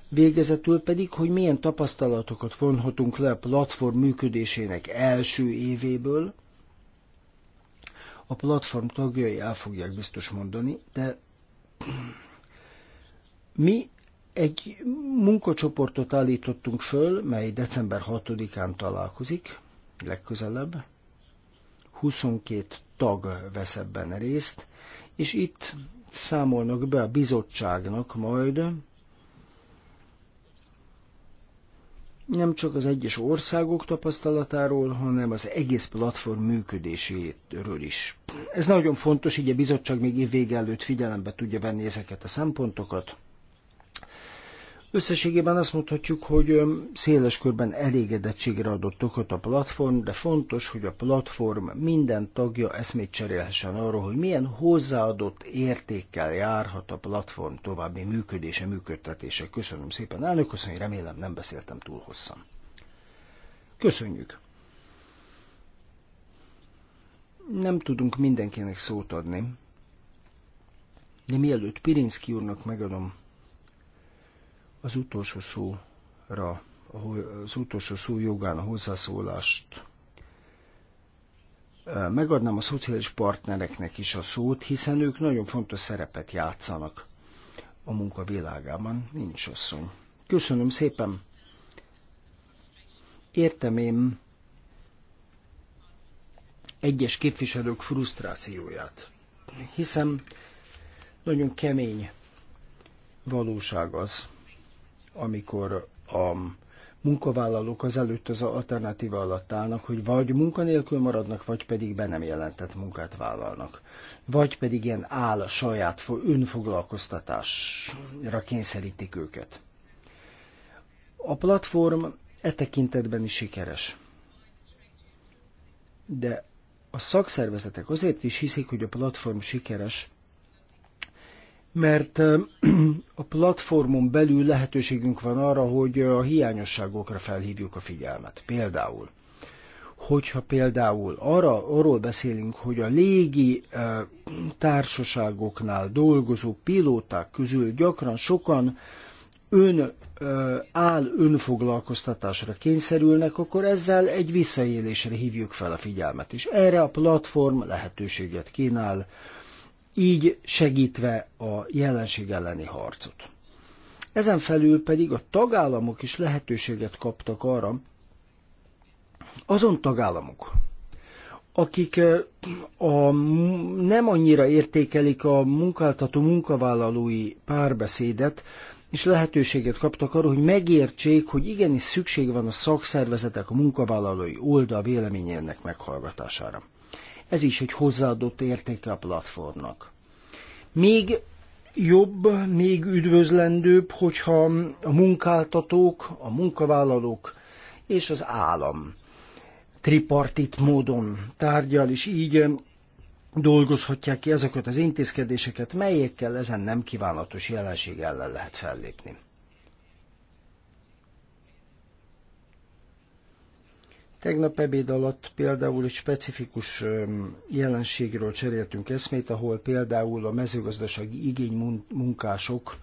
Végezetül pedig, hogy milyen tapasztalatokat vonhatunk le a platform működésének első évéből, a platform tagjai el fogják biztos mondani, de mi egy munkacsoportot állítottunk föl, mely december 6-án találkozik, legközelebb. 22 tag vesz ebben részt, és itt számolnak be a bizottságnak majd nem csak az egyes országok tapasztalatáról, hanem az egész platform működéséről is. Ez nagyon fontos, így a bizottság még év vége előtt figyelembe tudja venni ezeket a szempontokat. Összességében azt mondhatjuk, hogy széles körben elégedettségre adott okot a platform, de fontos, hogy a platform minden tagja eszmét cserélhessen arról, hogy milyen hozzáadott értékkel járhat a platform további működése, működtetése. Köszönöm szépen, elnök, köszönöm, remélem nem beszéltem túl hosszan. Köszönjük! Nem tudunk mindenkinek szót adni, de mielőtt Pirinszki úrnak megadom az utolsó szóra, az utolsó szó jogán a hozzászólást e, megadnám a szociális partnereknek is a szót, hiszen ők nagyon fontos szerepet játszanak a munka világában. Nincs asszony. Köszönöm szépen. Értem én egyes képviselők frusztrációját, hiszen nagyon kemény valóság az, amikor a munkavállalók az előtt az alternatíva alatt állnak, hogy vagy munkanélkül maradnak, vagy pedig be nem jelentett munkát vállalnak. Vagy pedig ilyen áll a saját önfoglalkoztatásra kényszerítik őket. A platform e tekintetben is sikeres. De a szakszervezetek azért is hiszik, hogy a platform sikeres, mert a platformon belül lehetőségünk van arra, hogy a hiányosságokra felhívjuk a figyelmet. Például, hogyha például arra, arról beszélünk, hogy a légi társaságoknál dolgozó pilóták közül gyakran sokan ön áll önfoglalkoztatásra kényszerülnek, akkor ezzel egy visszaélésre hívjuk fel a figyelmet, és erre a platform lehetőséget kínál, így segítve a jelenség elleni harcot. Ezen felül pedig a tagállamok is lehetőséget kaptak arra, azon tagállamok, akik a, nem annyira értékelik a munkáltató munkavállalói párbeszédet, és lehetőséget kaptak arra, hogy megértsék, hogy igenis szükség van a szakszervezetek a munkavállalói oldal véleményének meghallgatására. Ez is egy hozzáadott értéke a platformnak. Még jobb, még üdvözlendőbb, hogyha a munkáltatók, a munkavállalók és az állam tripartit módon tárgyal, és így dolgozhatják ki ezeket az intézkedéseket, melyekkel ezen nem kívánatos jelenség ellen lehet fellépni. Tegnap ebéd alatt például egy specifikus jelenségről cseréltünk eszmét, ahol például a mezőgazdasági igénymunkások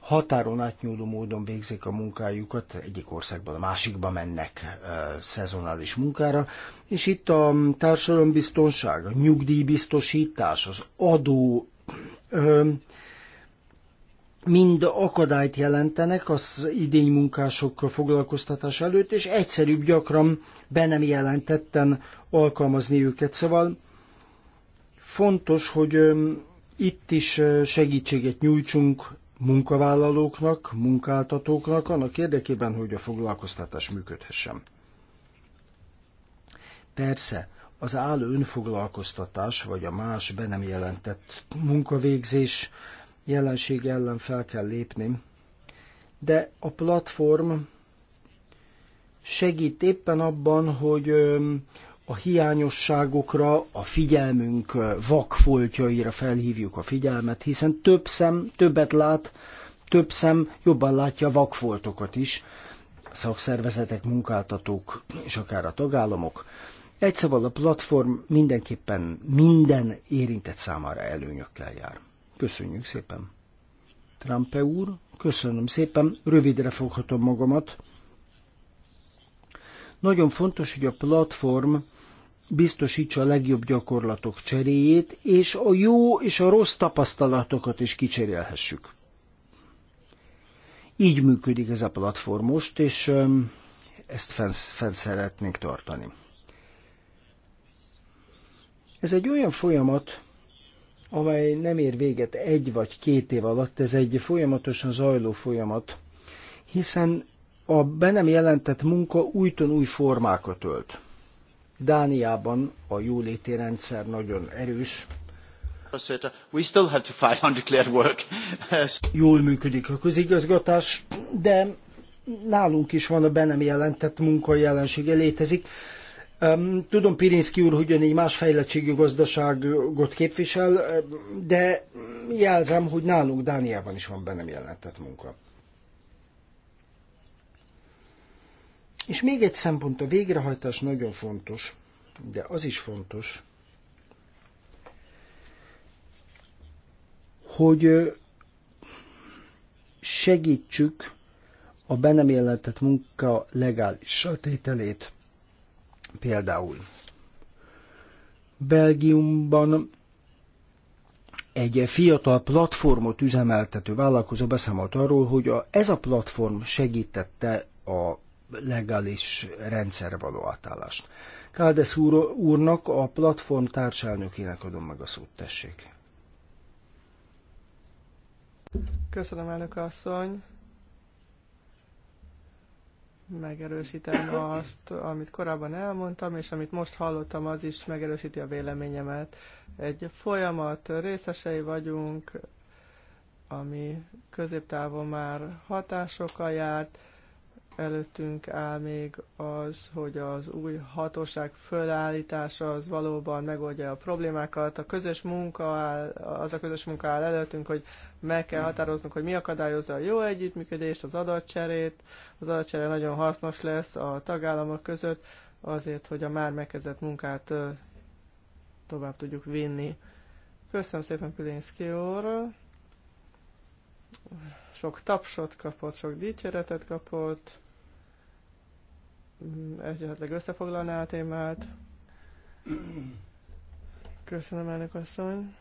határon átnyúló módon végzik a munkájukat, egyik országban a másikba mennek szezonális munkára, és itt a társadalombiztonság, a nyugdíjbiztosítás, az adó, mind akadályt jelentenek az idénymunkások foglalkoztatás előtt, és egyszerűbb gyakran be nem jelentetten alkalmazni őket. Szóval fontos, hogy itt is segítséget nyújtsunk munkavállalóknak, munkáltatóknak annak érdekében, hogy a foglalkoztatás működhessen. Persze, az álló önfoglalkoztatás vagy a más be nem jelentett munkavégzés jelenség ellen fel kell lépni, de a platform segít éppen abban, hogy a hiányosságokra, a figyelmünk vakfoltjaira felhívjuk a figyelmet, hiszen több szem többet lát, több szem jobban látja a vakfoltokat is, szakszervezetek, munkáltatók és akár a tagállamok. Egy szóval a platform mindenképpen minden érintett számára előnyökkel jár. Köszönjük szépen. Trumpe úr, köszönöm szépen, rövidre foghatom magamat. Nagyon fontos, hogy a platform biztosítsa a legjobb gyakorlatok cseréjét, és a jó és a rossz tapasztalatokat is kicserélhessük. Így működik ez a platform most, és ezt fenn, fenn szeretnénk tartani. Ez egy olyan folyamat, amely nem ér véget egy vagy két év alatt, ez egy folyamatosan zajló folyamat, hiszen a be nem jelentett munka újton új formákat ölt. Dániában a jóléti rendszer nagyon erős, We still have to fight undeclared work. Jól működik a közigazgatás, de nálunk is van a be nem jelentett munka jelensége létezik. Tudom, Pirinszki úr hogy egy más fejlettségű gazdaságot képvisel, de jelzem, hogy nálunk Dániában is van bennem jelentett munka. És még egy szempont, a végrehajtás nagyon fontos, de az is fontos, hogy segítsük a be nem jelentett munka legális sötételét. Például Belgiumban egy fiatal platformot üzemeltető vállalkozó beszámolt arról, hogy a, ez a platform segítette a legális rendszer való átállást. Káldesz úr, úrnak, a platform társelnökének adom meg a szót, tessék. Köszönöm, elnök asszony megerősítem azt, amit korábban elmondtam, és amit most hallottam, az is megerősíti a véleményemet. Egy folyamat részesei vagyunk, ami középtávon már hatásokkal járt, előttünk áll még az, hogy az új hatóság fölállítása az valóban megoldja a problémákat. A közös munka áll, az a közös munka áll előttünk, hogy meg kell határoznunk, hogy mi akadályozza a jó együttműködést, az adatcserét. Az adatcsere nagyon hasznos lesz a tagállamok között, azért, hogy a már megkezdett munkát tovább tudjuk vinni. Köszönöm szépen Pilinszki úr! Sok tapsot kapott, sok dicséretet kapott esetleg összefoglalná a témát. Köszönöm, elnök asszony.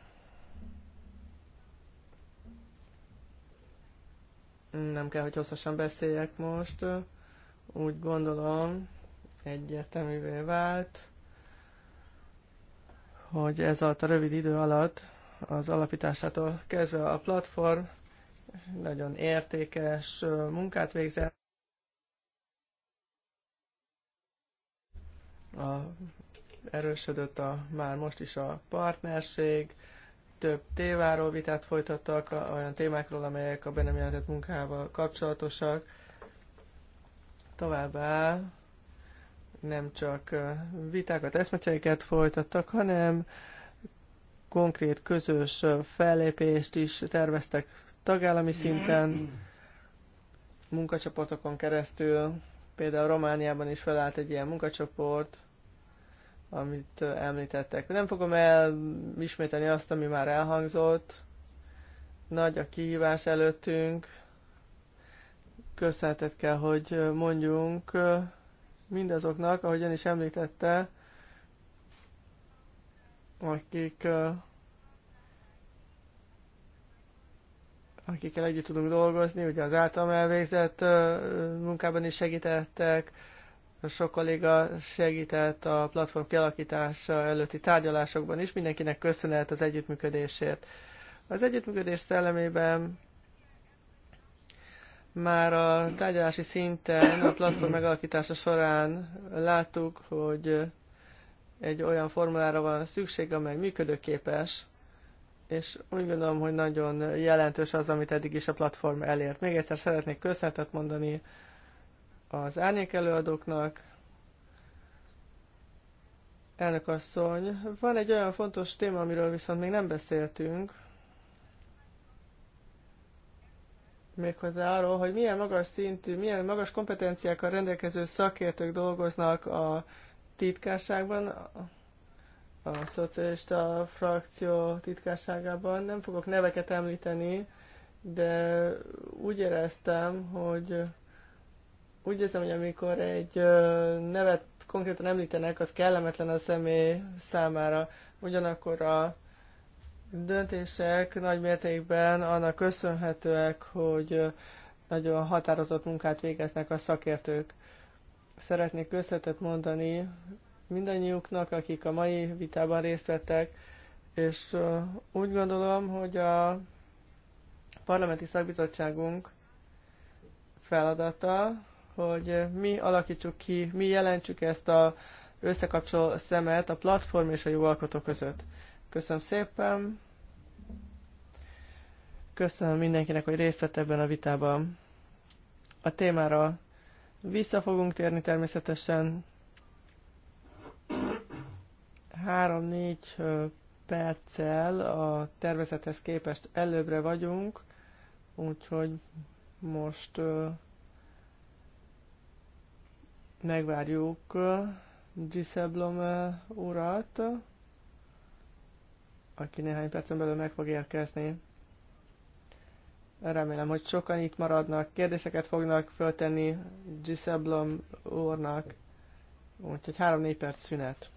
Nem kell, hogy hosszasan beszéljek most. Úgy gondolom, egyértelművé vált, hogy ez alatt a rövid idő alatt az alapításától kezdve a platform nagyon értékes munkát végzett. a, erősödött a, már most is a partnerség, több téváról vitát folytattak, olyan témákról, amelyek a be nem jelentett munkával kapcsolatosak. Továbbá nem csak vitákat, eszmecseiket folytattak, hanem konkrét közös fellépést is terveztek tagállami szinten, munkacsoportokon keresztül. Például Romániában is felállt egy ilyen munkacsoport, amit említettek. Nem fogom elismételni azt, ami már elhangzott. Nagy a kihívás előttünk. Köszönetet kell, hogy mondjunk mindazoknak, ahogy ön is említette, akik akikkel együtt tudunk dolgozni, ugye az általam elvégzett munkában is segítettek, sok kolléga segített a platform kialakítása előtti tárgyalásokban is, mindenkinek köszönhet az együttműködésért. Az együttműködés szellemében már a tárgyalási szinten, a platform megalakítása során láttuk, hogy egy olyan formulára van szükség, amely működőképes, és úgy gondolom, hogy nagyon jelentős az, amit eddig is a platform elért. Még egyszer szeretnék köszönetet mondani az árnyék előadóknak. Elnök asszony, van egy olyan fontos téma, amiről viszont még nem beszéltünk, méghozzá arról, hogy milyen magas szintű, milyen magas kompetenciákkal rendelkező szakértők dolgoznak a titkárságban, a szocialista frakció titkárságában. Nem fogok neveket említeni, de úgy éreztem, hogy úgy érzem, hogy amikor egy nevet konkrétan említenek, az kellemetlen a személy számára. Ugyanakkor a döntések nagy mértékben annak köszönhetőek, hogy nagyon határozott munkát végeznek a szakértők. Szeretnék köszönetet mondani mindannyiuknak, akik a mai vitában részt vettek, és úgy gondolom, hogy a parlamenti szakbizottságunk feladata, hogy eh, mi alakítsuk ki, mi jelentsük ezt a összekapcsoló szemet a platform és a jogalkotó között. Köszönöm szépen! Köszönöm mindenkinek, hogy részt vett ebben a vitában. A témára vissza fogunk térni természetesen. 3-4 eh, perccel a tervezethez képest előbbre vagyunk, úgyhogy most eh, megvárjuk uh, Giseblom uh, urat, aki néhány percen belül meg fog érkezni. Remélem, hogy sokan itt maradnak, kérdéseket fognak föltenni Giseblom úrnak, úgyhogy 3-4 perc szünet.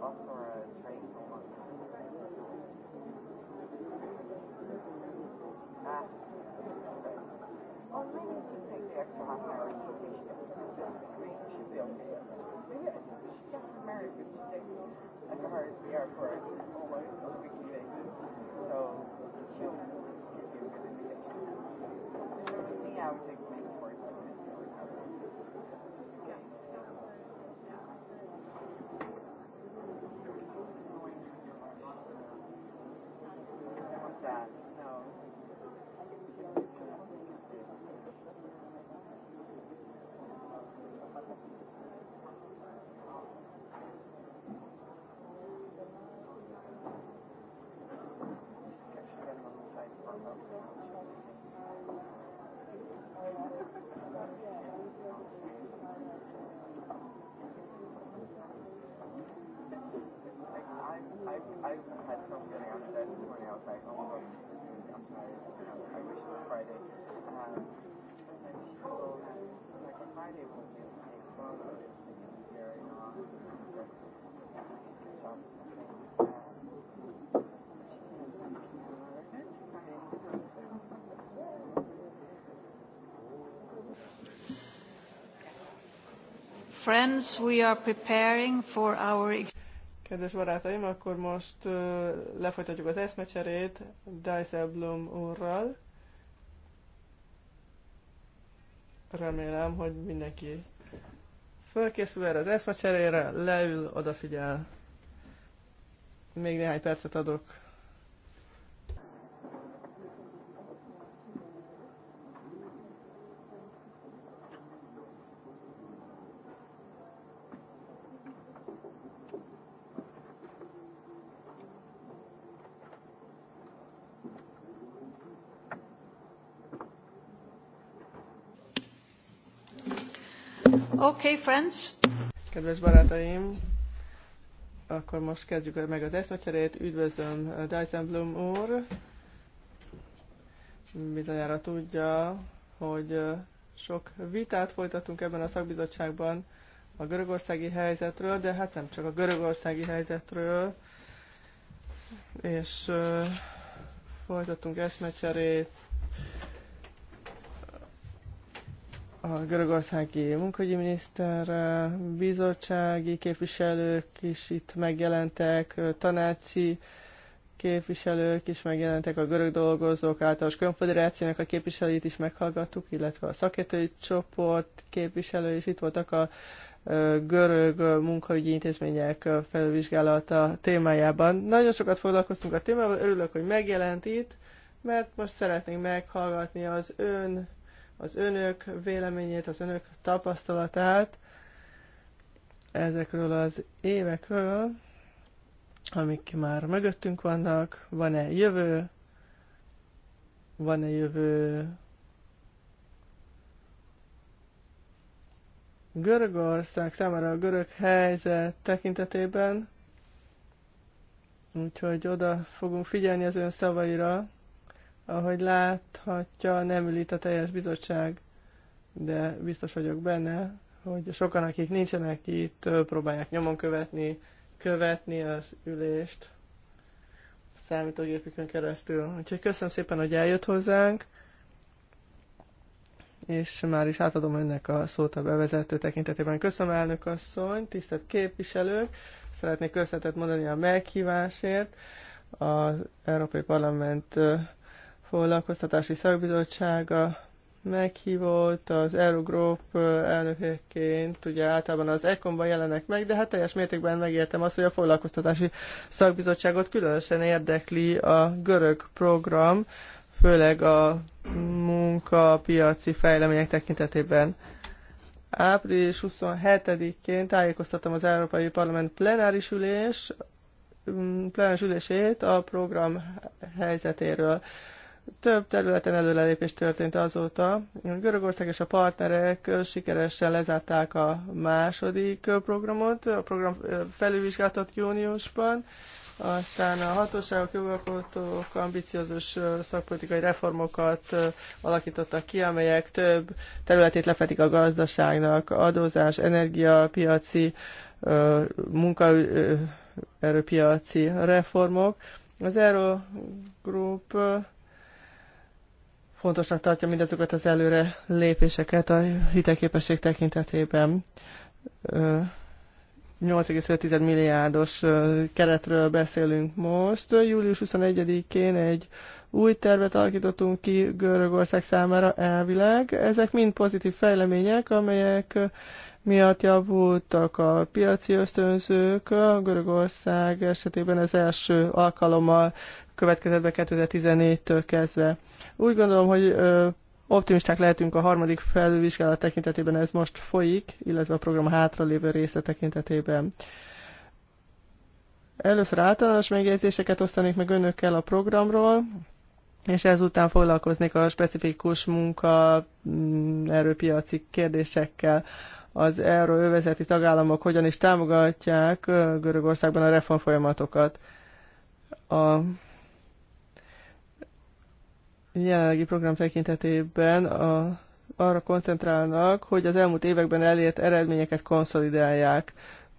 bus or a train Friends, we are preparing for our... Kedves barátaim, akkor most lefolytatjuk az eszmecserét Dijsselbloem úrral. Remélem, hogy mindenki fölkészül erre az eszmecserére, leül, odafigyel. Még néhány percet adok Okay, friends. Kedves barátaim, akkor most kezdjük meg az eszmecserét. Üdvözlöm uh, Dyson úr. Bizonyára tudja, hogy uh, sok vitát folytatunk ebben a szakbizottságban a görögországi helyzetről, de hát nem csak a görögországi helyzetről, és uh, folytatunk eszmecserét a görögországi munkahogyi miniszter, bizottsági képviselők is itt megjelentek, tanácsi képviselők is megjelentek, a görög dolgozók általános konfederációnak a képviselőit is meghallgattuk, illetve a szakértői csoport képviselő is itt voltak a görög munkahogyi intézmények felvizsgálata témájában. Nagyon sokat foglalkoztunk a témával, örülök, hogy megjelent itt, mert most szeretnénk meghallgatni az ön az önök véleményét, az önök tapasztalatát ezekről az évekről, amik már mögöttünk vannak, van-e jövő, van-e jövő Görögország számára a görög helyzet tekintetében, úgyhogy oda fogunk figyelni az ön szavaira, ahogy láthatja, nem ül itt a teljes bizottság, de biztos vagyok benne, hogy sokan, akik nincsenek itt, próbálják nyomon követni, követni az ülést számítógépükön keresztül. Úgyhogy köszönöm szépen, hogy eljött hozzánk, és már is átadom önnek a szót a bevezető tekintetében. Köszönöm, elnök asszony, tisztelt képviselők, szeretnék köszönetet mondani a meghívásért. Az Európai Parlament foglalkoztatási szakbizottsága meghívott az Eurogroup elnökeként, ugye általában az Ekonban jelenek meg, de hát teljes mértékben megértem azt, hogy a foglalkoztatási szakbizottságot különösen érdekli a görög program, főleg a munkapiaci fejlemények tekintetében. Április 27-én tájékoztattam az Európai Parlament plenáris ülés, mm, plenáris ülését a program helyzetéről. Több területen előrelépés történt azóta. Görögország és a partnerek sikeresen lezárták a második programot, a program felülvizsgáltat júniusban, aztán a hatóságok, jogalkotók ambiciózus szakpolitikai reformokat alakítottak ki, amelyek több területét lefedik a gazdaságnak, adózás, energiapiaci, munkaerőpiaci reformok. Az Eurogroup fontosnak tartja mindazokat az előre lépéseket a hitelképesség tekintetében. 8,5 milliárdos keretről beszélünk most. Július 21-én egy új tervet alakítottunk ki Görögország számára elvileg. Ezek mind pozitív fejlemények, amelyek miatt javultak a piaci ösztönzők. Görögország esetében az első alkalommal következett be 2014-től kezdve. Úgy gondolom, hogy optimisták lehetünk a harmadik felvizsgálat tekintetében, ez most folyik, illetve a program hátralévő része tekintetében. Először általános megjegyzéseket osztanék meg önökkel a programról, és ezután foglalkoznék a specifikus munka mm, erőpiaci kérdésekkel. Az euróövezeti tagállamok hogyan is támogatják Görögországban a reformfolyamatokat. A jelenlegi program tekintetében a, arra koncentrálnak, hogy az elmúlt években elért eredményeket konszolidálják,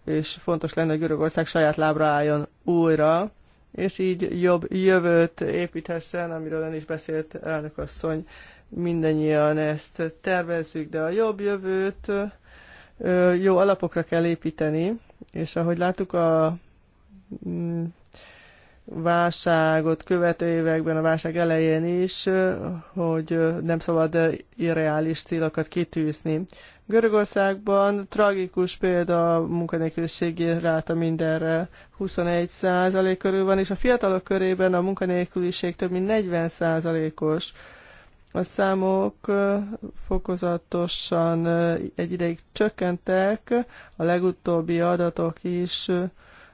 és fontos lenne, hogy Görögország saját lábra álljon újra, és így jobb jövőt építhessen, amiről ön is beszélt asszony, mindannyian ezt tervezzük, de a jobb jövőt jó alapokra kell építeni, és ahogy láttuk a mm, válságot követő években, a válság elején is, hogy nem szabad irreális célokat kitűzni. Görögországban tragikus példa a munkanélküliségi ráta mindenre 21 százalék körül van, és a fiatalok körében a munkanélküliség több mint 40 százalékos. A számok fokozatosan egy ideig csökkentek, a legutóbbi adatok is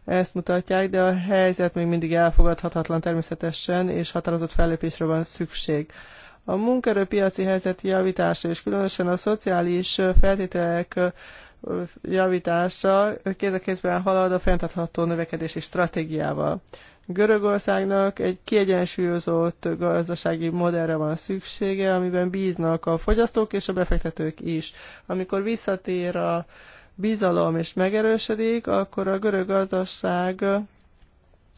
ezt mutatják, de a helyzet még mindig elfogadhatatlan természetesen, és határozott fellépésre van szükség. A munkerőpiaci helyzet javítása és különösen a szociális feltételek javítása kéz a kézben halad a fenntartható növekedési stratégiával. Görögországnak egy kiegyensúlyozott gazdasági modellre van szüksége, amiben bíznak a fogyasztók és a befektetők is. Amikor visszatér a bizalom és megerősödik, akkor a görög gazdaság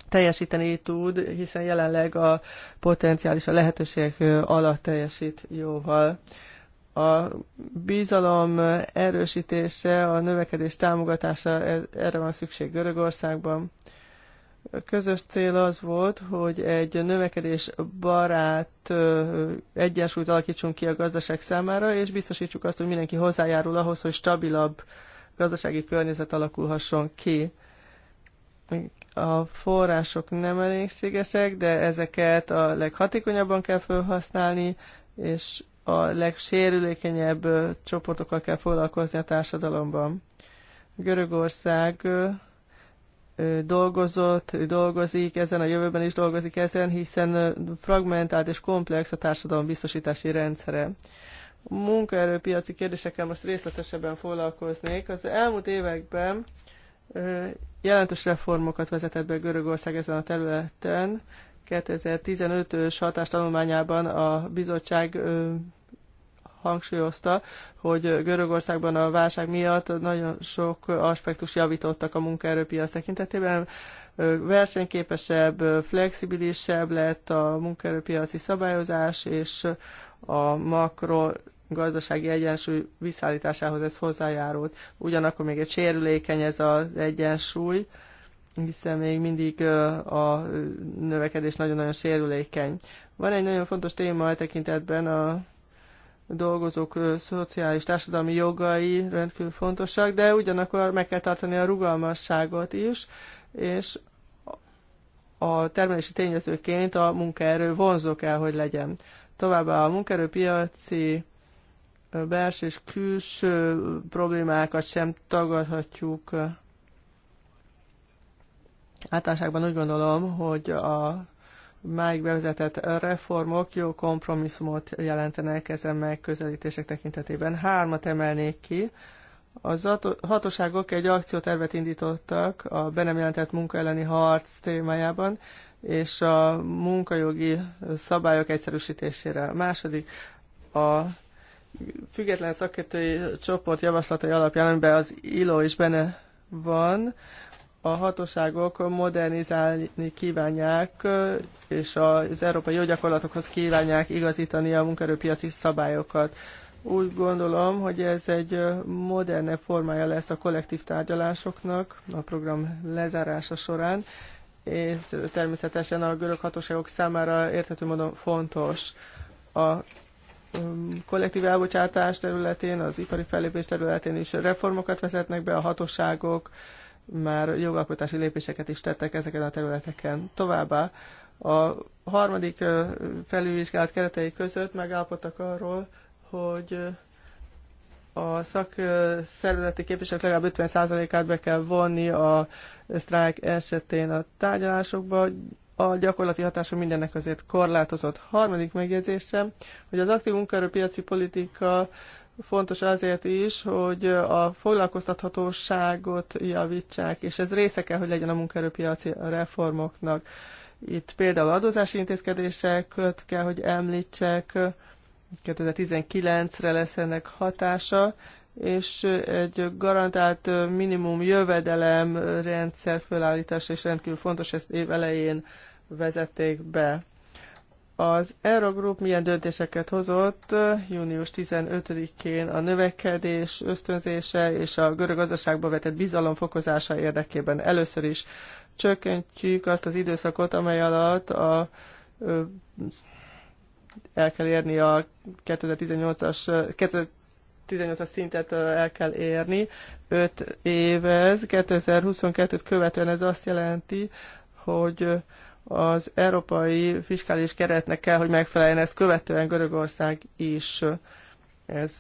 teljesíteni tud, hiszen jelenleg a potenciális, a lehetőségek alatt teljesít jóval. A bizalom erősítése, a növekedés támogatása, e, erre van szükség Görögországban. A közös cél az volt, hogy egy növekedés barát egyensúlyt alakítsunk ki a gazdaság számára, és biztosítsuk azt, hogy mindenki hozzájárul ahhoz, hogy stabilabb gazdasági környezet alakulhasson ki. A források nem elégségesek, de ezeket a leghatékonyabban kell felhasználni, és a legsérülékenyebb csoportokkal kell foglalkozni a társadalomban. Görögország dolgozott, dolgozik ezen, a jövőben is dolgozik ezen, hiszen fragmentált és komplex a társadalom biztosítási rendszere munkaerőpiaci kérdésekkel most részletesebben foglalkoznék. Az elmúlt években jelentős reformokat vezetett be Görögország ezen a területen. 2015-ös hatástanulmányában a bizottság hangsúlyozta, hogy Görögországban a válság miatt nagyon sok aspektus javítottak a munkaerőpiac tekintetében. Versenyképesebb, flexibilisebb lett a munkaerőpiaci szabályozás, és a makro gazdasági egyensúly visszaállításához ez hozzájárult. Ugyanakkor még egy sérülékeny ez az egyensúly, hiszen még mindig a növekedés nagyon-nagyon sérülékeny. Van egy nagyon fontos téma a e tekintetben a dolgozók szociális társadalmi jogai rendkívül fontosak, de ugyanakkor meg kell tartani a rugalmasságot is, és a termelési tényezőként a munkaerő vonzó kell, hogy legyen. Továbbá a munkaerőpiaci belső és külső problémákat sem tagadhatjuk. Általánoságban úgy gondolom, hogy a máig bevezetett reformok jó kompromisszumot jelentenek ezen megközelítések tekintetében. Hármat emelnék ki. Az hatóságok egy akciótervet indítottak a be nem jelentett munka elleni harc témájában, és a munkajogi szabályok egyszerűsítésére. A második, a független szakértői csoport javaslatai alapján, amiben az ILO is benne van, a hatóságok modernizálni kívánják, és az európai jó gyakorlatokhoz kívánják igazítani a munkaerőpiaci szabályokat. Úgy gondolom, hogy ez egy modernebb formája lesz a kollektív tárgyalásoknak a program lezárása során, és természetesen a görög hatóságok számára érthető módon fontos. A kollektív elbocsátás területén, az ipari fellépés területén is reformokat vezetnek be, a hatóságok már jogalkotási lépéseket is tettek ezeken a területeken. Továbbá a harmadik felülvizsgálat keretei között megállapodtak arról, hogy a szakszervezeti képviselők legalább 50%-át be kell vonni a sztrájk esetén a tárgyalásokba a gyakorlati hatása mindennek azért korlátozott. Harmadik megjegyzésem, hogy az aktív munkaerőpiaci politika fontos azért is, hogy a foglalkoztathatóságot javítsák, és ez része kell, hogy legyen a munkaerőpiaci reformoknak. Itt például adózási intézkedéseket kell, hogy említsek, 2019-re lesz ennek hatása, és egy garantált minimum jövedelem rendszer fölállítása és rendkívül fontos, ezt év elején vezették be. Az Eurogroup milyen döntéseket hozott június 15-én a növekedés ösztönzése és a görög gazdaságba vetett bizalom fokozása érdekében először is csökkentjük azt az időszakot, amely alatt a, ö, el kell érni a 2018-as 18-as szintet el kell érni. 5 évez, 2022-t követően ez azt jelenti, hogy az európai fiskális keretnek kell, hogy megfeleljen ezt követően Görögország is. Ez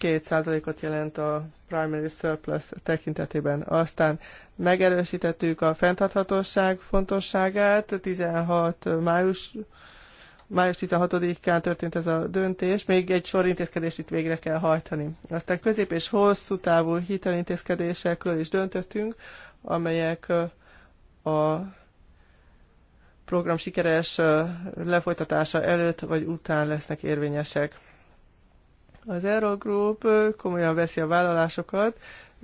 2%-ot jelent a primary surplus tekintetében. Aztán megerősítettük a fenntarthatóság fontosságát, 16 május május 16-án történt ez a döntés, még egy sor intézkedést itt végre kell hajtani. Aztán közép és hosszú távú hitelintézkedésekről is döntöttünk, amelyek a program sikeres lefolytatása előtt vagy után lesznek érvényesek. Az Eurogroup komolyan veszi a vállalásokat,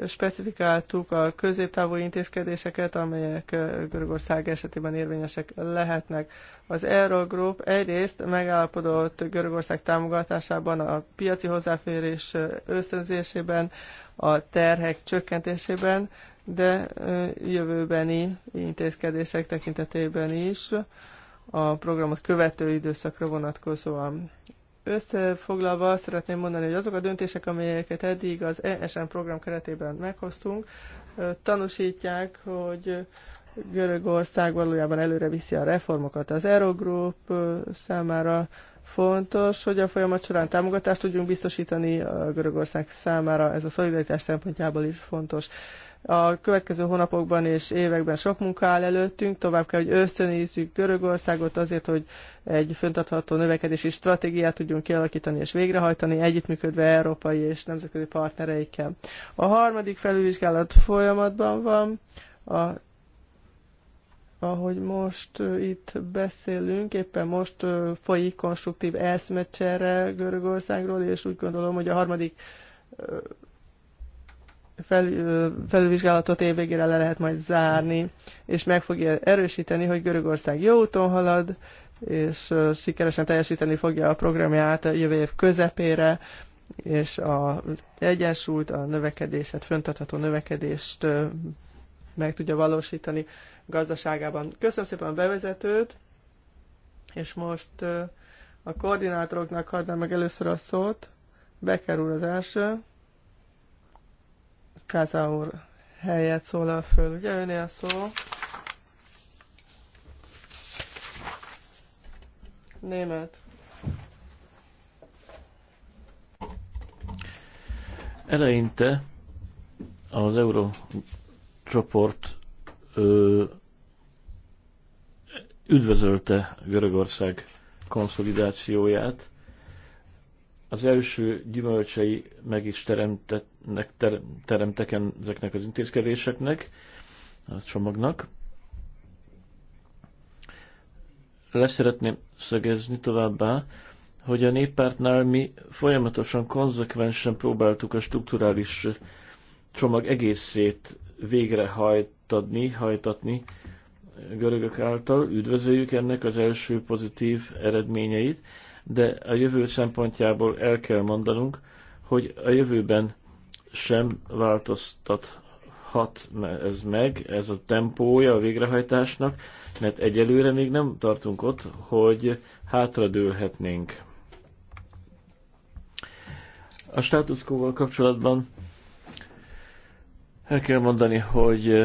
specifikáltuk a középtávú intézkedéseket, amelyek Görögország esetében érvényesek lehetnek. Az group egyrészt megállapodott Görögország támogatásában, a piaci hozzáférés ösztönzésében, a terhek csökkentésében, de jövőbeni intézkedések tekintetében is a programot követő időszakra vonatkozóan. Összefoglalva szeretném mondani, hogy azok a döntések, amelyeket eddig az ESM program keretében meghoztunk, tanúsítják, hogy Görögország valójában előre viszi a reformokat. Az Eurogroup számára fontos, hogy a folyamat során támogatást tudjunk biztosítani a Görögország számára, ez a szolidaritás szempontjából is fontos. A következő hónapokban és években sok munka áll előttünk, tovább kell, hogy ösztönízzük Görögországot azért, hogy egy föntartható növekedési stratégiát tudjunk kialakítani és végrehajtani, együttműködve európai és nemzetközi partnereikkel. A harmadik felülvizsgálat folyamatban van. A ahogy most itt beszélünk, éppen most folyik konstruktív eszmecsere Görögországról, és úgy gondolom, hogy a harmadik fel, felülvizsgálatot évvégére le lehet majd zárni, és meg fogja erősíteni, hogy Görögország jó úton halad, és sikeresen teljesíteni fogja a programját a jövő év közepére, és a egyensúlyt, a növekedéset, föntartható növekedést meg tudja valósítani gazdaságában. Köszönöm szépen a bevezetőt, és most a koordinátoroknak adnám meg először a szót. Becker úr az első. Káza úr helyet szólal föl. Ugye a szó? Német. Eleinte az Eurócsoport üdvözölte Görögország konszolidációját, az első gyümölcsei meg is teremtetnek, ter, teremtek ezeknek az intézkedéseknek, a csomagnak. Leszeretném szögezni továbbá, hogy a néppártnál mi folyamatosan, konzekvensen próbáltuk a strukturális csomag egészét végrehajtadni, hajtatni görögök által. Üdvözöljük ennek az első pozitív eredményeit, de a jövő szempontjából el kell mondanunk, hogy a jövőben sem változtathat ez meg, ez a tempója a végrehajtásnak, mert egyelőre még nem tartunk ott, hogy hátradőlhetnénk. A státuszkóval kapcsolatban el kell mondani, hogy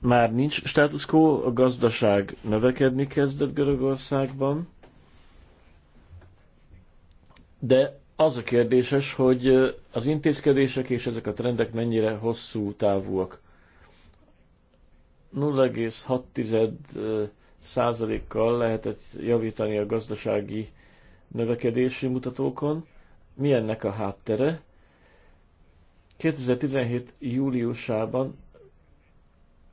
már nincs státuszkó, a gazdaság növekedni kezdett Görögországban, de az a kérdéses, hogy az intézkedések és ezek a trendek mennyire hosszú távúak. 0,6 százalékkal lehetett javítani a gazdasági növekedési mutatókon. Mi ennek a háttere? 2017. júliusában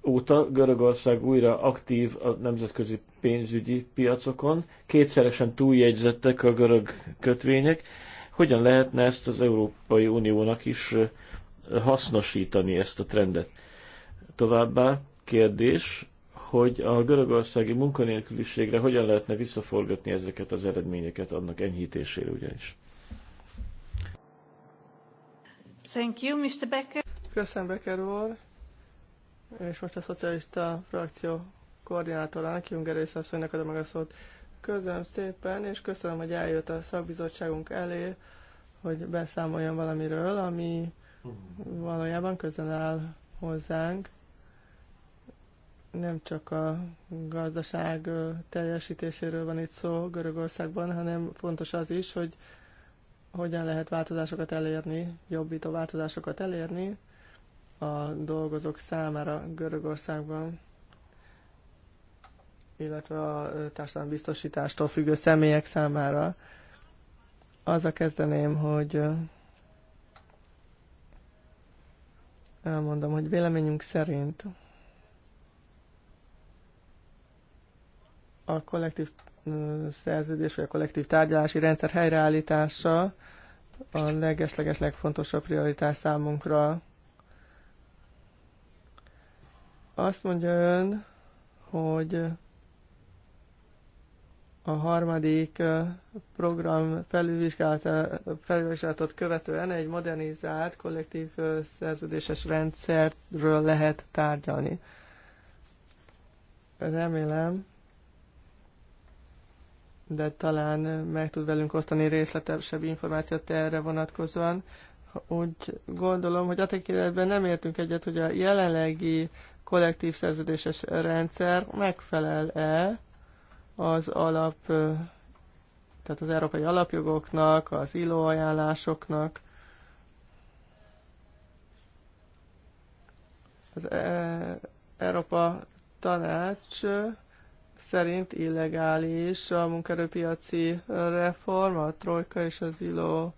óta Görögország újra aktív a nemzetközi pénzügyi piacokon, kétszeresen túljegyzettek a görög kötvények, hogyan lehetne ezt az Európai Uniónak is hasznosítani ezt a trendet. Továbbá kérdés, hogy a görögországi munkanélküliségre hogyan lehetne visszaforgatni ezeket az eredményeket annak enyhítésére ugyanis. Thank you, Mr. Becker. Köszönöm, Becker úr. És most a szocialista frakció koordinátorának, Junger Összeasszonynak adom meg a szót. Köszönöm szépen, és köszönöm, hogy eljött a szakbizottságunk elé, hogy beszámoljon valamiről, ami valójában közel áll hozzánk. Nem csak a gazdaság teljesítéséről van itt szó Görögországban, hanem fontos az is, hogy hogyan lehet változásokat elérni, jobbító változásokat elérni a dolgozók számára Görögországban illetve a biztosítástól függő személyek számára. Az a kezdeném, hogy elmondom, hogy véleményünk szerint a kollektív szerződés vagy a kollektív tárgyalási rendszer helyreállítása a legesleges legfontosabb prioritás számunkra. Azt mondja ön, hogy a harmadik program felülvizsgálatot követően egy modernizált kollektív szerződéses rendszerről lehet tárgyalni. Remélem, de talán meg tud velünk osztani részletesebb információt erre vonatkozóan. Úgy gondolom, hogy a tekintetben nem értünk egyet, hogy a jelenlegi kollektív szerződéses rendszer megfelel-e az alap, tehát az európai alapjogoknak, az ILO ajánlásoknak, az e-, Európa Tanács szerint illegális a munkerőpiaci reform, a Trojka és az ILO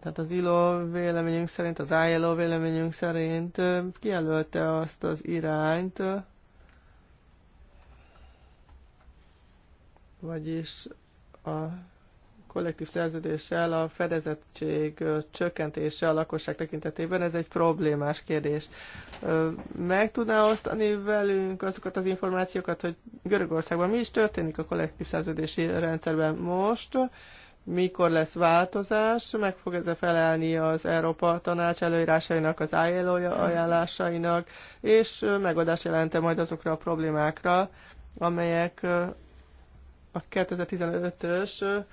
tehát az ILO véleményünk szerint, az ILO véleményünk szerint kijelölte azt az irányt, vagyis a kollektív szerződéssel a fedezettség csökkentése a lakosság tekintetében, ez egy problémás kérdés. Meg tudná osztani velünk azokat az információkat, hogy Görögországban mi is történik a kollektív szerződési rendszerben most, mikor lesz változás, meg fog ez felelni az Európa Tanács előírásainak, az ILO ajánlásainak, és megoldás jelente majd azokra a problémákra, amelyek a 2015-ös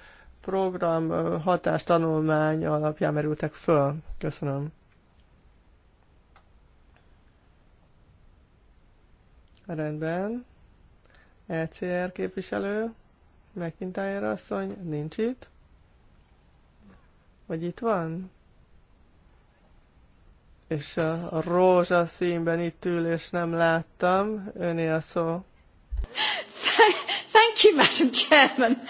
program hatástanulmány alapján merültek föl. Köszönöm. Rendben. ECR képviselő, megkintájára asszony, nincs itt. Vagy itt van? És a rózsaszínben itt ül, és nem láttam. Öné a szó. Thank you, Madam Chairman.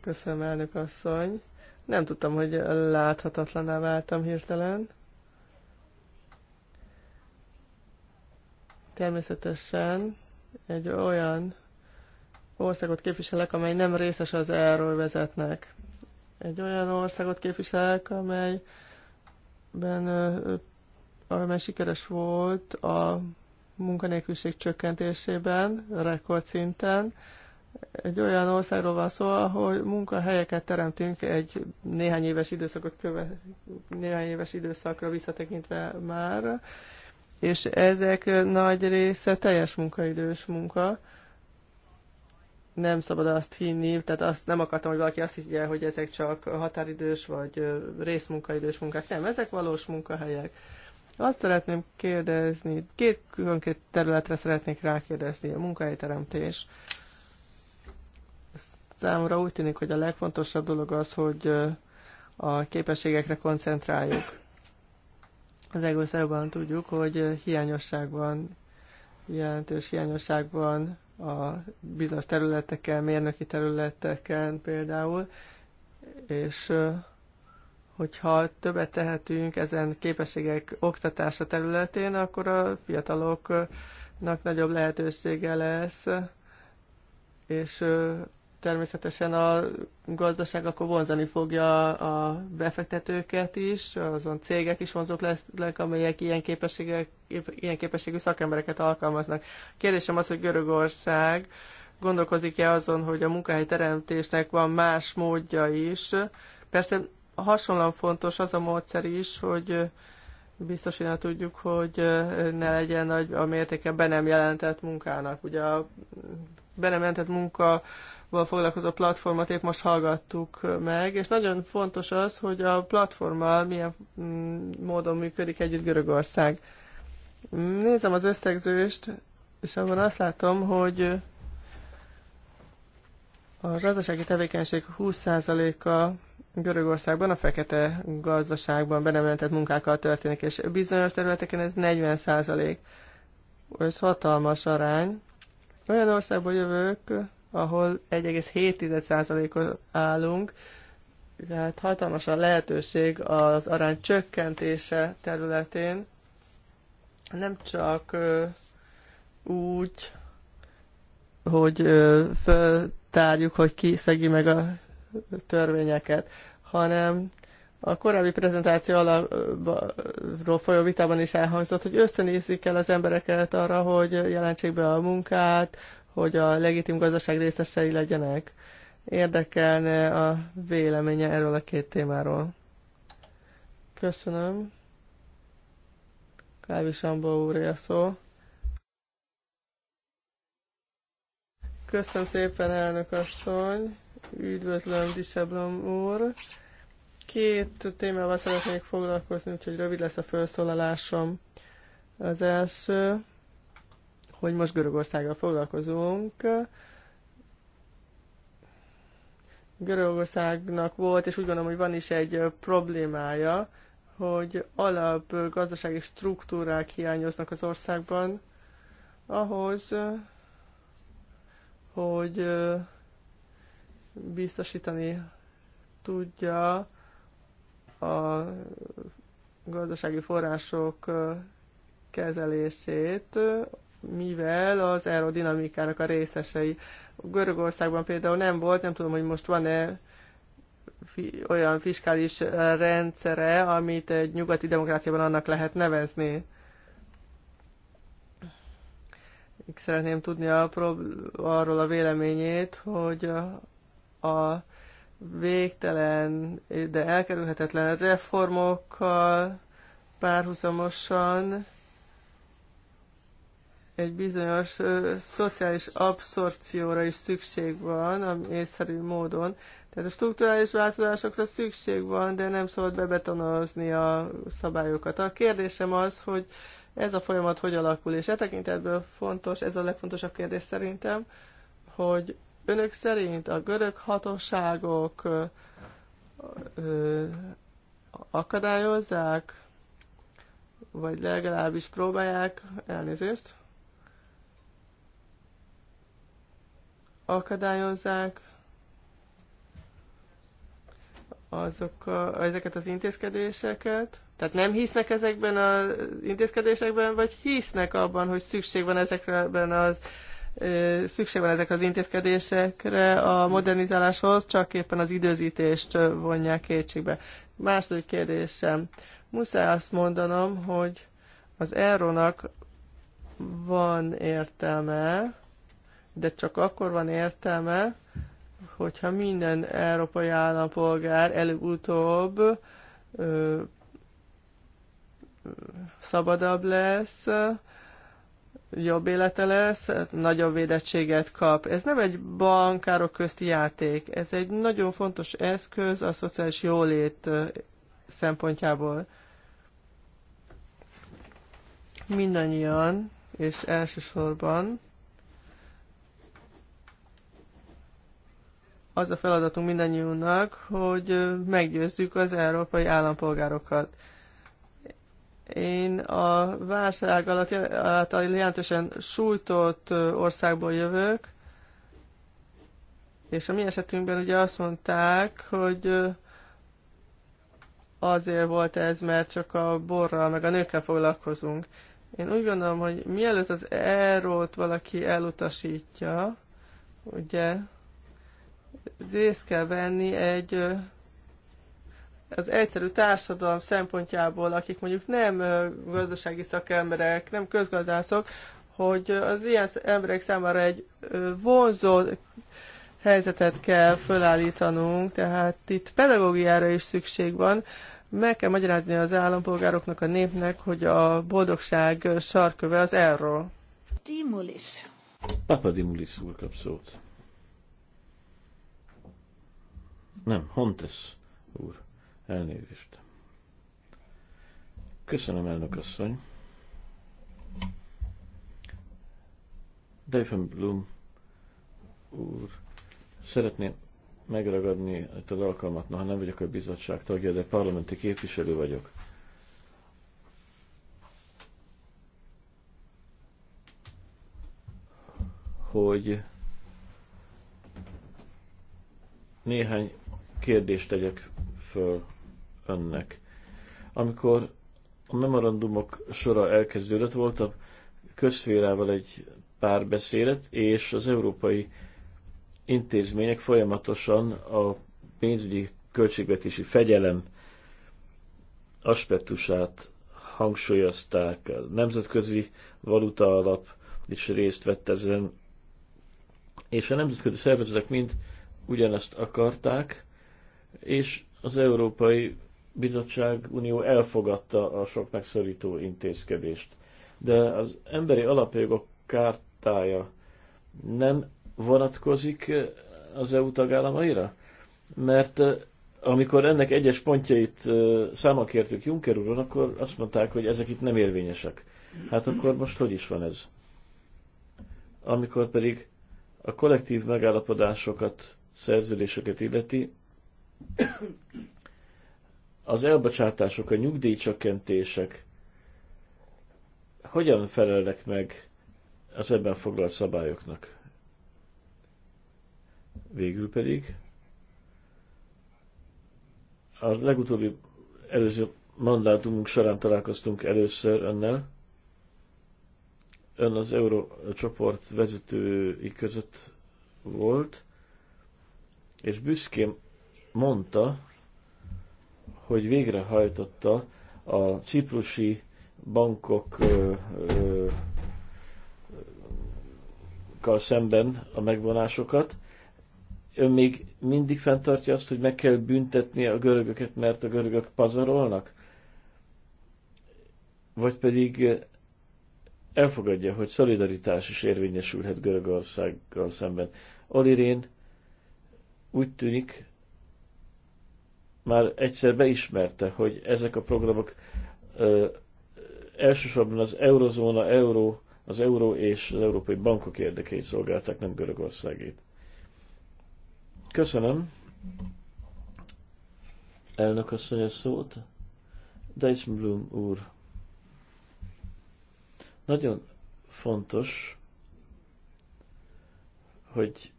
Köszönöm, elnök asszony. Nem tudtam, hogy láthatatlaná váltam hirtelen. Természetesen egy olyan országot képviselek, amely nem részes az erről vezetnek. Egy olyan országot képviselek, amelyben amely sikeres volt a munkanélküliség csökkentésében, rekordszinten. Egy olyan országról van szó, ahol munkahelyeket teremtünk egy néhány éves időszakot köve, néhány éves időszakra visszatekintve már, és ezek nagy része teljes munkaidős munka. Nem szabad azt hinni, tehát azt nem akartam, hogy valaki azt higgye, hogy ezek csak határidős vagy részmunkaidős munkák. Nem, ezek valós munkahelyek azt szeretném kérdezni, két külön-két területre szeretnék rákérdezni, a munkahelyteremtés. Számomra úgy tűnik, hogy a legfontosabb dolog az, hogy a képességekre koncentráljuk. Az egész tudjuk, hogy hiányosságban, jelentős hiányosságban a bizonyos területeken, mérnöki területeken például, és hogyha többet tehetünk ezen képességek oktatása területén, akkor a fiataloknak nagyobb lehetősége lesz, és természetesen a gazdaság akkor vonzani fogja a befektetőket is, azon cégek is vonzók lesznek, amelyek ilyen, képességek, ilyen képességű szakembereket alkalmaznak. Kérdésem az, hogy Görögország gondolkozik-e azon, hogy a munkahely teremtésnek van más módja is. Persze hasonlóan fontos az a módszer is, hogy hogy tudjuk, hogy ne legyen nagy a mértéke be nem jelentett munkának. Ugye a be nem jelentett munkával foglalkozó platformot épp most hallgattuk meg, és nagyon fontos az, hogy a platformmal milyen mm, módon működik együtt Görögország. Nézem az összegzőst, és abban azt látom, hogy a gazdasági tevékenység 20%-a Görögországban a fekete gazdaságban benemeltett munkákkal történik, és bizonyos területeken ez 40 százalék. Ez hatalmas arány. Olyan országból jövök, ahol 1,7%-on állunk, tehát hatalmas a lehetőség az arány csökkentése területén, nem csak úgy, hogy föltárjuk, hogy ki szegi meg a törvényeket, hanem a korábbi prezentáció alapról folyó vitában is elhangzott, hogy összenézik el az embereket arra, hogy jelentsék be a munkát, hogy a legitim gazdaság részesei legyenek. Érdekelne a véleménye erről a két témáról. Köszönöm. Kávis Ambó úr, a szó. Köszönöm szépen, elnök asszony. Üdvözlöm, Diseblom úr. Két témával szeretnék foglalkozni, úgyhogy rövid lesz a felszólalásom. Az első, hogy most Görögországgal foglalkozunk. Görögországnak volt, és úgy gondolom, hogy van is egy problémája, hogy alap gazdasági struktúrák hiányoznak az országban ahhoz, hogy biztosítani tudja a gazdasági források kezelését, mivel az aerodinamikának a részesei. Görögországban például nem volt, nem tudom, hogy most van-e olyan fiskális rendszere, amit egy nyugati demokráciában annak lehet nevezni. Szeretném tudni a arról a véleményét, hogy a végtelen, de elkerülhetetlen reformokkal párhuzamosan egy bizonyos ö, szociális abszorcióra is szükség van, ami észszerű módon. Tehát a strukturális változásokra szükség van, de nem szabad bebetonozni a szabályokat. A kérdésem az, hogy ez a folyamat hogy alakul, és e tekintetből fontos, ez a legfontosabb kérdés szerintem, hogy Önök szerint a görög hatóságok akadályozzák, vagy legalábbis próbálják elnézést, akadályozzák azok a, ezeket az intézkedéseket? Tehát nem hisznek ezekben az intézkedésekben, vagy hisznek abban, hogy szükség van ezekben az szükség van ezekre az intézkedésekre a modernizáláshoz, csak éppen az időzítést vonják kétségbe. Második kérdésem. Muszáj azt mondanom, hogy az Aeronak van értelme, de csak akkor van értelme, hogyha minden európai állampolgár előbb-utóbb szabadabb lesz, jobb élete lesz, nagyobb védettséget kap. Ez nem egy bankárok közti játék, ez egy nagyon fontos eszköz a szociális jólét szempontjából. Mindannyian, és elsősorban az a feladatunk mindannyiunknak, hogy meggyőzzük az európai állampolgárokat. Én a válság alatt, által jelentősen sújtott országból jövök, és a mi esetünkben ugye azt mondták, hogy azért volt ez, mert csak a borral, meg a nőkkel foglalkozunk. Én úgy gondolom, hogy mielőtt az erót valaki elutasítja, ugye részt kell venni egy az egyszerű társadalom szempontjából, akik mondjuk nem gazdasági szakemberek, nem közgazdászok, hogy az ilyen emberek számára egy vonzó helyzetet kell fölállítanunk, tehát itt pedagógiára is szükség van, meg kell magyarázni az állampolgároknak, a népnek, hogy a boldogság sarköve az erről. Dimulis. Papa Dimulis úr kap szót. Nem, Hontes úr. Elnézést. Köszönöm, elnök asszony. Deifen Blum úr, szeretném megragadni ezt az alkalmat, noha nem vagyok a bizottság tagja, de parlamenti képviselő vagyok. Hogy néhány kérdést tegyek föl önnek. Amikor a memorandumok sora elkezdődött, volt a közférával egy pár beszélet és az európai intézmények folyamatosan a pénzügyi költségvetési fegyelem aspektusát hangsúlyozták. A Nemzetközi Valuta Alap is részt vett ezen, és a nemzetközi szervezetek mind ugyanezt akarták, és az Európai bizottság, unió elfogadta a sok megszorító intézkedést. De az emberi alapjogok kártája nem vonatkozik az EU tagállamaira? Mert eh, amikor ennek egyes pontjait eh, számon kértük Juncker úron, akkor azt mondták, hogy ezek itt nem érvényesek. Hát akkor most hogy is van ez? Amikor pedig a kollektív megállapodásokat, szerződéseket illeti, az elbocsátások, a nyugdíjcsökkentések hogyan felelnek meg az ebben foglalt szabályoknak? Végül pedig a legutóbbi előző mandátumunk során találkoztunk először önnel. Ön az Eurócsoport vezetői között volt, és büszkén mondta, hogy végrehajtotta a ciprusi bankok ö, ö, kal szemben a megvonásokat. Ön még mindig fenntartja azt, hogy meg kell büntetni a görögöket, mert a görögök pazarolnak? Vagy pedig elfogadja, hogy szolidaritás is érvényesülhet Görögországgal szemben. Olirén úgy tűnik, már egyszer beismerte, hogy ezek a programok ö, elsősorban az eurozóna, euró, az euró és az európai bankok érdekeit szolgálták, nem Görögországét. Köszönöm. Elnök asszony a szót. Dijsselbloem úr. Nagyon fontos, hogy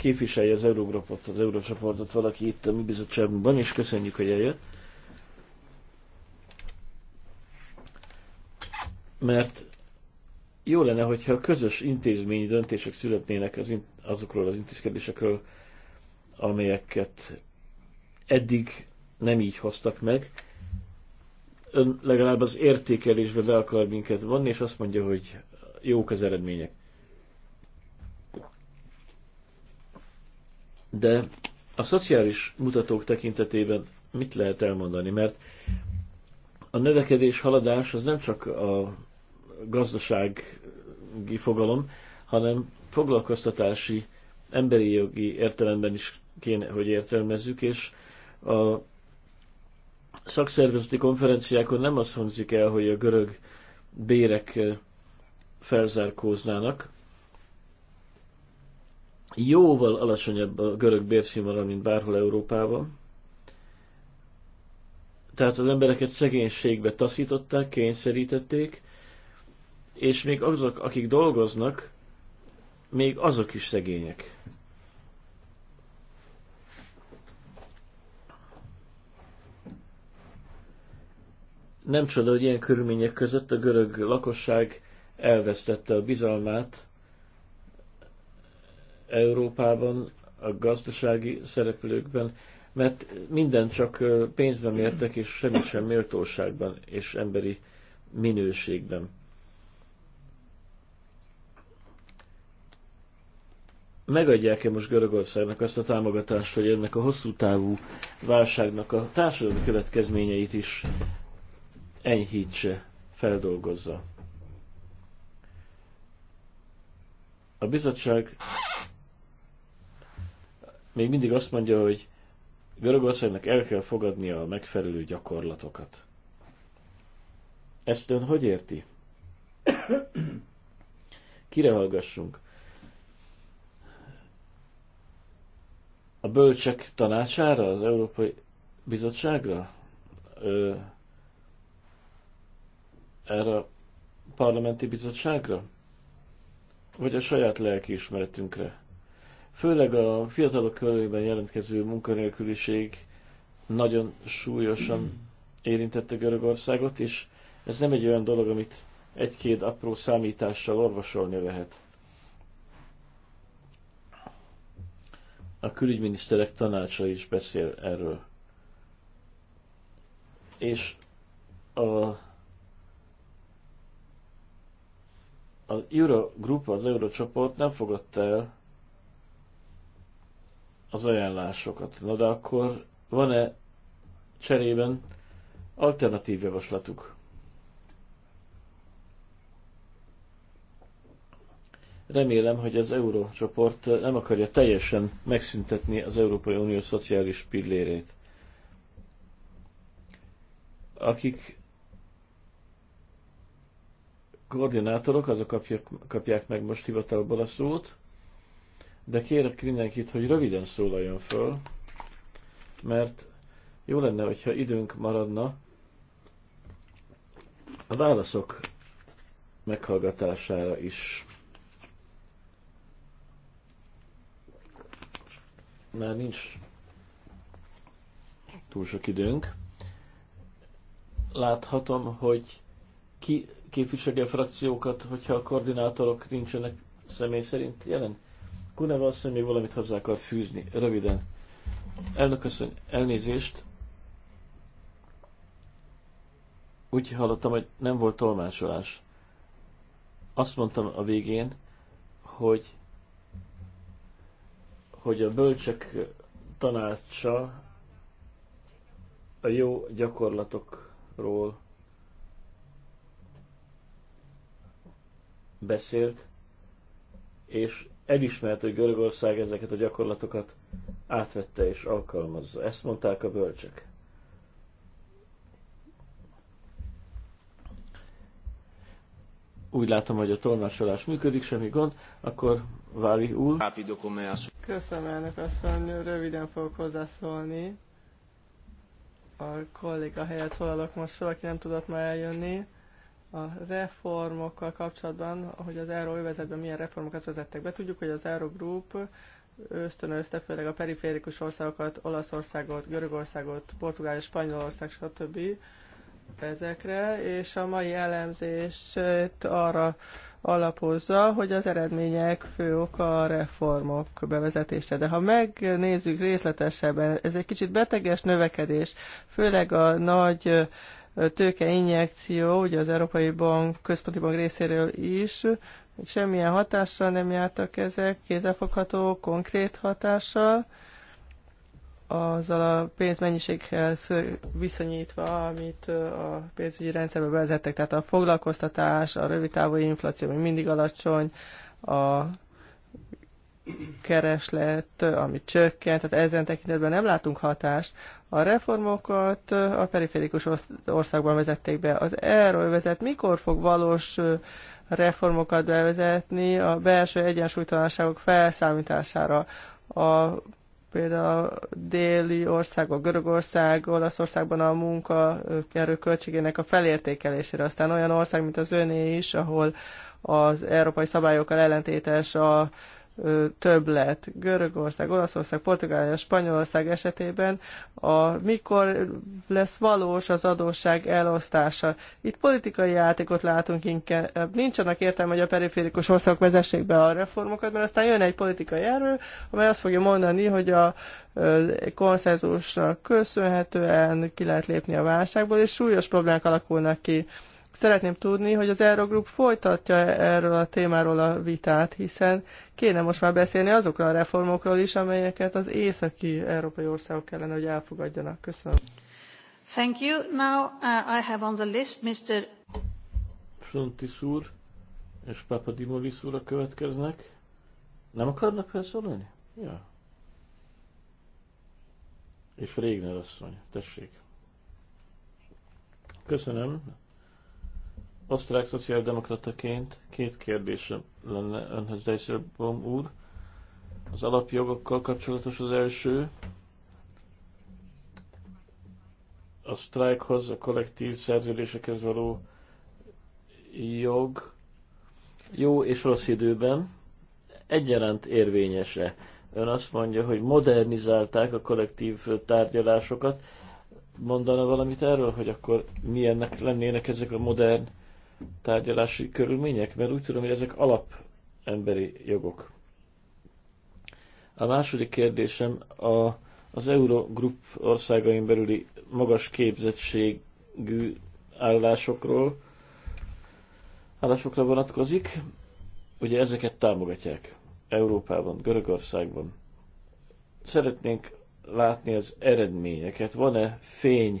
képviselje az Eurogrupot, az Eurocsoportot valaki itt a mi bizottságunkban, és köszönjük, hogy eljött. Mert jó lenne, hogyha közös intézményi döntések születnének az, azokról az intézkedésekről, amelyeket eddig nem így hoztak meg. Ön legalább az értékelésbe be akar minket vonni, és azt mondja, hogy jók az eredmények. De a szociális mutatók tekintetében mit lehet elmondani? Mert a növekedés, haladás az nem csak a gazdasági fogalom, hanem foglalkoztatási, emberi jogi értelemben is kéne, hogy értelmezzük, és a szakszervezeti konferenciákon nem azt hangzik el, hogy a görög bérek felzárkóznának, jóval alacsonyabb a görög bérszínvonal, mint bárhol Európában. Tehát az embereket szegénységbe taszították, kényszerítették, és még azok, akik dolgoznak, még azok is szegények. Nem csoda, hogy ilyen körülmények között a görög lakosság elvesztette a bizalmát Európában, a gazdasági szereplőkben, mert minden csak pénzben mértek, és semmi sem méltóságban és emberi minőségben. Megadják-e most Görögországnak azt a támogatást, hogy ennek a hosszú távú válságnak a társadalmi következményeit is enyhítse, feldolgozza? A bizottság még mindig azt mondja, hogy Görögországnak el kell fogadnia a megfelelő gyakorlatokat. Ezt ön hogy érti? Kire hallgassunk? A bölcsek tanácsára, az Európai Bizottságra? Ö, erre a parlamenti bizottságra? Vagy a saját lelkiismeretünkre? Főleg a fiatalok körében jelentkező munkanélküliség nagyon súlyosan érintette Görögországot, és ez nem egy olyan dolog, amit egy-két apró számítással orvosolni lehet. A külügyminiszterek tanácsa is beszél erről. És a, a Eurogrupa, az Eurocsoport nem fogadta el az ajánlásokat. Na de akkor van-e cserében alternatív javaslatuk? Remélem, hogy az eurócsoport nem akarja teljesen megszüntetni az Európai Unió szociális pillérét. Akik koordinátorok, azok kapják, kapják meg most hivatalból a szót de kérek mindenkit, hogy röviden szólaljon föl, mert jó lenne, hogyha időnk maradna a válaszok meghallgatására is. Már nincs túl sok időnk. Láthatom, hogy ki képviseli a frakciókat, hogyha a koordinátorok nincsenek személy szerint jelen. Kuneva asszony még valamit hozzá akart fűzni, röviden. Elnök asszony, elnézést. Úgy hallottam, hogy nem volt tolmácsolás. Azt mondtam a végén, hogy hogy a bölcsek tanácsa a jó gyakorlatokról beszélt, és elismerte, hogy Görögország ezeket a gyakorlatokat átvette és alkalmazza. Ezt mondták a bölcsek. Úgy látom, hogy a tolmácsolás működik, semmi gond, akkor Vári úr. Köszönöm, elnök asszony, röviden fogok hozzászólni. A kolléga helyett szólalok most fel, aki nem tudott már eljönni a reformokkal kapcsolatban, hogy az euróövezetben milyen reformokat vezettek be. Tudjuk, hogy az Eurogroup ösztönözte főleg a periférikus országokat, Olaszországot, Görögországot, Portugália, Spanyolország, stb. ezekre, és a mai elemzést arra alapozza, hogy az eredmények fő oka a reformok bevezetése. De ha megnézzük részletesebben, ez egy kicsit beteges növekedés, főleg a nagy tőkeinjekció, ugye az Európai Bank, Központi Bank részéről is, semmilyen hatással nem jártak ezek, kézzelfogható, konkrét hatással, azzal a pénzmennyiséghez viszonyítva, amit a pénzügyi rendszerbe vezettek, tehát a foglalkoztatás, a rövidtávú infláció ami mindig alacsony, a kereslet, ami csökkent, tehát ezen tekintetben nem látunk hatást. A reformokat a periférikus országban vezették be. Az vezet, mikor fog valós reformokat bevezetni a belső egyensúlytalanságok felszámítására? A például a déli országok, Görögország, Olaszországban a munka erő költségének a felértékelésére. Aztán olyan ország, mint az öné is, ahol az európai szabályokkal ellentétes a többlet Görögország, Olaszország, Portugália, Spanyolország esetében, a, mikor lesz valós az adósság elosztása. Itt politikai játékot látunk inkább. Nincs annak értelme, hogy a periférikus országok vezessék be a reformokat, mert aztán jön egy politikai erő, amely azt fogja mondani, hogy a konszenzusnak köszönhetően ki lehet lépni a válságból, és súlyos problémák alakulnak ki Szeretném tudni, hogy az Eurogroup folytatja erről a témáról a vitát, hiszen kéne most már beszélni azokról a reformokról is, amelyeket az északi európai országok kellene, hogy elfogadjanak. Köszönöm. Thank you. Now uh, I have on the list Mr. Frontis úr és Papadimolis úr a következnek. Nem akarnak felszólalni? Ja. És Régner asszony, tessék. Köszönöm, osztrák szociáldemokrataként két kérdésem lenne önhez Dijsselbaum úr. Az alapjogokkal kapcsolatos az első. A sztrájkhoz, a kollektív szerződésekhez való jog jó és rossz időben egyaránt érvényese. Ön azt mondja, hogy modernizálták a kollektív tárgyalásokat. Mondana valamit erről, hogy akkor milyennek lennének ezek a modern tárgyalási körülmények? Mert úgy tudom, hogy ezek alap emberi jogok. A második kérdésem a, az Eurogrup országain belüli magas képzettségű állásokról, állásokra vonatkozik. Ugye ezeket támogatják Európában, Görögországban. Szeretnénk látni az eredményeket. Van-e fény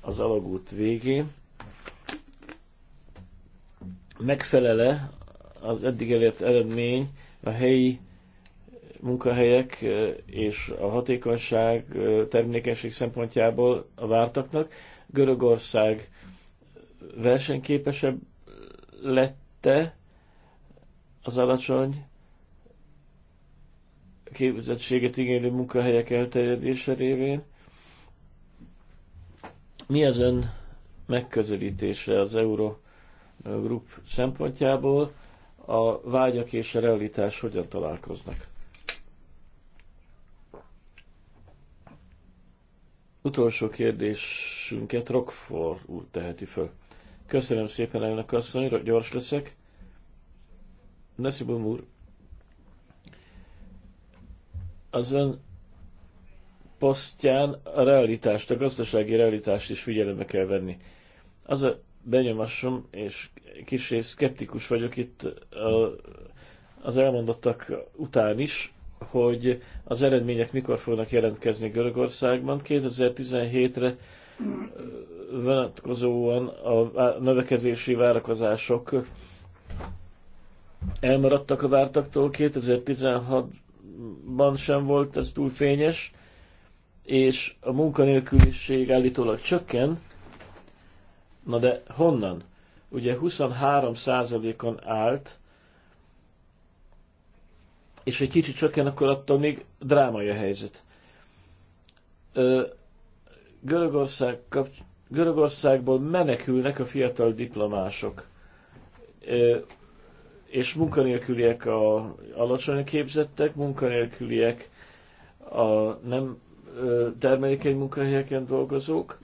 az alagút végén? megfelele az eddig elért eredmény a helyi munkahelyek és a hatékonyság, termékenység szempontjából a vártaknak. Görögország versenyképesebb lette az alacsony képzettséget igénylő munkahelyek elterjedése révén. Mi az ön megközelítése az euró Group szempontjából a vágyak és a realitás hogyan találkoznak. Utolsó kérdésünket Rockford úr teheti föl. Köszönöm szépen, elnök asszony, gyors leszek. Neszibum úr, az ön posztján a realitást, a gazdasági realitást is figyelembe kell venni. Az a benyomásom, és kis és szkeptikus vagyok itt az elmondottak után is, hogy az eredmények mikor fognak jelentkezni Görögországban. 2017-re vonatkozóan a növekedési várakozások elmaradtak a vártaktól, 2016-ban sem volt ez túl fényes, és a munkanélküliség állítólag csökken, Na de honnan? Ugye 23%-on állt, és egy kicsit csökken, akkor attól még drámai a helyzet. Ö, Görögország kap, Görögországból menekülnek a fiatal diplomások, ö, és munkanélküliek a alacsony képzettek, munkanélküliek a nem termelékeny munkahelyeken dolgozók,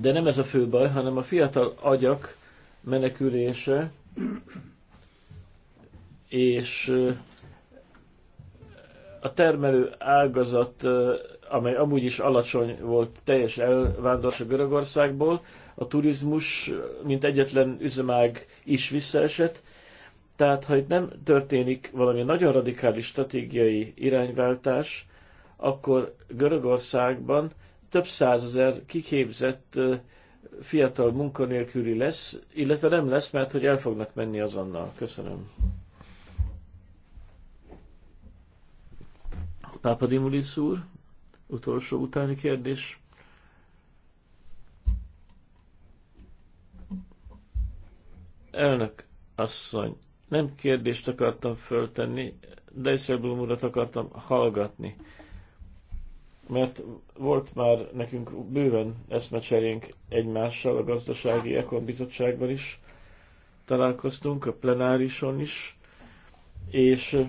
de nem ez a fő baj, hanem a fiatal agyak menekülése és a termelő ágazat, amely amúgy is alacsony volt, teljes elvándorlás a Görögországból, a turizmus, mint egyetlen üzemág is visszaesett, tehát, ha itt nem történik valami nagyon radikális stratégiai irányváltás, akkor Görögországban több százezer kiképzett fiatal munkanélküli lesz, illetve nem lesz, mert hogy el fognak menni azonnal. Köszönöm. Dimulis úr, utolsó utáni kérdés. Elnök asszony, nem kérdést akartam föltenni, de Blum urat akartam hallgatni mert volt már nekünk bőven eszmecserénk egymással, a gazdasági Ekon bizottságban is találkoztunk, a plenárison is, és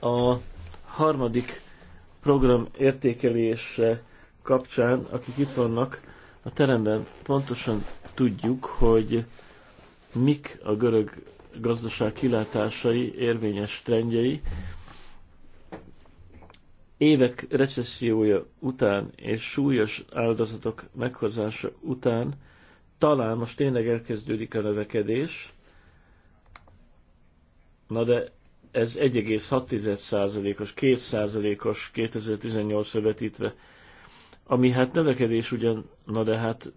a harmadik program értékelése kapcsán, akik itt vannak a teremben, pontosan tudjuk, hogy mik a görög gazdaság kilátásai, érvényes trendjei. Évek recessziója után és súlyos áldozatok meghozása után talán most tényleg elkezdődik a növekedés, na de ez 1,6%-os, 2%-os 2018-ra vetítve, ami hát növekedés ugyan, na de hát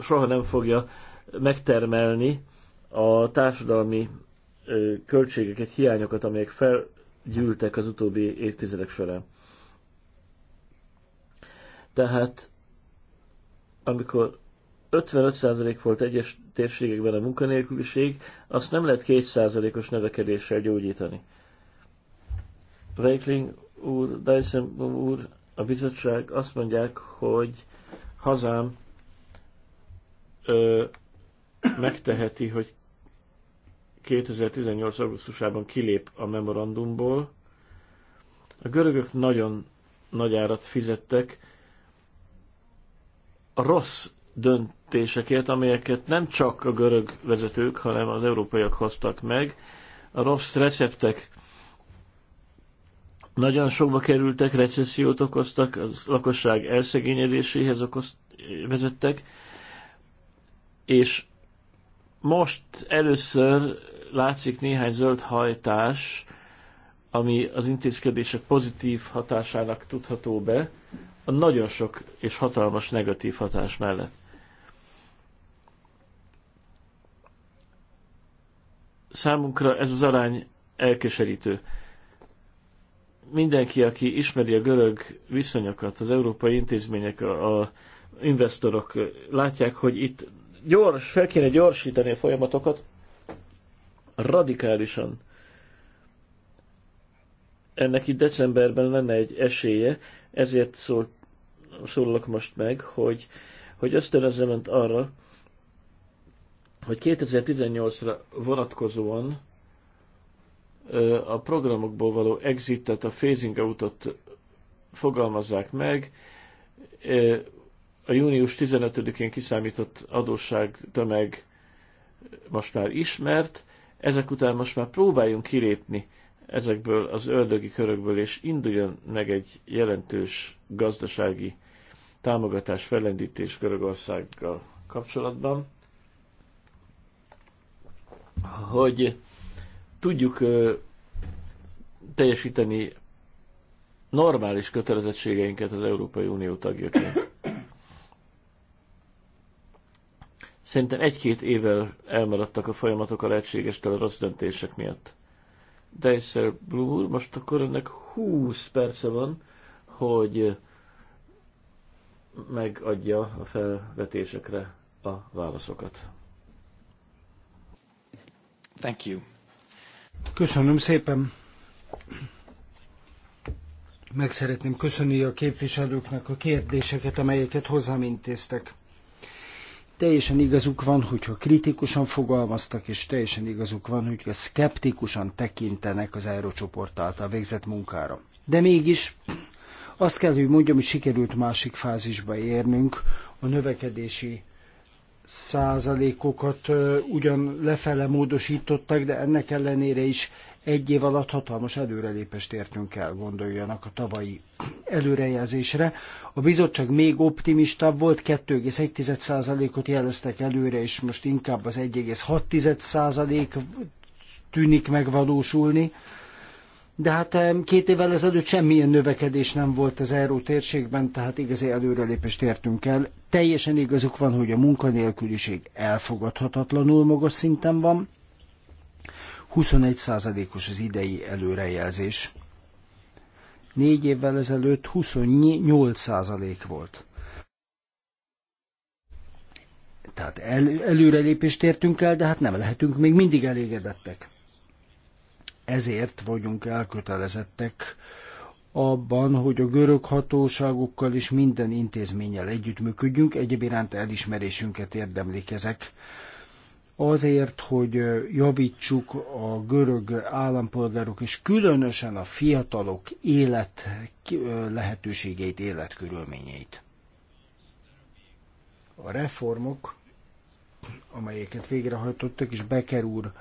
soha nem fogja megtermelni a társadalmi költségeket, hiányokat, amelyek felgyűltek az utóbbi évtizedek során. Tehát amikor 55% volt egyes térségekben a munkanélküliség, azt nem lehet 2%-os növekedéssel gyógyítani. Reikling úr, Dyson úr, a bizottság azt mondják, hogy hazám ö, megteheti, hogy 2018. augusztusában kilép a memorandumból. A görögök nagyon nagy árat fizettek a rossz döntésekért, amelyeket nem csak a görög vezetők, hanem az európaiak hoztak meg. A rossz receptek nagyon sokba kerültek, recessziót okoztak, a lakosság elszegényedéséhez okoz, vezettek, és most először látszik néhány zöld hajtás, ami az intézkedések pozitív hatásának tudható be, a nagyon sok és hatalmas negatív hatás mellett. Számunkra ez az arány elkeserítő. Mindenki, aki ismeri a görög viszonyokat, az európai intézmények, a, investorok látják, hogy itt gyors, fel kéne gyorsítani a folyamatokat, radikálisan. Ennek itt decemberben lenne egy esélye, ezért szól szólok most meg, hogy, hogy ösztönözze ment arra, hogy 2018-ra vonatkozóan a programokból való exit tehát a phasing outot fogalmazzák meg, a június 15-én kiszámított adósság tömeg most már ismert, ezek után most már próbáljunk kilépni ezekből az ördögi körökből, és induljon meg egy jelentős gazdasági támogatás, fellendítés Görögországgal kapcsolatban, hogy tudjuk teljesíteni normális kötelezettségeinket az Európai Unió tagjaként. Szerintem egy-két évvel elmaradtak a folyamatok a lehetségestől a rossz döntések miatt. Dyser Blue úr, most akkor ennek 20 perce van, hogy megadja a felvetésekre a válaszokat. Thank you. Köszönöm szépen. Meg szeretném köszönni a képviselőknek a kérdéseket, amelyeket hozzám intéztek. Teljesen igazuk van, hogyha kritikusan fogalmaztak, és teljesen igazuk van, hogyha szkeptikusan tekintenek az Eurocsoport által végzett munkára. De mégis azt kell, hogy mondjam, hogy sikerült másik fázisba érnünk a növekedési százalékokat ugyan lefele módosítottak, de ennek ellenére is egy év alatt hatalmas előrelépést értünk el, gondoljanak a tavalyi előrejelzésre. A bizottság még optimistabb volt, 2,1%-ot jeleztek előre, és most inkább az 1,6% tűnik megvalósulni. De hát két évvel ezelőtt semmilyen növekedés nem volt az euró térségben, tehát igazi előrelépést értünk el. Teljesen igazuk van, hogy a munkanélküliség elfogadhatatlanul magas szinten van, 21%-os az idei előrejelzés. Négy évvel ezelőtt 28% volt. Tehát el, előrelépést értünk el, de hát nem lehetünk még mindig elégedettek. Ezért vagyunk elkötelezettek abban, hogy a görög hatóságokkal és minden intézménnyel együttműködjünk, egyébiránt elismerésünket érdemlik ezek azért, hogy javítsuk a görög állampolgárok és különösen a fiatalok élet lehetőségeit, életkörülményeit. A reformok, amelyeket végrehajtottak, és bekerül úr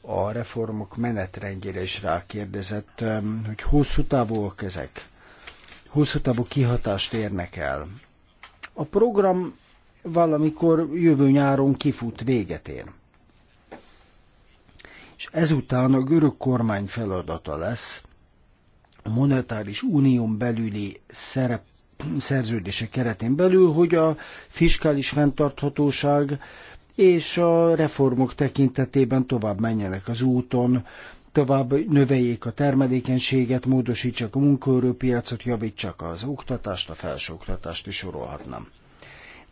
a reformok menetrendjére is rákérdezett, hogy hosszú távúak ezek, hosszú távú kihatást érnek el. A program valamikor jövő nyáron kifut, véget ér és ezután a görög kormány feladata lesz a monetáris unión belüli szerep szerződése keretén belül, hogy a fiskális fenntarthatóság és a reformok tekintetében tovább menjenek az úton, tovább növeljék a termelékenységet, módosítsák a munkaerőpiacot, javítsák az oktatást, a felsőoktatást is sorolhatnám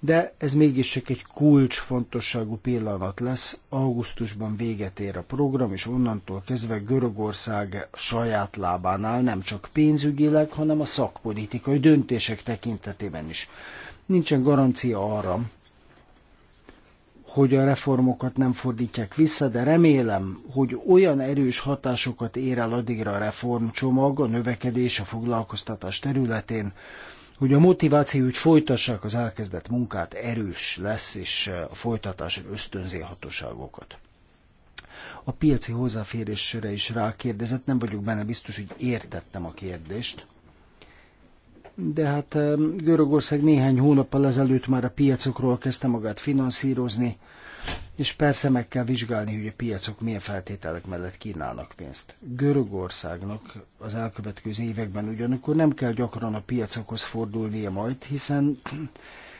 de ez mégiscsak egy kulcsfontosságú pillanat lesz. Augusztusban véget ér a program, és onnantól kezdve Görögország saját lábán áll, nem csak pénzügyileg, hanem a szakpolitikai döntések tekintetében is. Nincsen garancia arra, hogy a reformokat nem fordítják vissza, de remélem, hogy olyan erős hatásokat ér el addigra a reformcsomag a növekedés a foglalkoztatás területén, hogy a motiváció, hogy folytassák az elkezdett munkát, erős lesz, és eh, a folytatás ösztönzi a hatóságokat. A piaci hozzáférésre is rákérdezett, nem vagyok benne biztos, hogy értettem a kérdést. De hát eh, Görögország néhány hónappal ezelőtt már a piacokról kezdte magát finanszírozni, és persze meg kell vizsgálni, hogy a piacok milyen feltételek mellett kínálnak pénzt. Görögországnak az elkövetkező években ugyanakkor nem kell gyakran a piacokhoz fordulnia majd, hiszen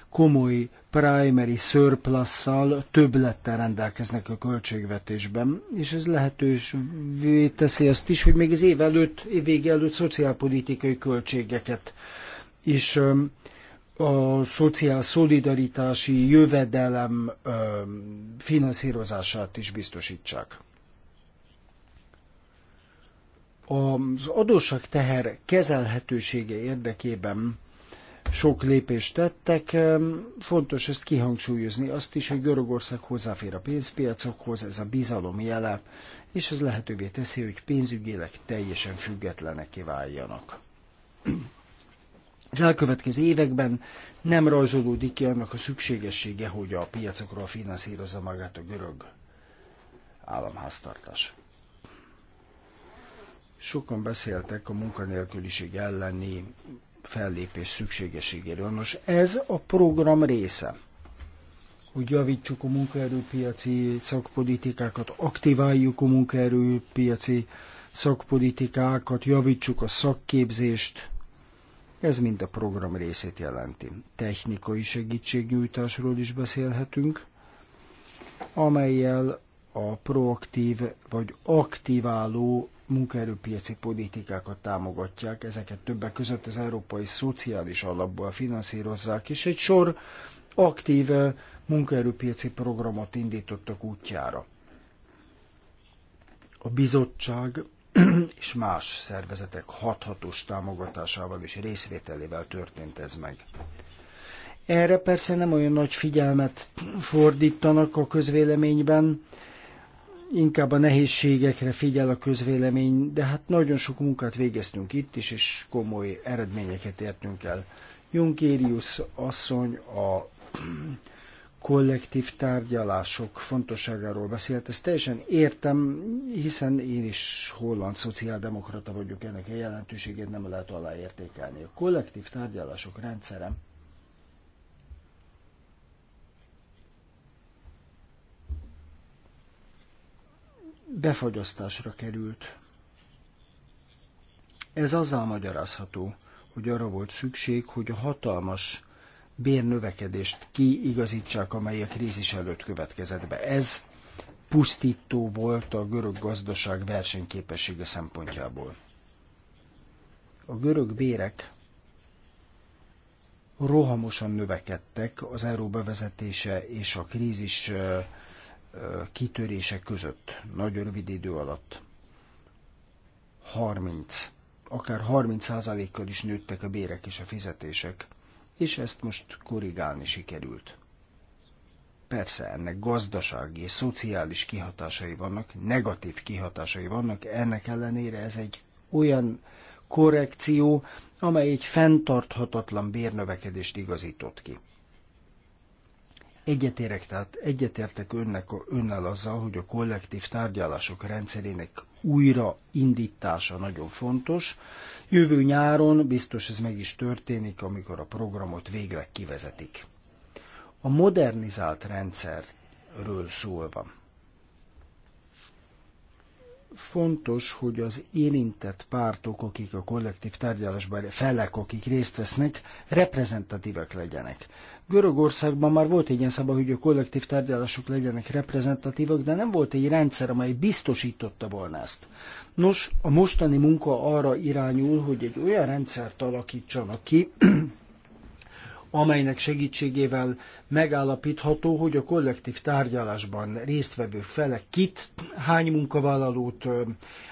komoly primary surplusszal többlettel rendelkeznek a költségvetésben, és ez lehetősvé teszi azt is, hogy még az év előtt, év vége előtt szociálpolitikai költségeket is a szociál szolidaritási jövedelem finanszírozását is biztosítsák. Az adósság teher kezelhetősége érdekében sok lépést tettek. Fontos ezt kihangsúlyozni, azt is, hogy Görögország hozzáfér a pénzpiacokhoz, ez a bizalom jele, és ez lehetővé teszi, hogy pénzügyileg teljesen függetlenek váljanak az elkövetkező években nem rajzolódik ki annak a szükségessége, hogy a piacokról finanszírozza magát a görög államháztartás. Sokan beszéltek a munkanélküliség elleni fellépés szükségességéről. Nos, ez a program része, hogy javítsuk a munkaerőpiaci szakpolitikákat, aktiváljuk a munkaerőpiaci szakpolitikákat, javítsuk a szakképzést, ez mind a program részét jelenti. Technikai segítségnyújtásról is beszélhetünk, amelyel a proaktív vagy aktiváló munkaerőpiaci politikákat támogatják, ezeket többek között az Európai Szociális Alapból finanszírozzák, és egy sor aktív eh, munkaerőpiaci programot indítottak útjára. A bizottság és más szervezetek hathatós támogatásával és részvételével történt ez meg. Erre persze nem olyan nagy figyelmet fordítanak a közvéleményben, inkább a nehézségekre figyel a közvélemény, de hát nagyon sok munkát végeztünk itt is, és komoly eredményeket értünk el. Junkérius asszony a kollektív tárgyalások fontosságáról beszélt. Ezt teljesen értem, hiszen én is holland szociáldemokrata vagyok, ennek a jelentőségét nem lehet aláértékelni. A kollektív tárgyalások rendszerem befagyasztásra került. Ez azzal magyarázható, hogy arra volt szükség, hogy a hatalmas bérnövekedést kiigazítsák, amely a krízis előtt következett be. Ez pusztító volt a görög gazdaság versenyképessége szempontjából. A görög bérek rohamosan növekedtek az euró bevezetése és a krízis kitörése között, nagyon rövid idő alatt. 30, akár 30 kal is nőttek a bérek és a fizetések és ezt most korrigálni sikerült. Persze ennek gazdasági és szociális kihatásai vannak, negatív kihatásai vannak, ennek ellenére ez egy olyan korrekció, amely egy fenntarthatatlan bérnövekedést igazított ki. Egyetérek, tehát egyetértek önnek, önnel azzal, hogy a kollektív tárgyalások rendszerének újra indítása nagyon fontos. Jövő nyáron biztos ez meg is történik, amikor a programot végleg kivezetik. A modernizált rendszerről szólva fontos, hogy az érintett pártok, akik a kollektív tárgyalásban felek, akik részt vesznek, reprezentatívek legyenek. Görögországban már volt egy ilyen szabály, hogy a kollektív tárgyalások legyenek reprezentatívak, de nem volt egy rendszer, amely biztosította volna ezt. Nos, a mostani munka arra irányul, hogy egy olyan rendszert alakítsanak ki, amelynek segítségével megállapítható, hogy a kollektív tárgyalásban résztvevő felek kit, hány munkavállalót,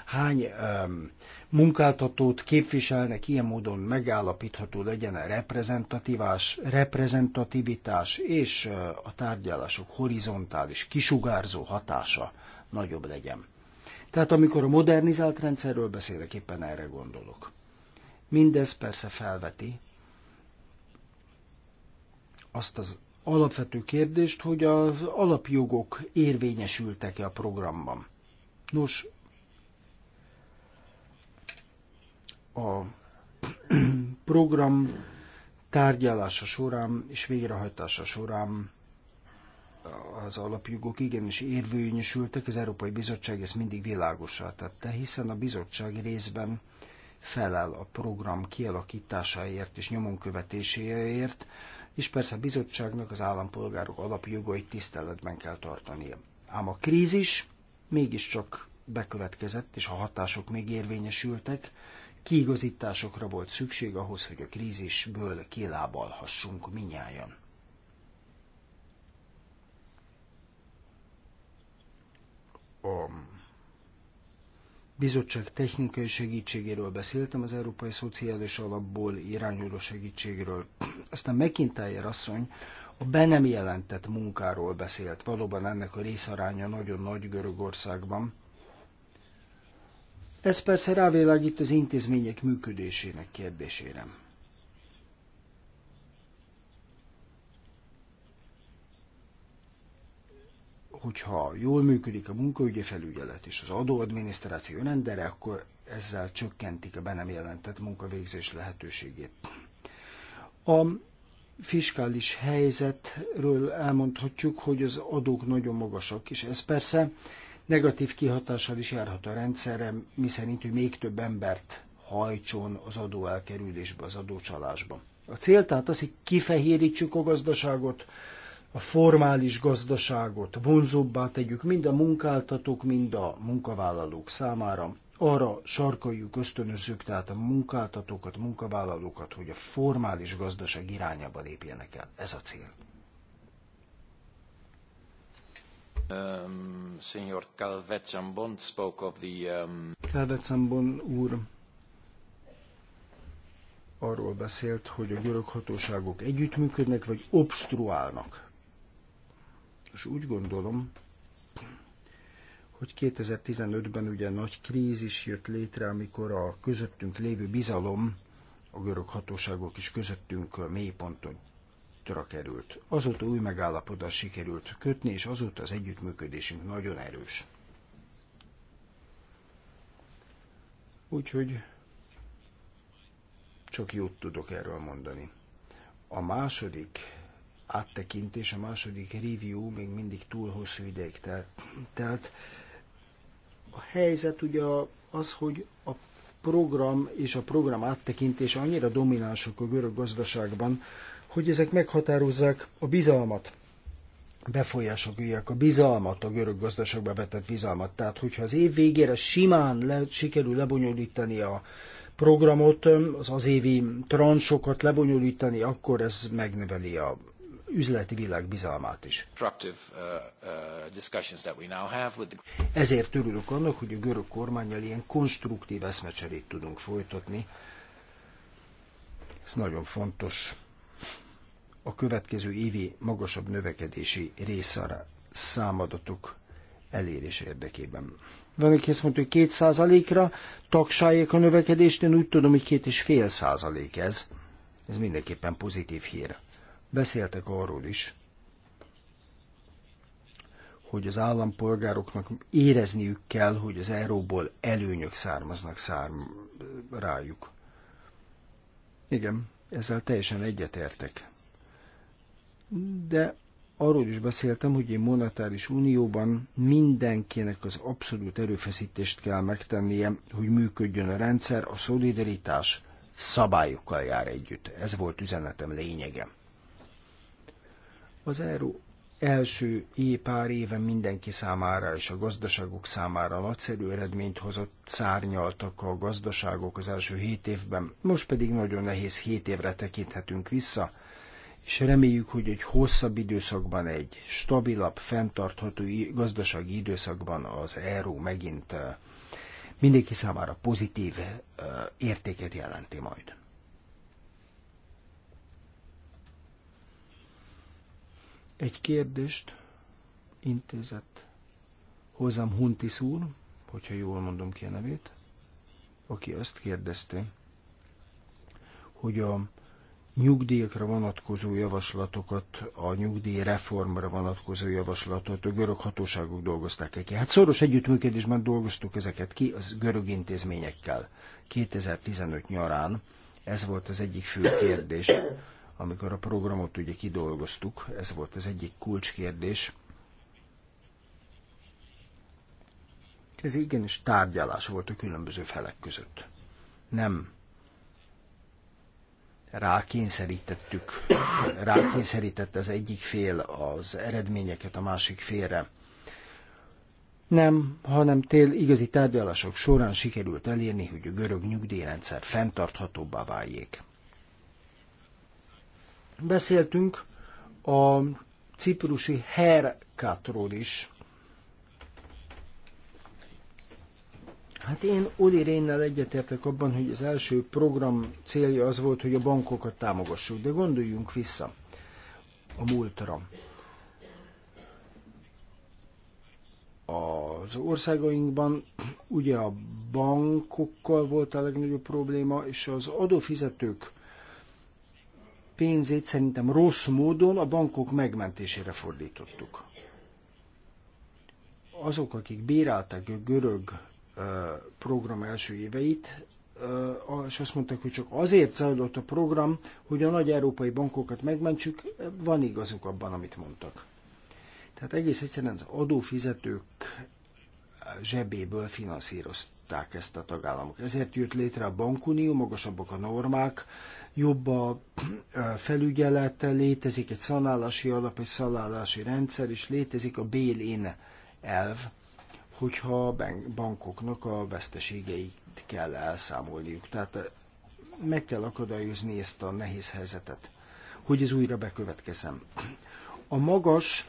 hány munkáltatót képviselnek, ilyen módon megállapítható legyen a reprezentativás, reprezentativitás és a tárgyalások horizontális kisugárzó hatása nagyobb legyen. Tehát amikor a modernizált rendszerről beszélek, éppen erre gondolok. Mindez persze felveti, azt az alapvető kérdést, hogy az alapjogok érvényesültek-e a programban. Nos, a program tárgyalása során és végrehajtása során az alapjogok igenis érvényesültek, az Európai Bizottság ezt mindig világosá tette, hiszen a bizottság részben felel a program kialakításáért és nyomonkövetéséért, követéséért, és persze a bizottságnak az állampolgárok jogait tiszteletben kell tartania. Ám a krízis mégiscsak bekövetkezett, és a hatások még érvényesültek, kiigazításokra volt szükség ahhoz, hogy a krízisből kilábalhassunk minnyáján. Um bizottság technikai segítségéről beszéltem, az Európai Szociális Alapból irányuló segítségről. Aztán McIntyre asszony a be nem jelentett munkáról beszélt. Valóban ennek a részaránya nagyon nagy Görögországban. Ez persze rávilágít az intézmények működésének kérdésére. hogyha jól működik a munkaügyi felügyelet és az adóadminisztráció rendere, akkor ezzel csökkentik a be nem jelentett munkavégzés lehetőségét. A fiskális helyzetről elmondhatjuk, hogy az adók nagyon magasak, és ez persze negatív kihatással is járhat a rendszerre, miszerint, hogy még több embert hajtson az adó elkerülésbe, az adócsalásba. A cél tehát az, hogy kifehérítsük a gazdaságot, a formális gazdaságot vonzóbbá tegyük mind a munkáltatók, mind a munkavállalók számára. Arra sarkaljuk, ösztönözzük tehát a munkáltatókat, munkavállalókat, hogy a formális gazdaság irányába lépjenek el. Ez a cél. Um, Senior Calvetsambon spoke of the... Um... Calvetsambon úr arról beszélt, hogy a görög hatóságok együttműködnek, vagy obstruálnak. És úgy gondolom, hogy 2015-ben ugye nagy krízis jött létre, amikor a közöttünk lévő bizalom, a görög hatóságok is közöttünk mélyponton útra került. Azóta új megállapodás sikerült kötni, és azóta az együttműködésünk nagyon erős. Úgyhogy csak jót tudok erről mondani. A második áttekintés, a második review még mindig túl hosszú ideig telt. Tehát a helyzet ugye az, hogy a program és a program áttekintése annyira dominánsok a görög gazdaságban, hogy ezek meghatározzák a bizalmat, befolyásolják a bizalmat, a görög gazdaságba vetett bizalmat. Tehát, hogyha az év végére simán le, sikerül lebonyolítani a programot, az az évi transokat lebonyolítani, akkor ez megnöveli a üzleti világ bizalmát is. Uh, uh, Ezért örülök annak, hogy a görög kormányjal ilyen konstruktív eszmecserét tudunk folytatni. Ez nagyon fontos a következő évi magasabb növekedési részára számadatok elérés érdekében. Van, aki azt mondta, hogy két százalékra tagsálják a növekedést, én úgy tudom, hogy két és fél százalék ez. Ez mindenképpen pozitív hír. Beszéltek arról is, hogy az állampolgároknak érezniük kell, hogy az euróból előnyök származnak szárm rájuk. Igen, ezzel teljesen egyetértek. De arról is beszéltem, hogy egy monetáris unióban mindenkinek az abszolút erőfeszítést kell megtennie, hogy működjön a rendszer, a szolidaritás szabályokkal jár együtt. Ez volt üzenetem lényege. Az euró első é pár éve mindenki számára és a gazdaságok számára nagyszerű eredményt hozott, szárnyaltak a gazdaságok az első hét évben, most pedig nagyon nehéz hét évre tekinthetünk vissza, és reméljük, hogy egy hosszabb időszakban, egy stabilabb, fenntartható gazdasági időszakban az euró megint eh, mindenki számára pozitív eh, értéket jelenti majd. Egy kérdést intézett hozzám Huntis úr, hogyha jól mondom ki a nevét, aki azt kérdezte, hogy a nyugdíjakra vonatkozó javaslatokat, a nyugdíj reformra vonatkozó javaslatot a görög hatóságok dolgozták ki. Hát szoros együttműködésben dolgoztuk ezeket ki az görög intézményekkel 2015 nyarán. Ez volt az egyik fő kérdés, amikor a programot ugye kidolgoztuk, ez volt az egyik kulcskérdés. Ez igenis tárgyalás volt a különböző felek között. Nem rákényszerítettük, rákényszerített az egyik fél az eredményeket a másik félre. Nem, hanem tél igazi tárgyalások során sikerült elérni, hogy a görög nyugdíjrendszer fenntarthatóbbá váljék. Beszéltünk a ciprusi herkátról is. Hát én Oli Rénnel egyetértek abban, hogy az első program célja az volt, hogy a bankokat támogassuk, de gondoljunk vissza a múltra. Az országainkban ugye a bankokkal volt a legnagyobb probléma, és az adófizetők pénzét szerintem rossz módon a bankok megmentésére fordítottuk. Azok, akik bírálták a görög program első éveit, és azt mondták, hogy csak azért zajlott a program, hogy a nagy európai bankokat megmentsük, van igazuk abban, amit mondtak. Tehát egész egyszerűen az adófizetők zsebéből finanszírozták elfogadták ezt a tagállamok. Ezért jött létre a bankunió, magasabbak a normák, jobb a felügyelete, létezik egy szanálási alap, egy szanálási rendszer, és létezik a bélén elv, hogyha a bankoknak a veszteségeit kell elszámolniuk. Tehát meg kell akadályozni ezt a nehéz helyzetet, hogy ez újra bekövetkezem. A magas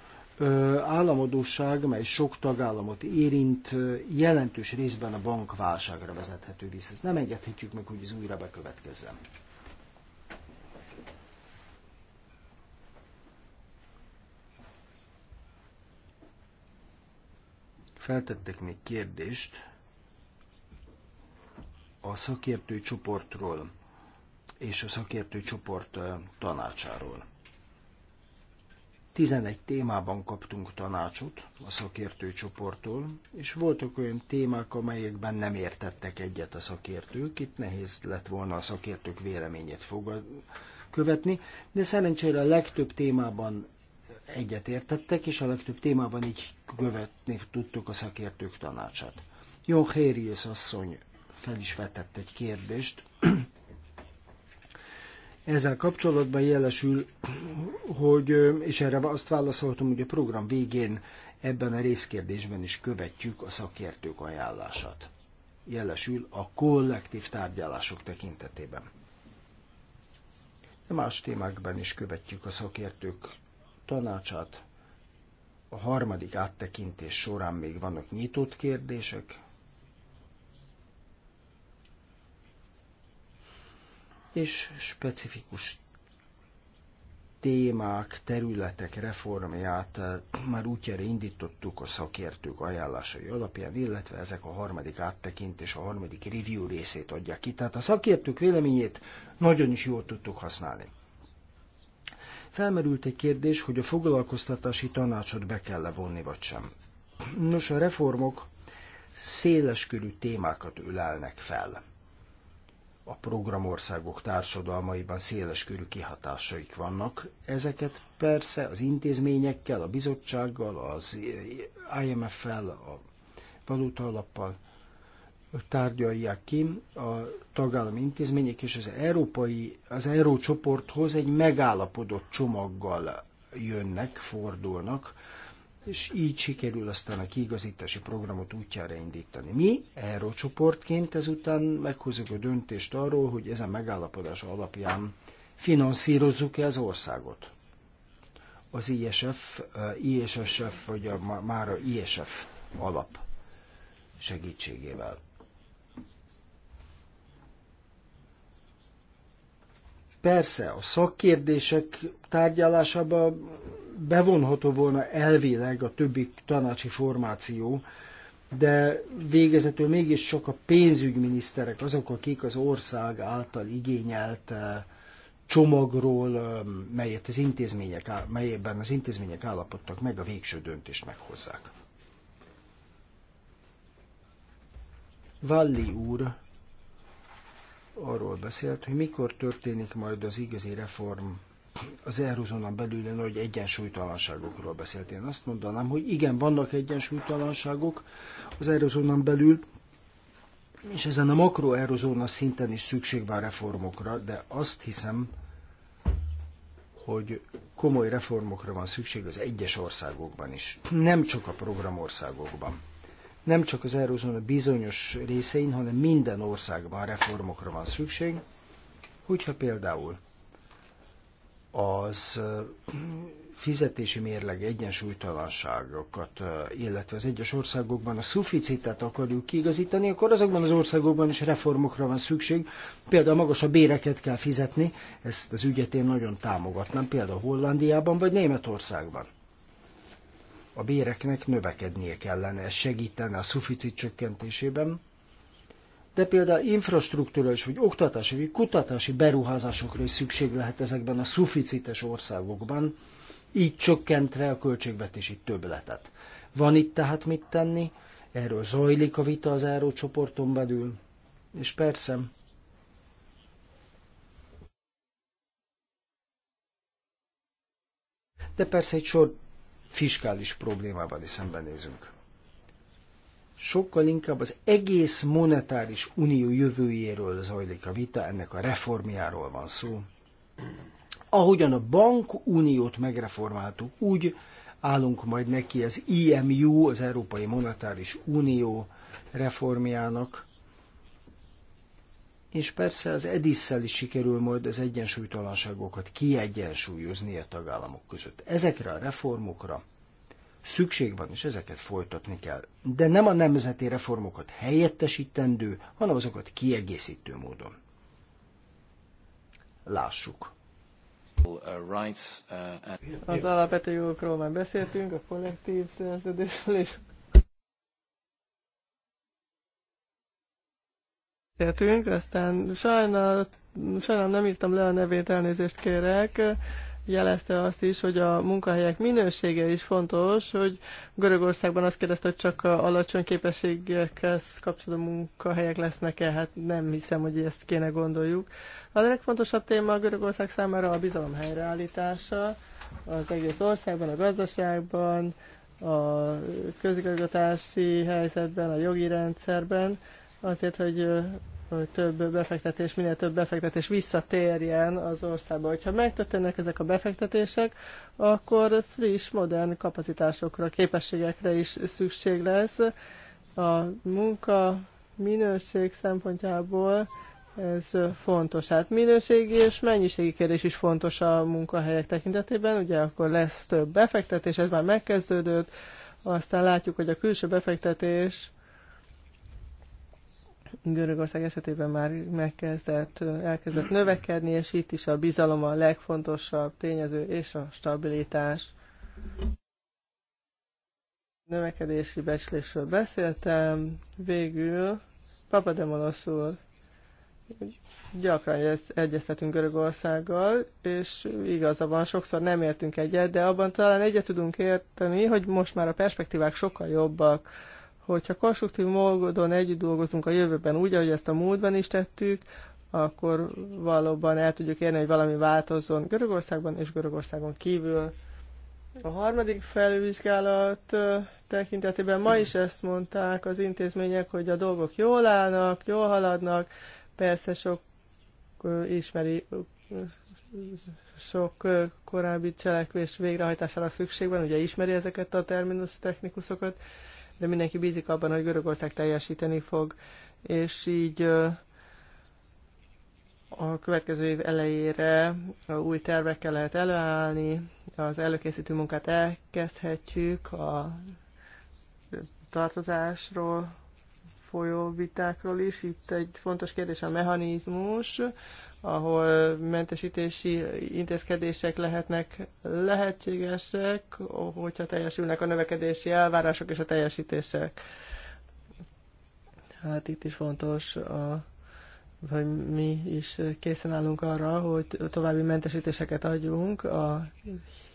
államadóság, mely sok tagállamot érint, jelentős részben a bankválságra vezethető vissza. Ezt nem engedhetjük meg, hogy ez újra bekövetkezzen. Feltettek még kérdést a szakértőcsoportról és a szakértőcsoport tanácsáról. 11 témában kaptunk tanácsot a szakértőcsoporttól, és voltak olyan témák, amelyekben nem értettek egyet a szakértők. Itt nehéz lett volna a szakértők véleményét fogad, követni, de szerencsére a legtöbb témában egyet értettek, és a legtöbb témában így követni tudtuk a szakértők tanácsát. Jó Hérius asszony fel is vetett egy kérdést, ezzel kapcsolatban jelesül, hogy, és erre azt válaszoltam, hogy a program végén ebben a részkérdésben is követjük a szakértők ajánlását. Jelesül a kollektív tárgyalások tekintetében. De más témákban is követjük a szakértők tanácsát. A harmadik áttekintés során még vannak nyitott kérdések, és specifikus témák, területek reformját eh, már útjára indítottuk a szakértők ajánlásai alapján, illetve ezek a harmadik áttekintés, a harmadik review részét adják ki. Tehát a szakértők véleményét nagyon is jól tudtuk használni. Felmerült egy kérdés, hogy a foglalkoztatási tanácsot be kell levonni, vagy sem. Nos, a reformok széleskörű témákat ülelnek fel a programországok társadalmaiban széles körű kihatásaik vannak. Ezeket persze az intézményekkel, a bizottsággal, az IMF-fel, a valutalappal tárgyalják ki a tagállami intézmények, és az európai, az eurócsoporthoz egy megállapodott csomaggal jönnek, fordulnak, és így sikerül aztán a kiigazítási programot útjára indítani. Mi csoportként ezután meghozunk a döntést arról, hogy ezen megállapodás alapján finanszírozzuk-e az országot. Az ISF, eh, ISSF, vagy a a ISF alap segítségével. Persze, a szakkérdések tárgyalásába bevonható volna elvileg a többi tanácsi formáció, de végezetül mégis sok a pénzügyminiszterek azok, akik az ország által igényelt eh, csomagról, eh, melyet az intézmények, melyben az intézmények állapodtak meg, a végső döntést meghozzák. Valli úr arról beszélt, hogy mikor történik majd az igazi reform az eurozónán belüli nagy egyensúlytalanságokról beszélt. Én azt mondanám, hogy igen, vannak egyensúlytalanságok az eurozónán belül, és ezen a makro eurozóna szinten is szükség van reformokra, de azt hiszem, hogy komoly reformokra van szükség az egyes országokban is, nem csak a programországokban. Nem csak az eurozóna bizonyos részein, hanem minden országban reformokra van szükség, hogyha például az fizetési mérleg egyensúlytalanságokat, illetve az egyes országokban a szuficitet akarjuk kiigazítani, akkor azokban az országokban is reformokra van szükség. Például magasabb béreket kell fizetni, ezt az ügyet én nagyon támogatnám, például Hollandiában vagy Németországban. A béreknek növekednie kellene, ez segítene a szuficit csökkentésében, de például infrastruktúrális vagy oktatási vagy kutatási beruházásokra is szükség lehet ezekben a szuficites országokban, így csökkentve a költségvetési többletet. Van itt tehát mit tenni, erről zajlik a vita az csoporton belül, és persze de persze egy sor fiskális problémával is szembenézünk sokkal inkább az egész monetáris unió jövőjéről zajlik a vita, ennek a reformjáról van szó. Ahogyan a bankuniót megreformáltuk, úgy állunk majd neki az IMU, az Európai Monetáris Unió reformjának, és persze az Edisszel is sikerül majd az egyensúlytalanságokat kiegyensúlyozni a tagállamok között. Ezekre a reformokra szükség van, és ezeket folytatni kell. De nem a nemzeti reformokat helyettesítendő, hanem azokat kiegészítő módon. Lássuk. Az alapvető jogokról már beszéltünk, a kollektív szerződésről is. Beszéltünk, aztán sajnál, sajnálom nem írtam le a nevét, elnézést kérek jelezte azt is, hogy a munkahelyek minősége is fontos, hogy Görögországban azt kérdezte, hogy csak alacsony képességekhez kapcsolódó munkahelyek lesznek-e, hát nem hiszem, hogy ezt kéne gondoljuk. A legfontosabb téma a Görögország számára a bizalom helyreállítása az egész országban, a gazdaságban, a közigazgatási helyzetben, a jogi rendszerben, azért, hogy hogy több befektetés, minél több befektetés visszatérjen az országba. Hogyha megtörténnek ezek a befektetések, akkor friss, modern kapacitásokra, képességekre is szükség lesz. A munka minőség szempontjából ez fontos. Hát minőségi és mennyiségi kérdés is fontos a munkahelyek tekintetében. Ugye akkor lesz több befektetés, ez már megkezdődött, aztán látjuk, hogy a külső befektetés Görögország esetében már megkezdett, elkezdett növekedni, és itt is a bizalom a legfontosabb tényező és a stabilitás. Növekedési becslésről beszéltem, végül Papademolos úr gyakran egyeztetünk Görögországgal, és igaza van, sokszor nem értünk egyet, de abban talán egyet tudunk érteni, hogy most már a perspektívák sokkal jobbak, Hogyha konstruktív módon együtt dolgozunk a jövőben úgy, ahogy ezt a múltban is tettük, akkor valóban el tudjuk érni, hogy valami változzon Görögországban és Görögországon kívül. A harmadik felvizsgálat tekintetében ma is ezt mondták az intézmények, hogy a dolgok jól állnak, jól haladnak, persze sok ismeri sok korábbi cselekvés végrehajtására szükség van, ugye ismeri ezeket a terminus technikusokat, de mindenki bízik abban, hogy Görögország teljesíteni fog, és így a következő év elejére új tervekkel lehet előállni, az előkészítő munkát elkezdhetjük, a tartozásról folyó vitákról is. Itt egy fontos kérdés a mechanizmus, ahol mentesítési intézkedések lehetnek lehetségesek, hogyha teljesülnek a növekedési elvárások és a teljesítések. Hát itt is fontos a hogy mi is készen állunk arra, hogy további mentesítéseket adjunk a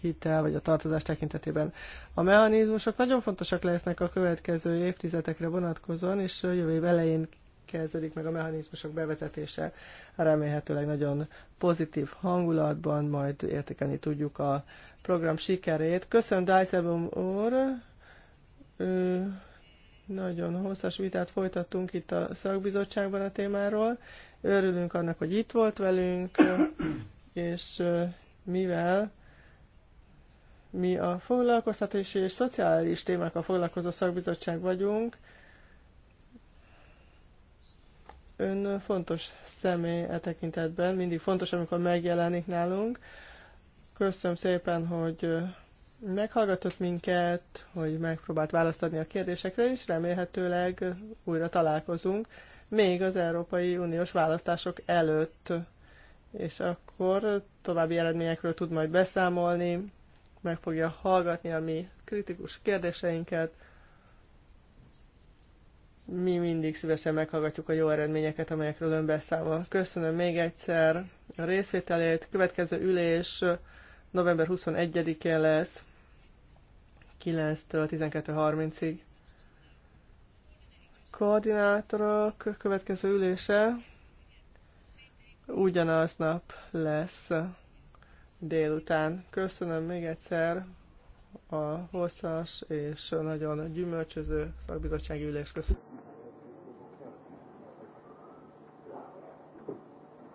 hitel vagy a tartozás tekintetében. A mechanizmusok nagyon fontosak lesznek a következő évtizedekre vonatkozóan, és jövő év elején kezdődik meg a mechanizmusok bevezetése. Remélhetőleg nagyon pozitív hangulatban, majd értékelni tudjuk a program sikerét. Köszönöm, Dajszabom úr! Ö, nagyon hosszas vitát folytattunk itt a szakbizottságban a témáról. Örülünk annak, hogy itt volt velünk, és mivel mi a foglalkoztatási és szociális témákkal foglalkozó szakbizottság vagyunk, Ön fontos személy e tekintetben, mindig fontos, amikor megjelenik nálunk. Köszönöm szépen, hogy meghallgatott minket, hogy megpróbált választ adni a kérdésekre, és remélhetőleg újra találkozunk, még az Európai Uniós választások előtt, és akkor további eredményekről tud majd beszámolni, meg fogja hallgatni a mi kritikus kérdéseinket, mi mindig szívesen meghallgatjuk a jó eredményeket, amelyekről ön beszámol. Köszönöm még egyszer a részvételét. Következő ülés november 21-én lesz, 9-től 12.30-ig. Koordinátorok következő ülése ugyanaz nap lesz délután. Köszönöm még egyszer a hosszas és nagyon gyümölcsöző szakbizottsági ülést. Köszönöm.